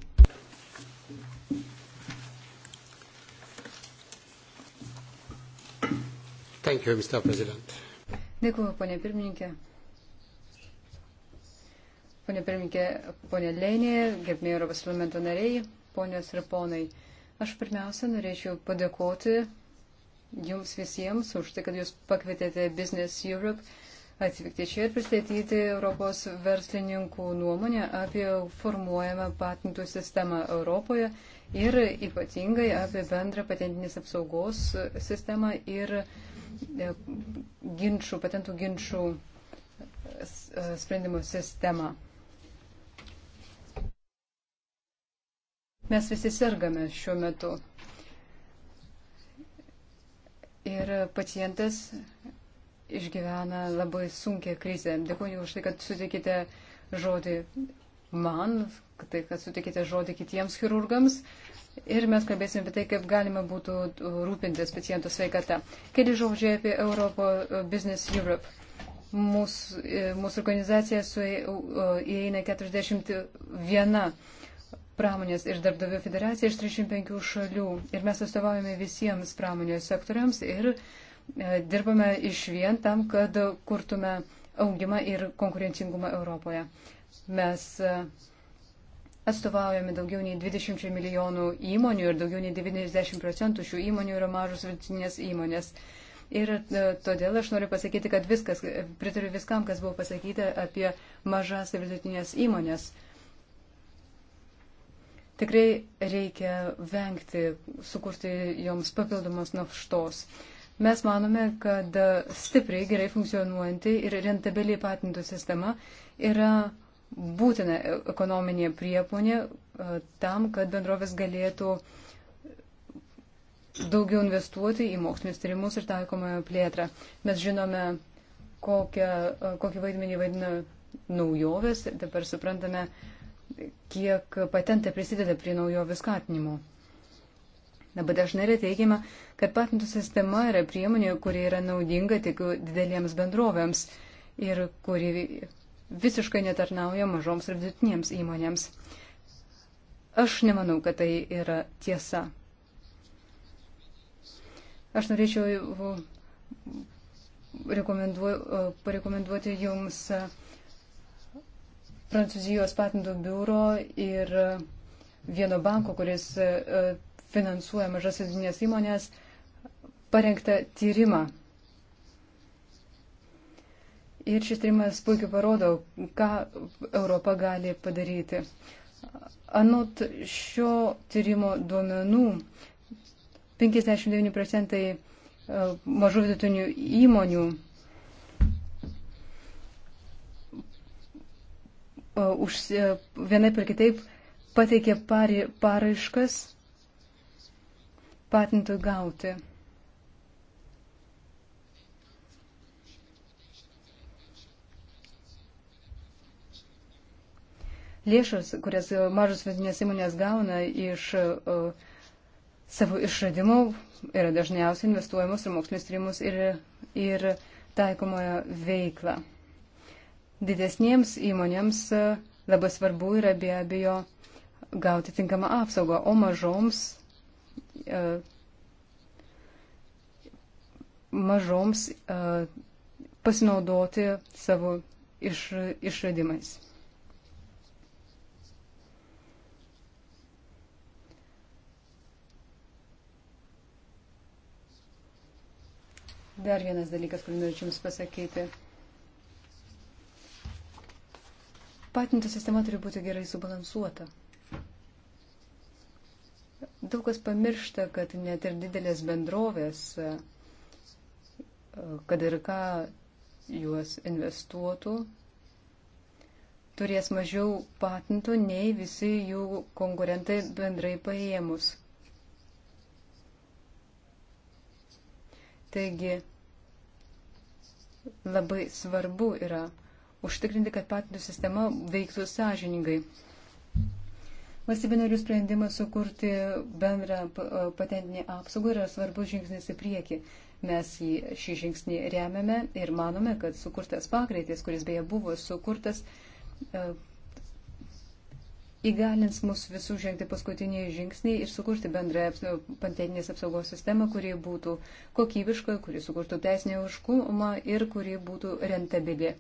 Thank you, Mr. President. Dėkuoju, ponė pirmininkė. Pone pirmininkė, ponė Lenė, gerbėjai Europos parlamento nariai, ponios ir ponai, aš pirmiausia norėčiau padėkoti jums visiems už tai, kad jūs pakvietėte Business Europe atvykti čia ir pristatyti Europos verslininkų nuomonę apie formuojamą patentų sistemą Europoje ir ypatingai apie bendrą patentinės apsaugos sistemą ir uh, E, ginčių, patentų ginčių e, e, sprendimų sistemą. Mes visi sergame šiuo metu. Ir pacientas išgyvena labai sunkia krizę. Dėkuoju už tai, kad sutikite žodį man, tai kad sutikite žodį kitiems chirurgams. Ir mes kalbėsime apie tai, kaip galima būtų rūpintis pacientų sveikata. Keli žodžiai apie Europo uh, Business Europe. Mūsų, uh, mūsų organizacija su, uh, įeina 41 pramonės ir darbdavių federacija iš 35 šalių. Ir mes atstovaujame visiems pramonės sektoriams ir dirbame iš vien tam, kad kurtume augimą ir konkurencingumą Europoje. Mes e, atstovaujame daugiau nei 20 milijonų įmonių ir daugiau nei 90 procentų šių įmonių yra mažos vidutinės įmonės. Ir e, todėl aš noriu pasakyti, kad viskas, e, pritariu viskam, kas buvo pasakyta apie mažas ir vidutinės įmonės. Tikrai reikia vengti sukurti joms papildomos naštos. Mes manome, kad stipriai, gerai funkcionuojanti ir rentabili patentų sistema yra būtina ekonominė priemonė e, tam, kad bendrovės galėtų daugiau investuoti į mokslinius tyrimus ir taikomąją plėtrą. Mes žinome, kokią, e, kokį vaidmenį vaidina naujovės ir dabar suprantame, kiek patentai prisideda prie naujovės skatinimo. Dabar dažnai yra teigiama, kad patentų sistema yra priemonė, kuri yra naudinga tik didelėms bendrovėms ir kuri visiškai netarnauja mažoms ir vidutinėms įmonėms. Aš nemanau, kad tai yra tiesa. Aš norėčiau uh, uh, parekomenduoti jums uh, Prancūzijos patentų biuro ir vieno banko, kuris finansuoja mažas vidinės įmonės, parengtą tyrimą Ir šis tyrimas puikiai parodo, ką Europa gali padaryti. Anot šio tyrimo duomenų, 59 procentai e, mažų vidutinių įmonių e, už, e, vienaip ir kitaip pateikė paraiškas patentui gauti. lėšos, kurias mažos vidinės įmonės gauna iš uh, savo išradimų, yra dažniausiai investuojamos ir mokslinis tyrimus ir, ir taikomojo veiklą. Didesniems įmonėms e, labai svarbu yra be abejo gauti tinkamą apsaugą, o mažoms, uh, mažoms uh, pasinaudoti savo iš, išradimais. Dar vienas dalykas, kurį norėčiau Jums pasakyti. Patentų sistema turi būti gerai subalansuota. Daug kas pamiršta, kad net ir didelės bendrovės, kad ir ką juos investuotų, turės mažiau patentų nei visi jų konkurentai bendrai paėmus. Taigi labai svarbu yra užtikrinti, kad patentų sistema veiktų sąžiningai. Valstybinarių sprendimas sukurti bendrą e, patentinį apsaugą yra svarbus žingsnis į priekį. Mes jį, šį žingsnį remiame ir manome, kad sukurtas pagreitis, kuris beje buvo sukurtas e, įgalins mus visus žengti paskutinį žingsnį ir sukurti bendrą panteninės apsaugos sistemą, kuri būtų kokybiška, kuri sukurtų teisinį užkumą ir kuri būtų rentabili.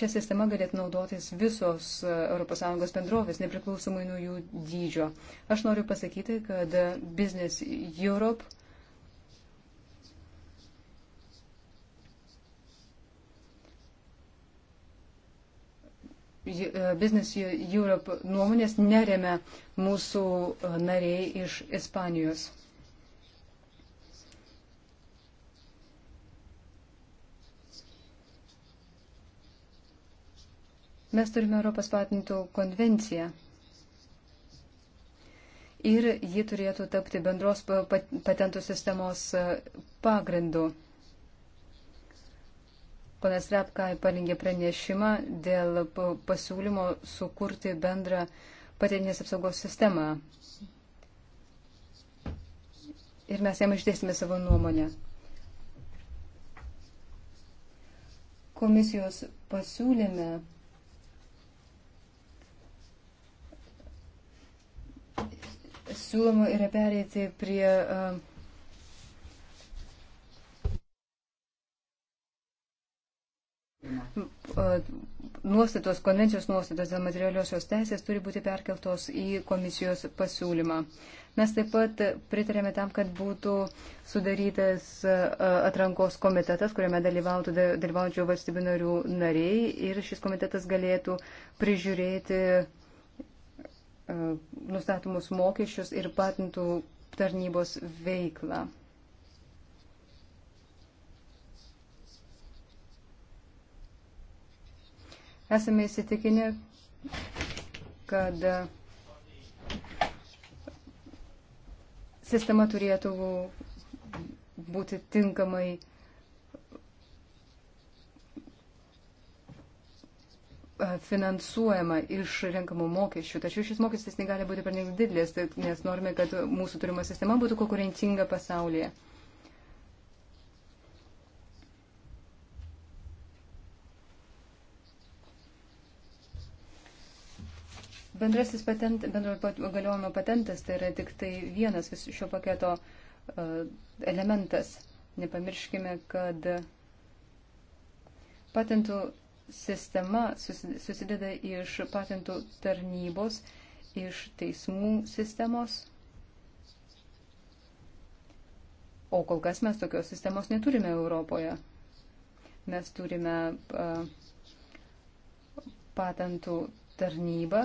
Šią sistemą galėtų naudotis visos e, ES bendrovės, nepriklausomai nuo jų dydžio. Aš noriu pasakyti, kad Business Europe E, Business Europe nuomonės neremia mūsų e, nariai iš Ispanijos. Mes turime Europos patentų konvenciją ir ji turėtų tapti bendros patentų sistemos e, pagrindu. Panas Repkai parengė pranešimą dėl pasiūlymo sukurti bendrą patentinės apsaugos sistemą. Ir mes jam išdėsime savo nuomonę. Komisijos pasiūlyme siūloma yra perėti prie uh, nuostatos, konvencijos nuostatos dėl materialiosios teisės turi būti perkeltos į komisijos pasiūlymą. Mes taip pat pritarėme tam, kad būtų sudarytas atrankos komitetas, kuriame dalyvautų dalyvaujančių valstybių narių nariai ir šis komitetas galėtų prižiūrėti nustatomus mokesčius ir patentų tarnybos veiklą. Esame įsitikinę, kad sistema turėtų būti tinkamai finansuojama iš renkamų mokesčių. Tačiau šis mokestis negali būti per didelis, nes norime, kad mūsų turima sistema būtų konkurencinga pasaulyje. Bendrasis patent, bendro galiojimo patentas tai yra tik tai vienas šio paketo e, elementas. Nepamirškime, kad patentų sistema susideda iš patentų tarnybos, iš teismų sistemos. O kol kas mes tokios sistemos neturime Europoje. Mes turime e, patentų tarnybą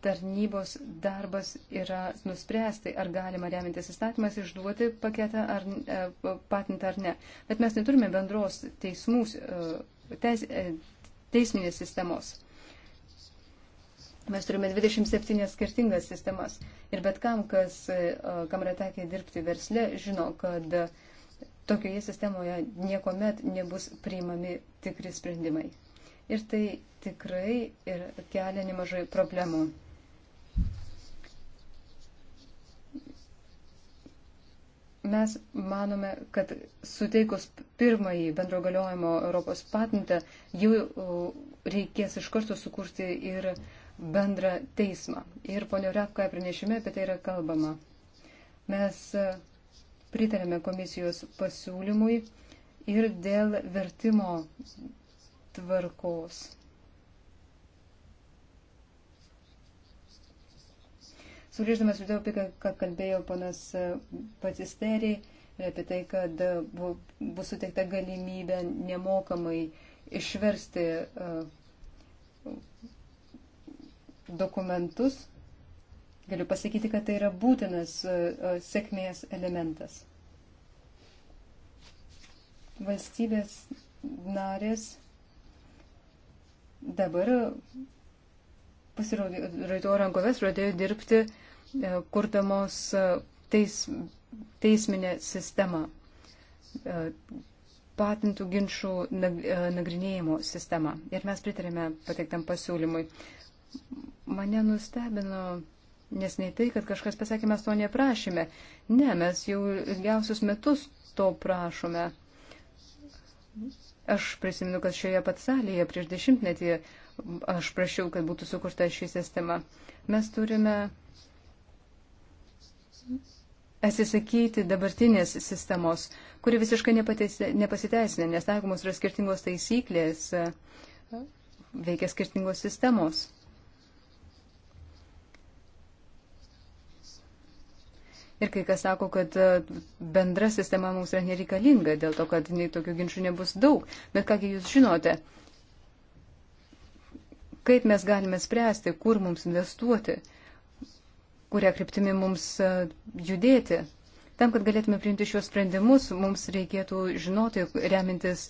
tarnybos darbas yra nuspręsti, ar galima remintis įstatymas išduoti paketą ar e, patentą ar ne. Bet mes neturime bendros teismų, e, teis, e, teisminės sistemos. Mes turime 27 skirtingas sistemas. Ir bet kam, kas, e, kam yra tekę dirbti versle, žino, kad tokioje sistemoje niekuomet nebus priimami tikri sprendimai. Ir tai tikrai ir kelia nemažai problemų. Mes manome, kad suteikus pirmąjį bendro galiojimo Europos patentą, jau reikės iš karto sukurti ir bendrą teismą. Ir ponio Rapkoje pranešime apie tai yra kalbama. Mes e, pritarėme komisijos pasiūlymui ir dėl vertimo tvarkos. Sugrįždamas prie to, ką kalbėjo ponas Patisteri, e, apie tai, kad e, bus suteikta galimybė nemokamai išversti e, dokumentus, galiu pasakyti, kad tai yra būtinas sėkmės elementas. Valstybės narės dabar pasirodė rankoves, pradėjo dirbti uh, E, kurdamos e, teis, teisminę sistemą, e, patentų ginčių nagrinėjimo sistemą. Ir mes pritarėme pateiktam pasiūlymui. Mane nustebino Nes ne tai, kad kažkas pasakė, mes to neprašėme. Ne, mes jau ilgiausius metus to prašome. Aš prisimenu, kad šioje pat salėje prieš dešimtmetį aš prašiau, kad būtų sukurta ši sistema. Mes turime atsisakyti dabartinės sistemos, kuri visiškai nepasiteisinė, nes taikomos yra skirtingos taisyklės, veikia skirtingos sistemos. Ir kai kas sako, kad e, bendra sistema mums yra nereikalinga, dėl to, kad nei tokių ginčių nebus daug. Bet kągi jūs žinote, kaip mes galime spręsti, kur mums investuoti, kurią kryptimi mums e, judėti. Tam, kad galėtume priimti šios sprendimus, mums reikėtų žinoti, remintis,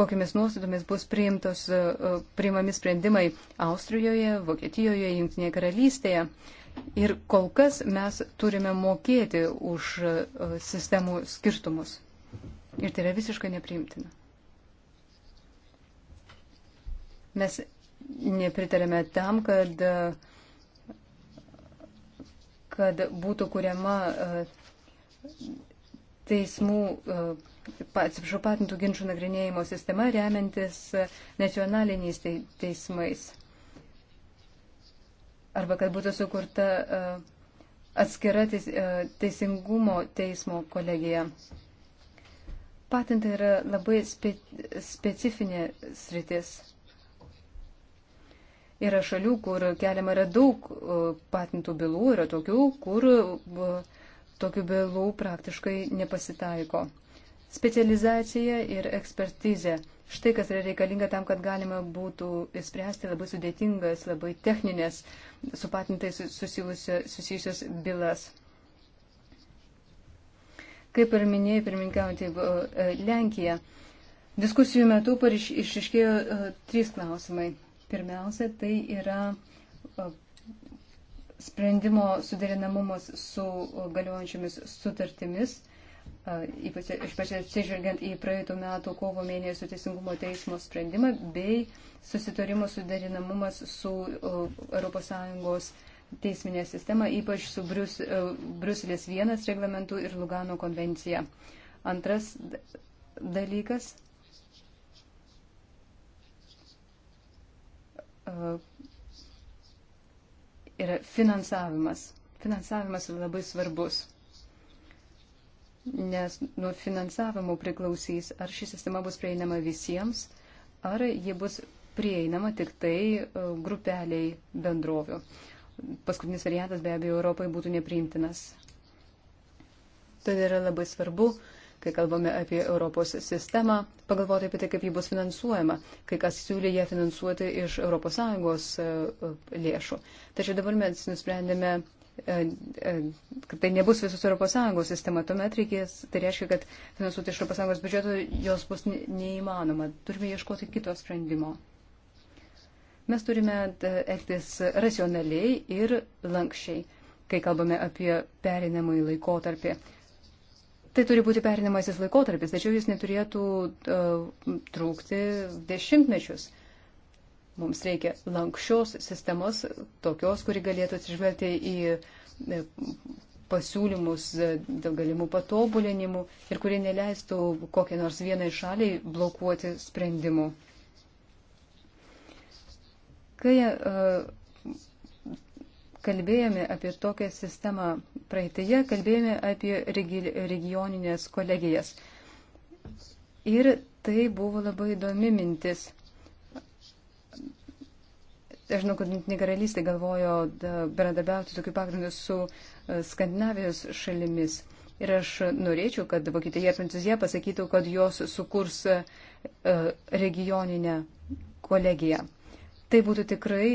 kokiamis nuostatomis bus priimtos, e, e, priimami sprendimai Austrijoje, Vokietijoje, Junktinėje karalystėje. Ir kol kas mes turime mokėti už sistemų skirtumus. Ir tai yra visiškai nepriimtina. Mes nepritarėme tam, kad uh, kad būtų kuriama e, teismų, e, atsiprašau, patentų ginčių nagrinėjimo sistema remiantis e, nacionaliniais teismais. Arba kad būtų sukurta atskira teisingumo teismo kolegija. Patentai yra labai spe, specifinė sritis. Yra šalių, kur keliama yra daug e, patentų bylų, yra tokių, kur e, tokių bylų praktiškai nepasitaiko. Specializacija ir ekspertizė. Štai kas yra reikalinga tam, kad galima būtų spręsti labai sudėtingas, labai techninės su patentai susijusios bylas. Kaip ir minėjai, pirmininkiauti e, Lenkiją, diskusijų metu išriškėjo trys klausimai. Pirmiausia, tai yra sprendimo suderinamumas su galiojančiomis sutartimis, ypač atsižvelgiant į praeitų metų kovo mėnesio teisingumo teismo sprendimą, bei susitarimo suderinamumas su ES teisminė sistema, ypač su Brius, e, Bruselės vienas reglamentu ir Lugano konvencija. Antras dalykas E, yra finansavimas. Finansavimas yra labai svarbus, nes nuo finansavimo priklausys, ar ši sistema bus prieinama visiems, ar ji bus prieinama tik tai e, grupeliai bendrovių. Paskutinis variantas be abejo Europai būtų nepriimtinas. Tad yra labai svarbu uh, kai kalbame apie Europos sistemą, pagalvoti apie tai, kaip ji bus finansuojama, kai kas siūlė ją finansuoti iš ES e, e, lėšų. Tačiau dabar mes nusprendėme, e, kad tai nebus visos ES sistema, tuomet reikės, tai reiškia, kad finansuoti iš ES biudžeto jos bus neįmanoma. Turime ieškoti kito sprendimo. Mes turime elgtis racionaliai ir lankščiai, kai kalbame apie perinamąjį laikotarpį. Tai turi būti perinamasis laikotarpis, tačiau jis neturėtų uh, e, trūkti dešimtmečius. Mums reikia lankščios sistemos, tokios, kuri galėtų atsižvelgti į e, pasiūlymus e, dėl galimų patobulinimų ir kurie neleistų kokiai nors vienai šaliai blokuoti sprendimų. Kai uh, kalbėjome apie tokią sistemą praeitėje, kalbėjome apie regioninės kolegijas. Ir tai buvo labai įdomi mintis. Aš žinau, kad Junktinė karalystė galvojo bendradarbiauti tokiu pagrindu su e, Skandinavijos šalimis. Ir aš norėčiau, kad Vokietija ir Prancūzija pasakytų, kad jos sukurs e, regioninę kolegiją. Tai būtų tikrai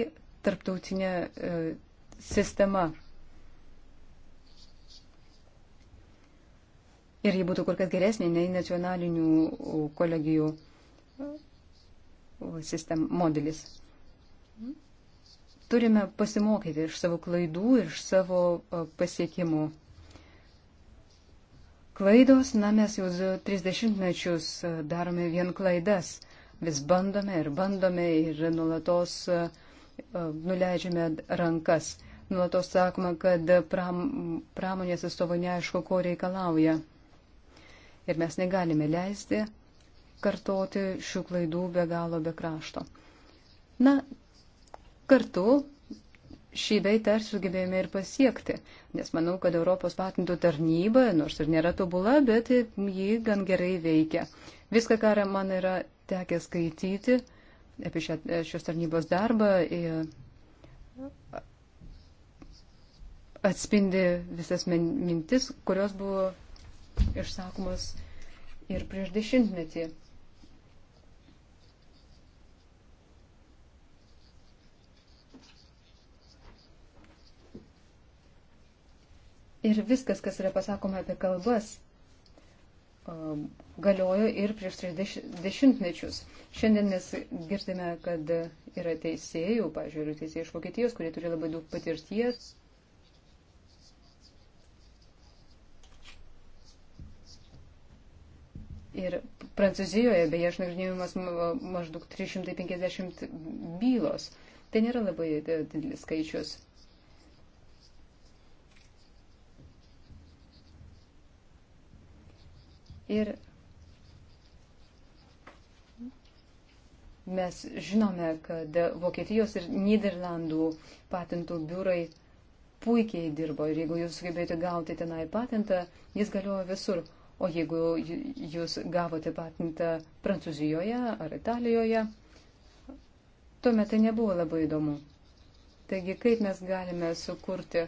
tarptautinė e, sistema. Ir ji būtų kur kas geresnė nei nacionalinių kolegijų uh, sistem modelis. Turime pasimokyti iš savo klaidų ir iš savo uh, pasiekimų. Klaidos, na mes jau 30 mečius uh, darome vien klaidas. Vis bandome ir bandome ir nulatos nuleidžiame rankas. Nuolatos sakoma, kad pram, pramonės atstovai neaišku, ko reikalauja. Ir mes negalime leisti kartoti šių klaidų be galo be krašto. Na, kartu šį beitą ir sugebėjome ir pasiekti, nes manau, kad Europos patentų tarnyba, nors ir nėra tobula, bet ji gan gerai veikia. Viską, ką man yra tekę skaityti apie šią, šios tarnybos darbą, atspindi visas mintis, kurios buvo išsakomos ir prieš dešimtmetį. Ir viskas, kas yra pasakoma apie kalbas, galiojo ir prieš 30 mečius. Šiandien mes girdime, kad yra teisėjų, pažiūrėjau, teisėjai iš Vokietijos, kurie turi labai daug patirties Ir Prancūzijoje, beje, išnagrinėjimas maždaug 350 bylos. Tai nėra labai e, didelis skaičius. Ir mes žinome, kad Vokietijos ir Niderlandų patentų biurai puikiai dirbo ir jeigu jūs sugebėjote gauti tenai patentą, jis galioja visur. O jeigu jūs gavote patentą Prancūzijoje ar Italijoje, tuomet tai nebuvo labai įdomu. Taigi, kaip mes galime sukurti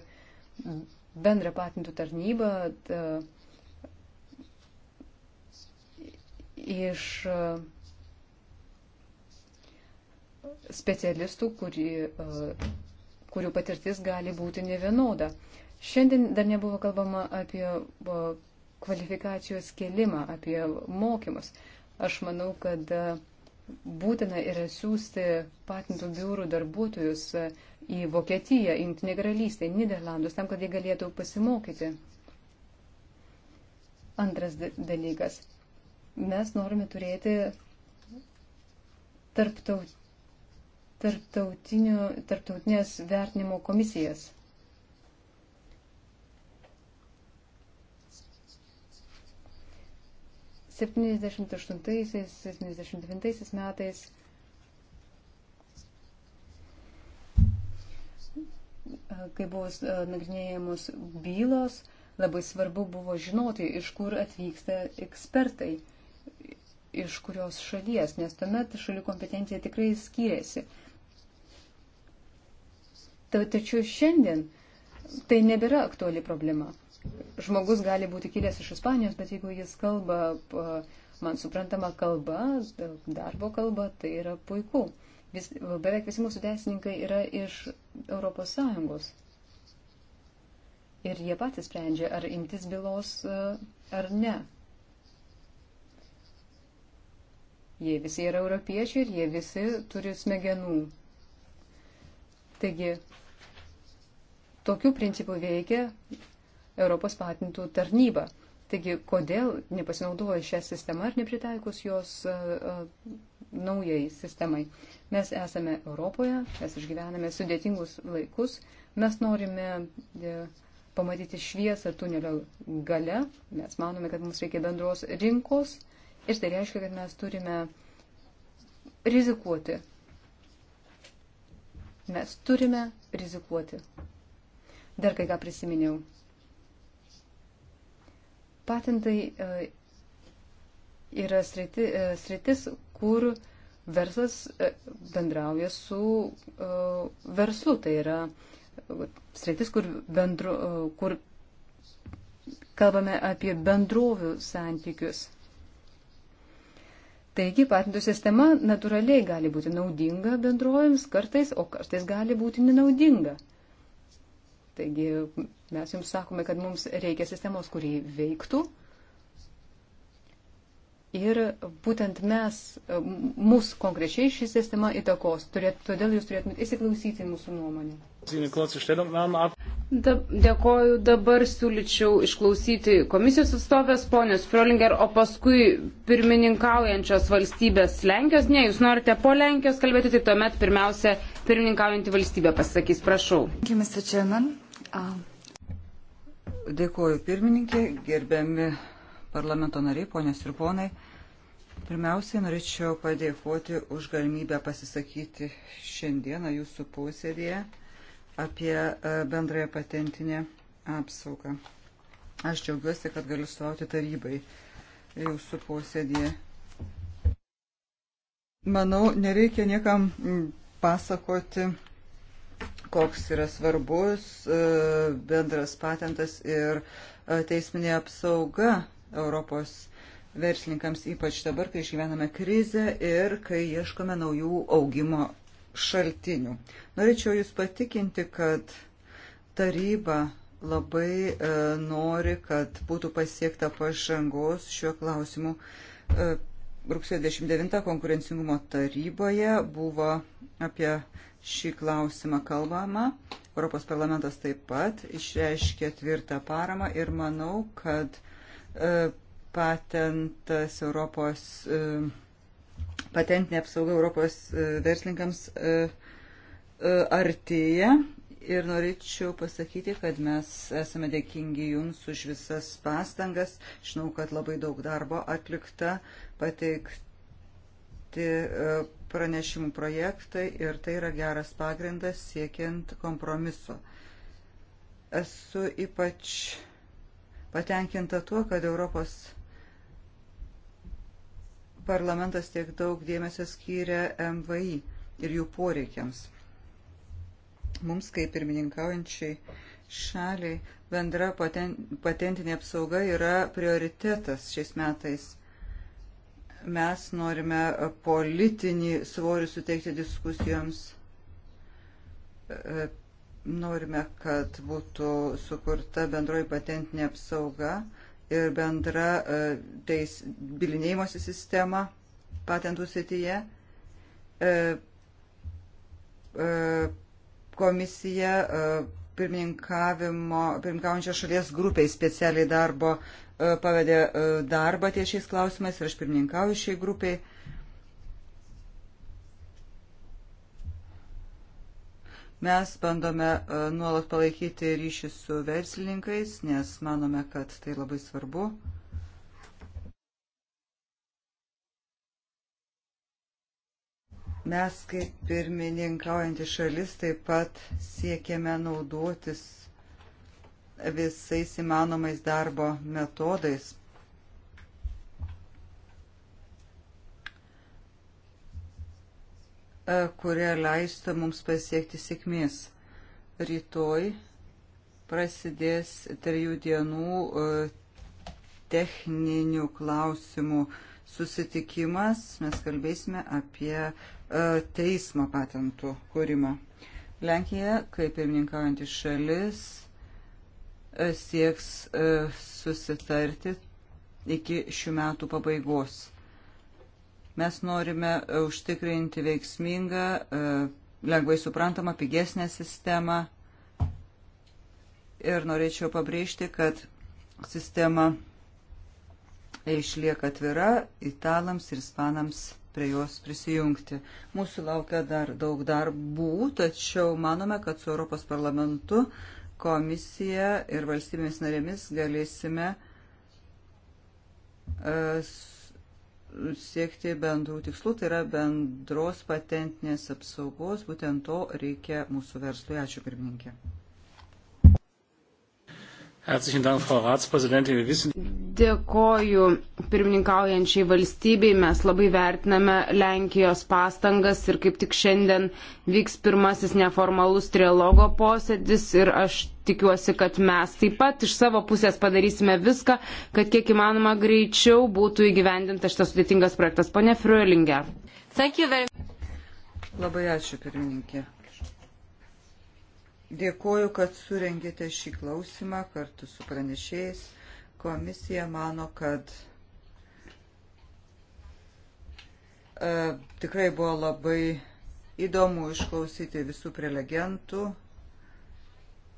bendrą patentų tarnybą ta, iš specialistų, kuri, kurių patirtis gali būti nevienoda. Šiandien dar nebuvo kalbama apie kvalifikacijos kelimą, apie mokymus. Aš manau, kad e, būtina yra siūsti patentų biurų darbuotojus e, į Vokietiją, Junktinę karalystę, Niderlandus, tam, kad jie galėtų pasimokyti. Antras dalykas. Mes norime turėti tarptautinės vertinimo komisijas. 78-79 metais kai buvo e, nagrinėjamos bylos, labai svarbu buvo žinoti, iš kur atvyksta ekspertai, iš kurios šalies, nes tuomet šalių kompetencija tikrai skiriasi. Tačiau šiandien tai nebėra aktuali problema. Žmogus gali būti kilęs iš Ispanijos, bet jeigu jis kalba man suprantama kalba, darbo kalba, tai yra puiku. Vis, beveik visi mūsų teisininkai yra iš ES. Ir jie patys sprendžia, ar imtis bylos e, ar ne. Jie visi yra europiečiai ir jie visi turi smegenų. Taigi, tokiu principu veikia Europos patentų tarnybą. Taigi, kodėl nepasinaudoja šią sistemą ir nepritaikus jos uh, uh, naujai sistemai? Mes esame Europoje, mes išgyvename sudėtingus laikus, mes norime uh, pamatyti šviesą tunelio gale, mes manome, kad mums reikia bendros rinkos ir tai reiškia, kad mes turime rizikuoti. Mes turime rizikuoti. Dar kai ką prisiminiau. Patentai e, yra e, sritis, kur verslas e, bendrauja su verslu. Tai yra sritis, kur, bendro, kur kalbame apie bendrovių santykius. Taigi patentų sistema natūraliai gali būti naudinga bendrovėms kartais, o kartais gali būti nenaudinga. Taigi mes jums sakome, kad mums reikia sistemos, kurį veiktų. Ir būtent mes, mūsų konkrečiai ši sistema įtakos. Turėt, todėl jūs turėtumėte įsiklausyti mūsų nuomonę. Da, dėkoju, dabar siūlyčiau išklausyti komisijos atstovės ponios Frolinger, o paskui pirmininkaujančios valstybės Lenkijos. Ne, jūs norite po Lenkijos kalbėti, tai tuomet pirmiausia pirmininkaujantį valstybę pasakys. Prašau. Thank you, Dėkuoju pirmininkė, gerbiami parlamento nariai, ponės ir ponai. Pirmiausiai norėčiau padėkoti už galimybę pasisakyti šiandieną jūsų posėdėje apie e, bendrąją patentinę apsaugą. Aš džiaugiuosi, kad galiu stovauti tarybai jūsų posėdėje. Manau, nereikia niekam pasakoti koks yra svarbus e, bendras patentas ir e, teisminė apsauga Europos verslininkams, ypač dabar, kai išgyvename krizę ir kai ieškome naujų augimo šaltinių. Norėčiau Jūs patikinti, kad taryba labai e, nori, kad būtų pasiekta pažangos šiuo klausimu. E, rugsėjo 29 konkurencingumo taryboje buvo apie šį klausimą kalbama. Europos parlamentas taip pat išreiškė tvirtą paramą ir manau, kad e, patentas Europos, e, patentinė apsauga Europos e, verslininkams e, e, artėja. Ir norėčiau pasakyti, kad mes esame dėkingi Jums už visas pastangas. Žinau, kad labai daug darbo atlikta. E, pateikti e, pranešimų projektai ir tai yra geras pagrindas siekiant kompromiso. Esu ypač patenkinta tuo, kad Europos parlamentas tiek daug dėmesio skyrė MVI ir jų poreikiams. Mums, kaip pirmininkaujančiai šaliai, bendra patentinė apsauga yra prioritetas šiais metais – Mes norime politinį svorį suteikti diskusijoms. Norime, kad būtų sukurta bendroji patentinė apsauga ir bendra e, teis, bilinėjimosi sistema patentų srityje. E, e, komisija pirmininkaujančios šalies grupiai specialiai darbo e, pavedė e, darbą ties šiais klausimais ir aš pirmininkauju šiai grupiai. Mes bandome e, nuolat palaikyti ryšį su verslininkais, nes manome, kad tai labai svarbu. Mes kaip pirmininkaujantys šalis taip pat siekiame naudotis visais įmanomais darbo metodais. E, kurie leistų mums pasiekti sėkmės. Rytoj prasidės trijų dienų e, techninių klausimų susitikimas. Mes kalbėsime apie E, teismo patentų kūrimo. Lenkija, kaip pirmininkaujantis šalis, e, sieks e, susitarti iki šių metų pabaigos. Mes norime užtikrinti veiksmingą, lengvai suprantamą, pigesnę sistemą. Ir norėčiau pabrėžti, kad sistema išlieka atvira italams ir ispanams prie jos prisijungti. Mūsų laukia dar daug darbų, tačiau manome, kad su Europos parlamentu komisija ir valstybėmis narėmis galėsime e, siekti bendrų tikslų, tai yra bendros patentinės apsaugos, būtent to reikia mūsų verslui. Ačiū pirmininkė. Dėkoju pirmininkaujančiai valstybei, mes labai vertiname Lenkijos pastangas ir kaip tik šiandien vyks pirmasis neformalus trialogo posėdis ir aš tikiuosi, kad mes taip pat iš savo pusės padarysime viską, kad kiek įmanoma greičiau būtų įgyvendintas šitas sudėtingas projektas. Pone Friulinger. Very... Labai ačiū pirmininkė. Dėkuoju, kad surengėte šį klausimą kartu su pranešėjais. Komisija mano, kad e, tikrai buvo labai įdomu išklausyti visų prelegentų.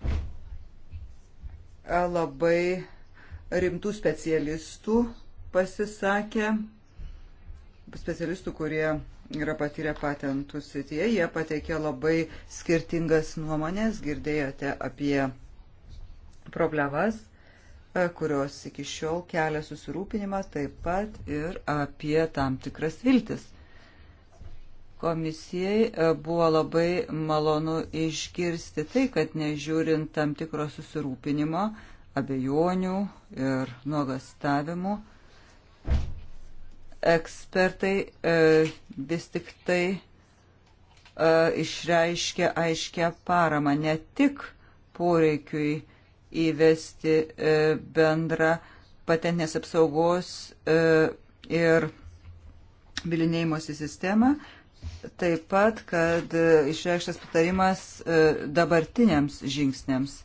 E, labai rimtų specialistų pasisakė, specialistų, kurie yra patyrę patentų srityje. Jie pateikė labai skirtingas nuomonės, girdėjote apie problemas, e, kurios iki šiol kelia susirūpinimą, taip pat ir apie tam tikras viltis. Komisijai e, buvo labai malonu išgirsti tai, kad nežiūrint tam tikro susirūpinimo, abejonių ir nuogastavimų, ekspertai e, vis tik tai e, išreiškia aiškę paramą ne tik poreikiui įvesti e, bendrą patentinės apsaugos ir bilinėjimosi sistemą, taip pat, kad išreikštas patarimas dabartiniams žingsniams,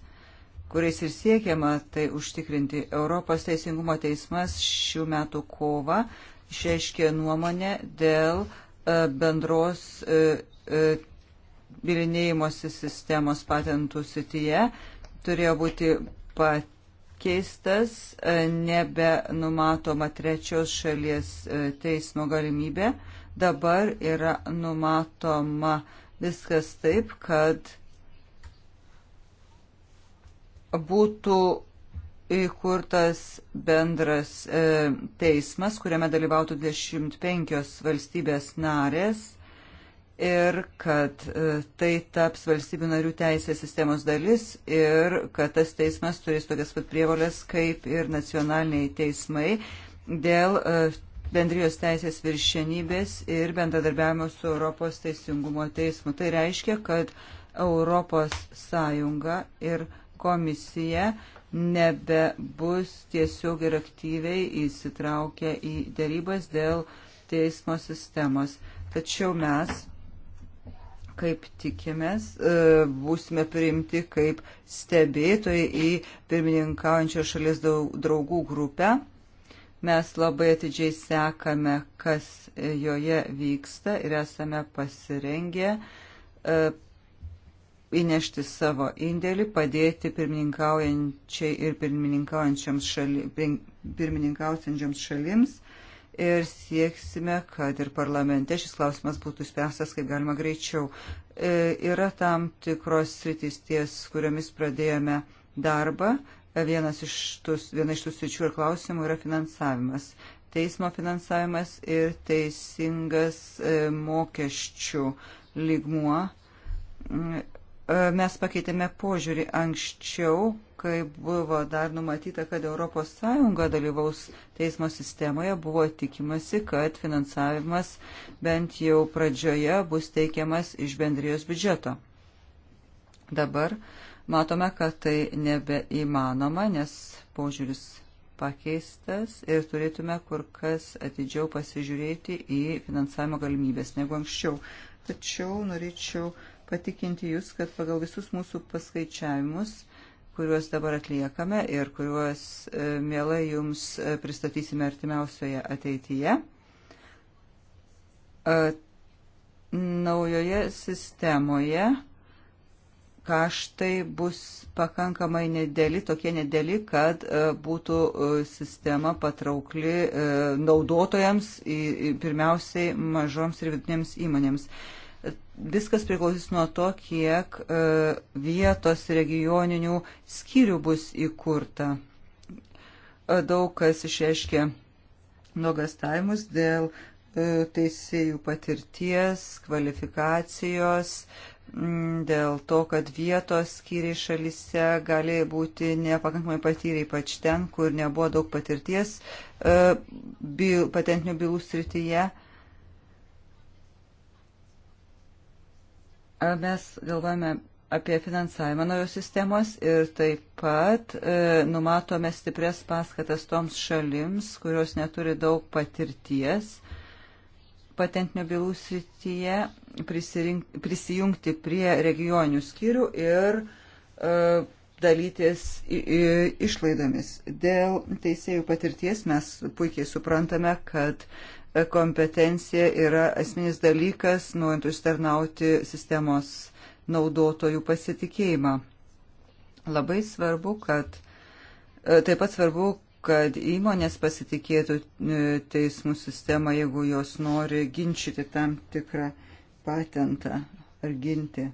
kuriais ir siekiama tai užtikrinti. Europos Teisingumo teismas šių metų kovą išreiškė nuomonę dėl e, bendros e, e, bilinėjimosi sistemos patentų sityje. Turėjo būti pakeistas nebenumatoma trečios šalies teismo galimybė. Dabar yra numatoma viskas taip, kad būtų įkurtas bendras e, teismas, kuriame dalyvautų 25 valstybės narės ir kad e, tai taps valstybių narių teisės sistemos dalis ir kad tas teismas turės tokias pat prievolės kaip ir nacionaliniai teismai dėl e, bendrijos teisės viršenybės ir bendradarbiavimo su Europos teisingumo teismu. Tai reiškia, kad Europos Sąjunga ir komisija nebebus tiesiog ir aktyviai įsitraukę į dėrybas dėl teismo sistemos. Tačiau mes, kaip tikimės, e, būsime priimti kaip stebėtojai į pirmininkaujančios šalies draugų grupę. Mes labai atidžiai sekame, kas joje vyksta ir esame pasirengę e, įnešti savo indėlį, padėti pirmininkaujančiai ir pirmininkaujančiams šali, pirmininkaujančiams šalims ir sieksime, kad ir parlamente šis klausimas būtų spręstas kaip galima greičiau. E, yra tam tikros sritys ties, kuriomis pradėjome darbą. E, vienas iš tus, viena iš tų sričių ir klausimų yra finansavimas. Teismo finansavimas ir teisingas e, mokesčių lygmuo. E, E, mes pakeitėme požiūrį anksčiau, kai buvo dar numatyta, kad ES dalyvaus teismo sistemoje, buvo tikimasi, kad finansavimas bent jau pradžioje bus teikiamas iš bendrijos biudžeto. Dabar matome, kad tai nebeįmanoma, nes požiūris pakeistas ir turėtume kur kas atidžiau pasižiūrėti į finansavimo galimybės negu anksčiau. Tačiau norėčiau uh, patikinti Jūs, kad pagal visus mūsų paskaičiavimus, kuriuos dabar atliekame ir kuriuos e, mielai Jums e, pristatysime artimiausioje ateityje, e, naujoje sistemoje kaštai bus pakankamai nedėli, tokie nedėli, kad būtų sistema patraukli naudotojams, pirmiausiai mažoms ir vidutinėms įmonėms viskas priklausys nuo to, kiek e, vietos regioninių skyrių bus įkurta. E, daug kas išreiškė nuogastavimus dėl e, teisėjų patirties, kvalifikacijos, dėl to, kad vietos skyriai šalyse gali būti nepakankamai patyrę, ypač ten, kur nebuvo daug patirties patentinių bylų srityje. E, mes galvojame apie finansavimą naujos sistemos ir taip pat e, numatome stiprias paskatas toms šalims, kurios neturi daug patirties patentinio bylų srityje, prisijungti prie regioninių skyrių ir e, dalytis išlaidomis. Dėl teisėjų patirties mes puikiai suprantame, kad kompetencija yra esminis dalykas, norint užtarnauti sistemos naudotojų pasitikėjimą. Labai svarbu, kad e, taip pat svarbu, kad įmonės pasitikėtų e, teismų sistemą, jeigu jos nori ginčyti tam tikrą patentą ar ginti.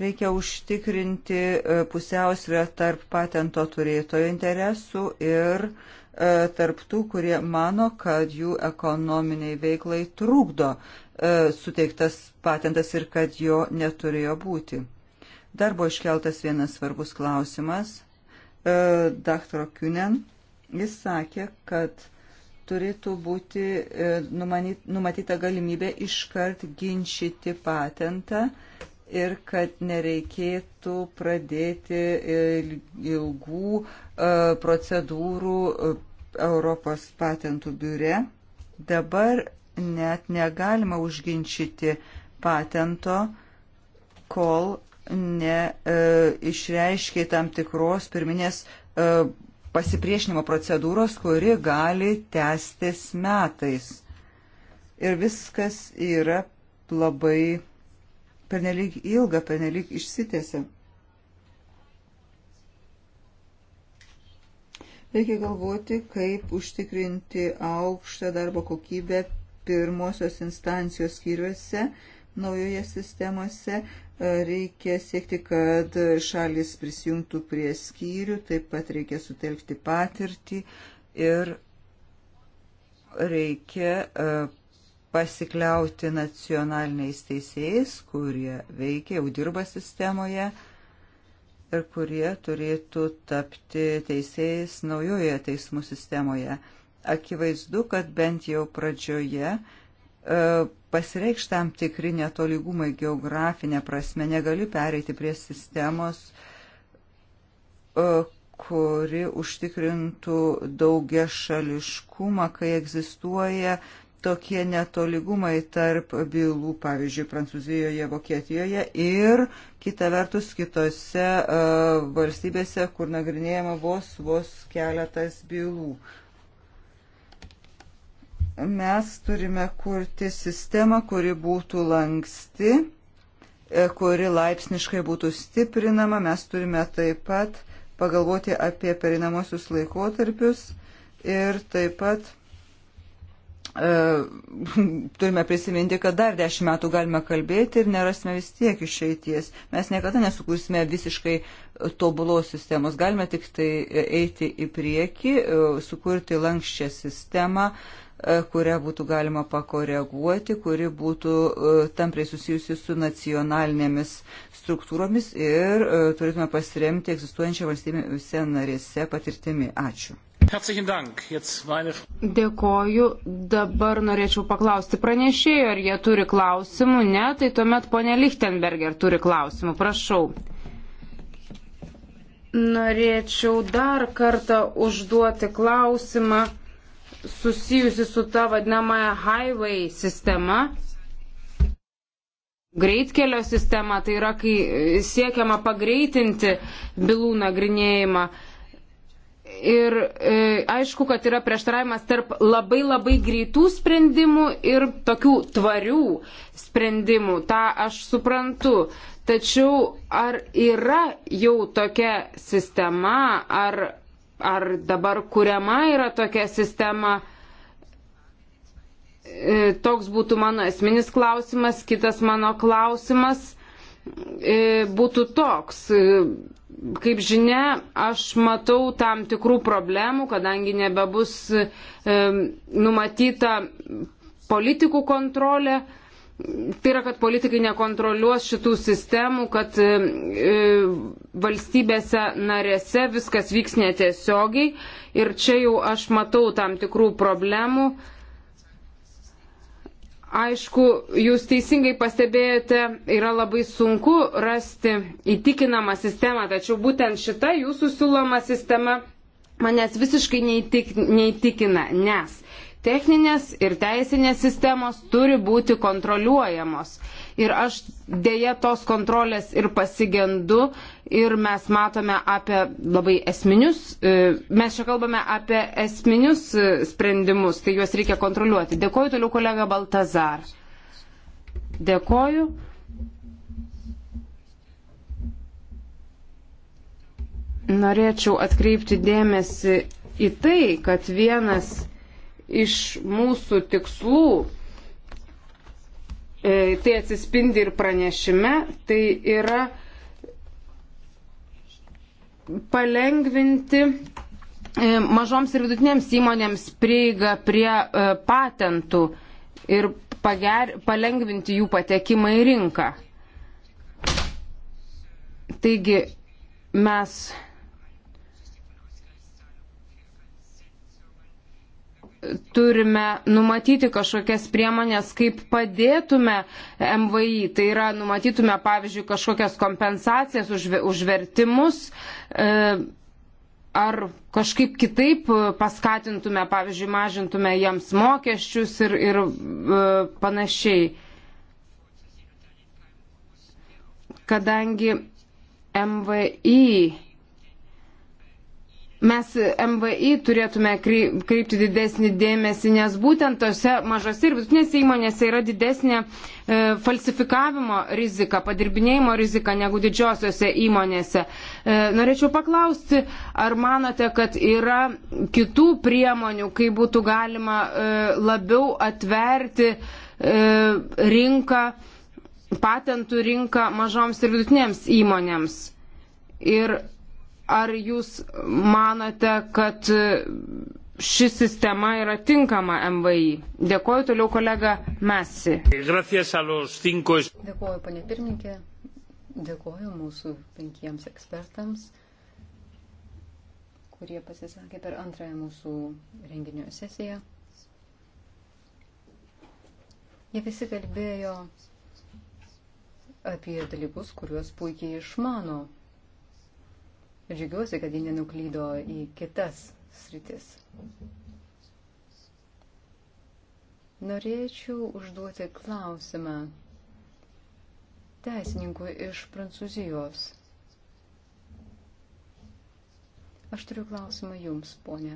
Reikia užtikrinti e, pusiausvę tarp patento turėtojo interesų ir uh, E, tarptų, kurie mano, kad jų ekonominiai veiklai trūkdo e, suteiktas patentas ir kad jo neturėjo būti. Dar buvo iškeltas vienas svarbus klausimas. E, Dr. Kunen, jis sakė, kad turėtų būti numatyta galimybė iškart ginčyti patentą ir kad nereikėtų pradėti e, ilgų e, procedūrų e, Europos patentų biure. Dabar net negalima užginčyti patento, kol neišreiškia e, tam tikros pirminės e, pasipriešinimo procedūros, kuri gali tęstis metais. Ir viskas yra labai pernelyg ilga, pernelyg išsitėse. Reikia galvoti, kaip užtikrinti aukštą darbo kokybę pirmosios instancijos skyriuose, naujoje sistemose. Reikia siekti, kad šalis prisijungtų prie skyrių, taip pat reikia sutelkti patirtį ir reikia e, pasikliauti nacionaliniais teisėjais, kurie veikia, jau dirba sistemoje ir kurie turėtų tapti teisėjais naujoje teismų sistemoje. Akivaizdu, kad bent jau pradžioje e, pasireikš tam tikri netolygumai geografinė prasme, negali pereiti prie sistemos, e, kuri užtikrintų daugia šališkumą, kai egzistuoja uh, tokie netoligumai tarp bylų, pavyzdžiui, Prancūzijoje, Vokietijoje ir kita vertus kitose uh, valstybėse, kur nagrinėjama vos vos keletas bylų. Mes turime kurti sistemą, kuri būtų lanksti, e, kuri laipsniškai būtų stiprinama. Mes turime taip pat pagalvoti apie perinamosius laikotarpius ir taip pat E, turime prisiminti, kad dar dešimt metų galime kalbėti ir nerasime vis tiek išeities. Mes niekada nesukursime visiškai tobulos sistemos. Galime tik tai eiti į priekį, e, sukurti lankščią sistemą, e, kurią būtų galima pakoreguoti, kuri būtų tampriai susijusi su nacionalinėmis struktūromis ir turėtume pasiremti egzistuojančią valstybėse narėse patirtimi. Ačiū. Dėkoju. Dabar norėčiau paklausti pranešėjų, ar jie turi klausimų. Ne, tai tuomet ponė Lichtenberger turi klausimų. Prašau. Norėčiau dar kartą užduoti klausimą susijusi su ta vadinamąją highway sistema. Greitkelio sistema tai yra, kai siekiama pagreitinti bylų nagrinėjimą. Ir e, aišku, kad yra prieštaravimas tarp labai labai greitų sprendimų ir tokių tvarių sprendimų. Ta aš suprantu. Tačiau ar yra jau tokia sistema, ar, ar dabar kuriama yra tokia sistema? E, toks būtų mano esminis klausimas. Kitas mano klausimas e, būtų toks. E, Kaip žinia, aš matau tam tikrų problemų, kadangi nebebus e, numatyta politikų kontrolė. Tai yra, kad politikai nekontroliuos šitų sistemų, kad e, valstybėse narėse viskas vyks netiesiogiai. Ir čia jau aš matau tam tikrų problemų. E, Aišku, jūs teisingai pastebėjote, yra labai sunku rasti įtikinamą sistemą, tačiau būtent šita jūsų siūloma sistema manęs visiškai neįtik, neįtikina, nes techninės ir teisinės sistemos turi būti kontroliuojamos. Ir aš dėja tos kontrolės ir pasigendu ir mes matome apie labai esminius, e, mes čia kalbame apie esminius e, sprendimus, tai juos reikia kontroliuoti. Dėkoju toliau kolega Baltazar. Dėkoju. Norėčiau atkreipti dėmesį į tai, kad vienas iš mūsų tikslų, e, tai atsispindi ir pranešime, tai yra palengvinti e, mažoms ir vidutinėms įmonėms prieigą prie e, patentų ir pager, palengvinti jų patekimą į rinką. Taigi mes turime numatyti kažkokias priemonės, kaip padėtume MVI. Tai yra, numatytume, pavyzdžiui, kažkokias kompensacijas už, už vertimus. E, ar kažkaip kitaip paskatintume, pavyzdžiui, mažintume jiems mokesčius ir, ir e, panašiai. Kadangi MVI mes MVI turėtume kreipti didesnį dėmesį, nes būtent tose mažose ir vidutinėse įmonėse yra didesnė e, falsifikavimo rizika, padirbinėjimo rizika negu didžiosiose įmonėse. E, norėčiau paklausti, ar manote, kad yra kitų priemonių, kaip būtų galima e, labiau atverti e, rinką, patentų rinką mažoms ir vidutinėms įmonėms? Ir ar jūs manote, kad ši sistema yra tinkama MVI? Dėkoju toliau kolega Messi. Dėkoju, panė pirmininkė. Dėkoju mūsų penkiems ekspertams, kurie pasisakė per antrąją mūsų renginio sesiją. Jie visi kalbėjo apie dalykus, kuriuos puikiai išmano Ir džiugiuosi, kad ji nenuklydo į kitas sritis. Norėčiau užduoti klausimą teisininkui iš Prancūzijos. Aš turiu klausimą jums, ponė.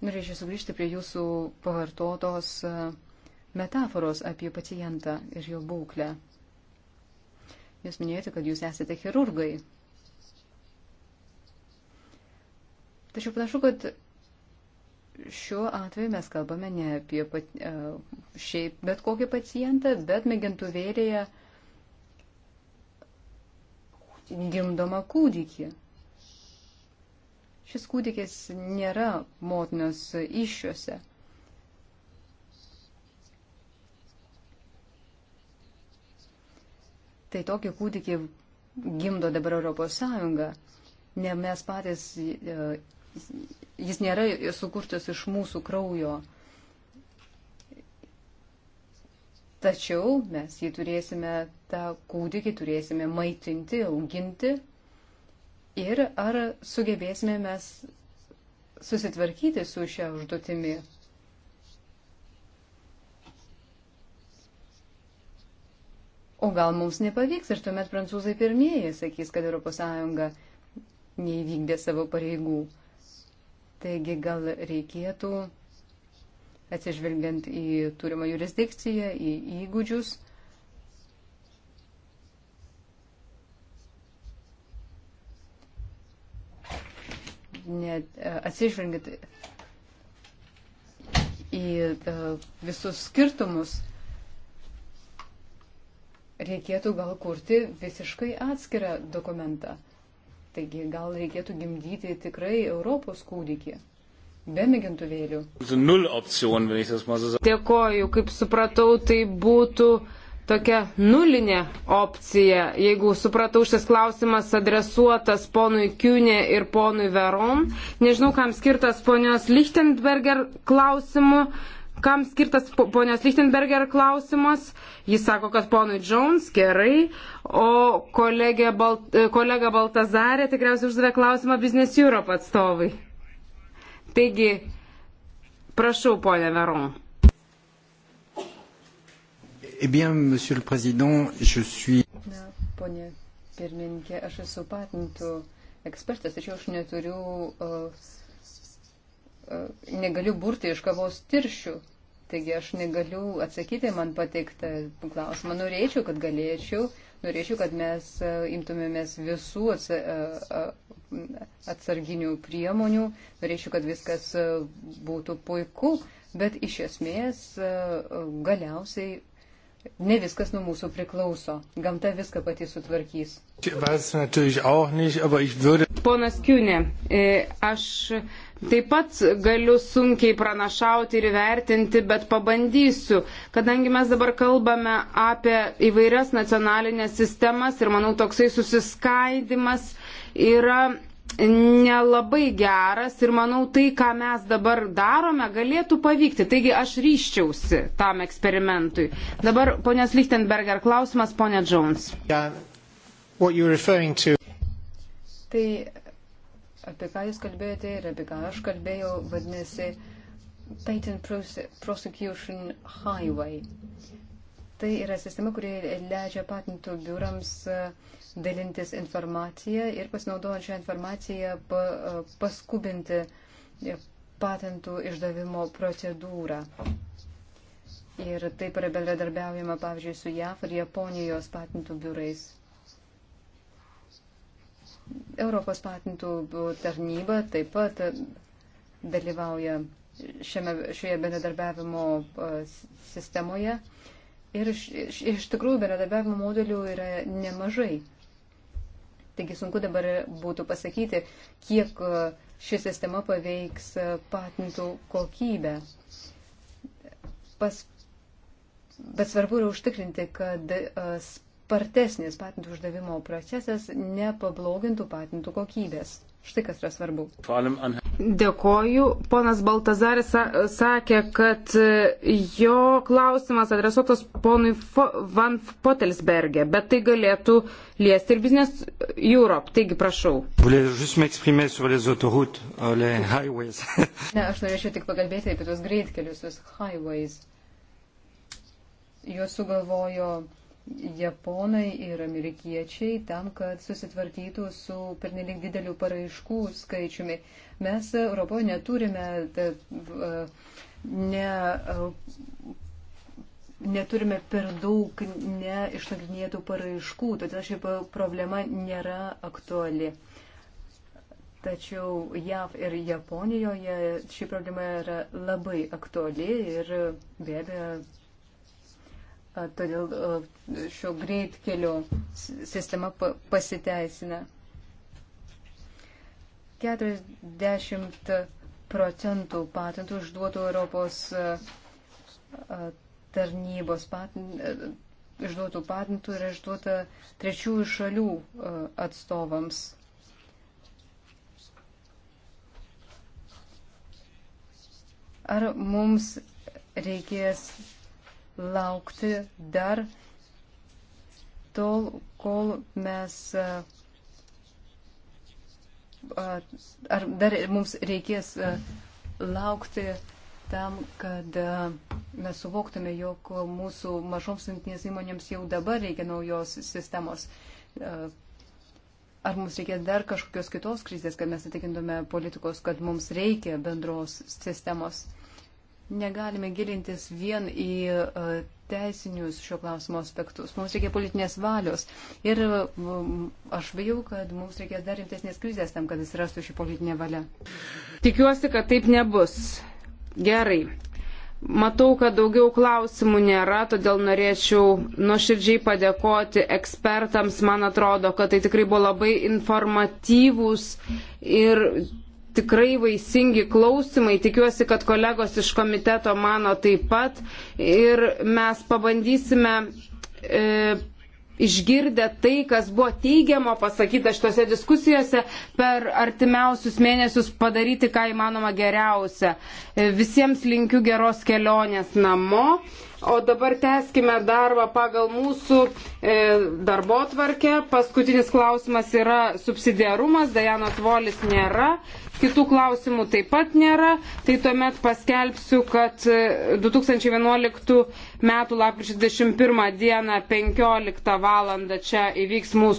Norėčiau sugrįžti prie jūsų pavartotos uh, metaforos apie pacientą ir jo būklę. Jūs minėjote, kad jūs esate chirurgai. Tačiau panašu, kad šiuo atveju mes kalbame ne apie pat, e, šiaip bet kokį pacientą, bet mėgintuvėlėje gimdomą kūdikį. Šis kūdikis nėra motinos iššiose. tai tokį kūdikį gimdo dabar Europos Sąjunga, ne mes patys, e, jis nėra sukurtas iš mūsų kraujo. Tačiau mes jį turėsime, tą kūdikį turėsime maitinti, auginti ir ar sugebėsime mes susitvarkyti su šia užduotimi. O gal mums nepavyks ir tuomet prancūzai pirmieji sakys, kad ES neįvykdė savo pareigų. Taigi gal reikėtų, atsižvelgiant į turimą jurisdikciją, į įgūdžius, net e, atsižvelgiant į e, visus skirtumus reikėtų gal kurti visiškai atskirą dokumentą. Taigi gal reikėtų gimdyti tikrai Europos kūdikį. Be mėgintuvėlių. Dėkoju, kaip supratau, tai būtų tokia nulinė opcija. Jeigu supratau, šis klausimas adresuotas ponui Kiūnė ir ponui Veron. Nežinau, kam skirtas ponios Lichtenberger klausimu kam skirtas ponios Lichtenberger klausimas. Jis sako, kad ponui Jones gerai, o kolega, Balt, kolega Baltazarė tikriausiai uždavė klausimą Business Europe atstovai. Taigi, prašau, ponė Veron. Eh bien, monsieur le président, je suis. Na, ponė pirmininkė, aš esu patentų ekspertas, tačiau aš neturiu uh, negaliu burti iš kavos tiršių. Taigi aš negaliu atsakyti man pateiktą klausimą. Norėčiau, kad galėčiau, norėčiau, kad mes e, imtumėmės visų e, e, atsarginių priemonių, norėčiau, kad viskas būtų puiku, bet iš esmės galiausiai Ne viskas nuo mūsų priklauso. Gamta viską pati sutvarkys. Ponas Kiūne, aš taip pat galiu sunkiai pranašauti ir vertinti, bet pabandysiu, kadangi mes dabar kalbame apie įvairias nacionalinės sistemas ir manau toksai susiskaidimas yra nelabai geras ir manau tai, ką mes dabar darome, galėtų pavykti. Taigi aš ryščiausi tam eksperimentui. Dabar ponios Lichtenberger klausimas, ponia Jones. Yeah. To... Tai apie ką jūs kalbėjote ir apie ką aš kalbėjau, vadinasi Titan Prosecution Highway. Tai yra sistema, kuri leidžia patentų biurams uh, dalintis informaciją ir pasinaudojant šią informaciją paskubinti patentų išdavimo procedūrą. Ir taip yra bendradarbiaujama, pavyzdžiui, su JAF ir Japonijos patentų biurais. Europos patentų tarnyba taip pat dalyvauja šiame, šioje bendradarbiavimo sistemoje. Ir iš, iš, iš tikrųjų bendradarbiavimo modelių yra nemažai. Taigi sunku dabar būtų pasakyti, kiek e, ši sistema paveiks e, patentų kokybę. Pas, bet svarbu yra užtikrinti, kad e, spartesnis patentų uždavimo procesas nepablogintų patentų kokybės. Štai kas yra svarbu. Dėkoju. Ponas Baltazaris sakė, kad e, jo klausimas adresuotas ponui Van Potelsbergė, bet tai galėtų liesti ir Business Europe. Taigi, prašau. Euh, ne, aš norėčiau tik pakalbėti apie tos greitkelius, tos highways. Juos sugalvojo japonai ir amerikiečiai tam, kad susitvarkytų su pernelik dideliu paraiškų skaičiumi. Mes Europoje neturime, ta, ne, neturime per daug neišnagrinėtų paraiškų, todėl ši problema nėra aktuali. Tačiau JAV ir Japonijoje ši problema yra labai aktuali ir be abejo todėl šio greitkelio sistema pasiteisina. 40 procentų patentų išduotų Europos tarnybos patentų, išduotų patentų yra išduota trečiųjų šalių atstovams. Ar mums reikės laukti dar tol, kol mes. Ar dar mums reikės laukti tam, kad mes suvoktume, jog mūsų mažoms jungtinės įmonėms jau dabar reikia naujos sistemos. Ar mums reikės dar kažkokios kitos krizės, kad mes įtikintume politikos, kad mums reikia bendros sistemos? negalime gilintis vien į e, teisinius šio klausimo aspektus. Mums reikia politinės valios. Ir aš bijau, kad mums reikės dar rimtesnės krizės tam, kad atsirastų ši politinė valia. Tikiuosi, kad taip nebus. Gerai. Matau, kad daugiau klausimų nėra, todėl norėčiau nuoširdžiai padėkoti ekspertams. Man atrodo, kad tai tikrai buvo labai informatyvūs ir tikrai vaisingi klausimai. Tikiuosi, kad kolegos iš komiteto mano taip pat. Ir mes pabandysime e, išgirdę tai, kas buvo teigiamo pasakyta šitose diskusijose, per artimiausius mėnesius padaryti, ką įmanoma geriausia. E, visiems linkiu geros kelionės namo. O dabar tęskime darbą pagal mūsų e, darbo tvarkę. Paskutinis klausimas yra subsidiarumas, Dajanos Volis nėra kitų klausimų taip pat nėra, tai tuomet paskelbsiu, kad 2011 e, m. lapkričio 21 d. 15 val. čia įvyks mūsų.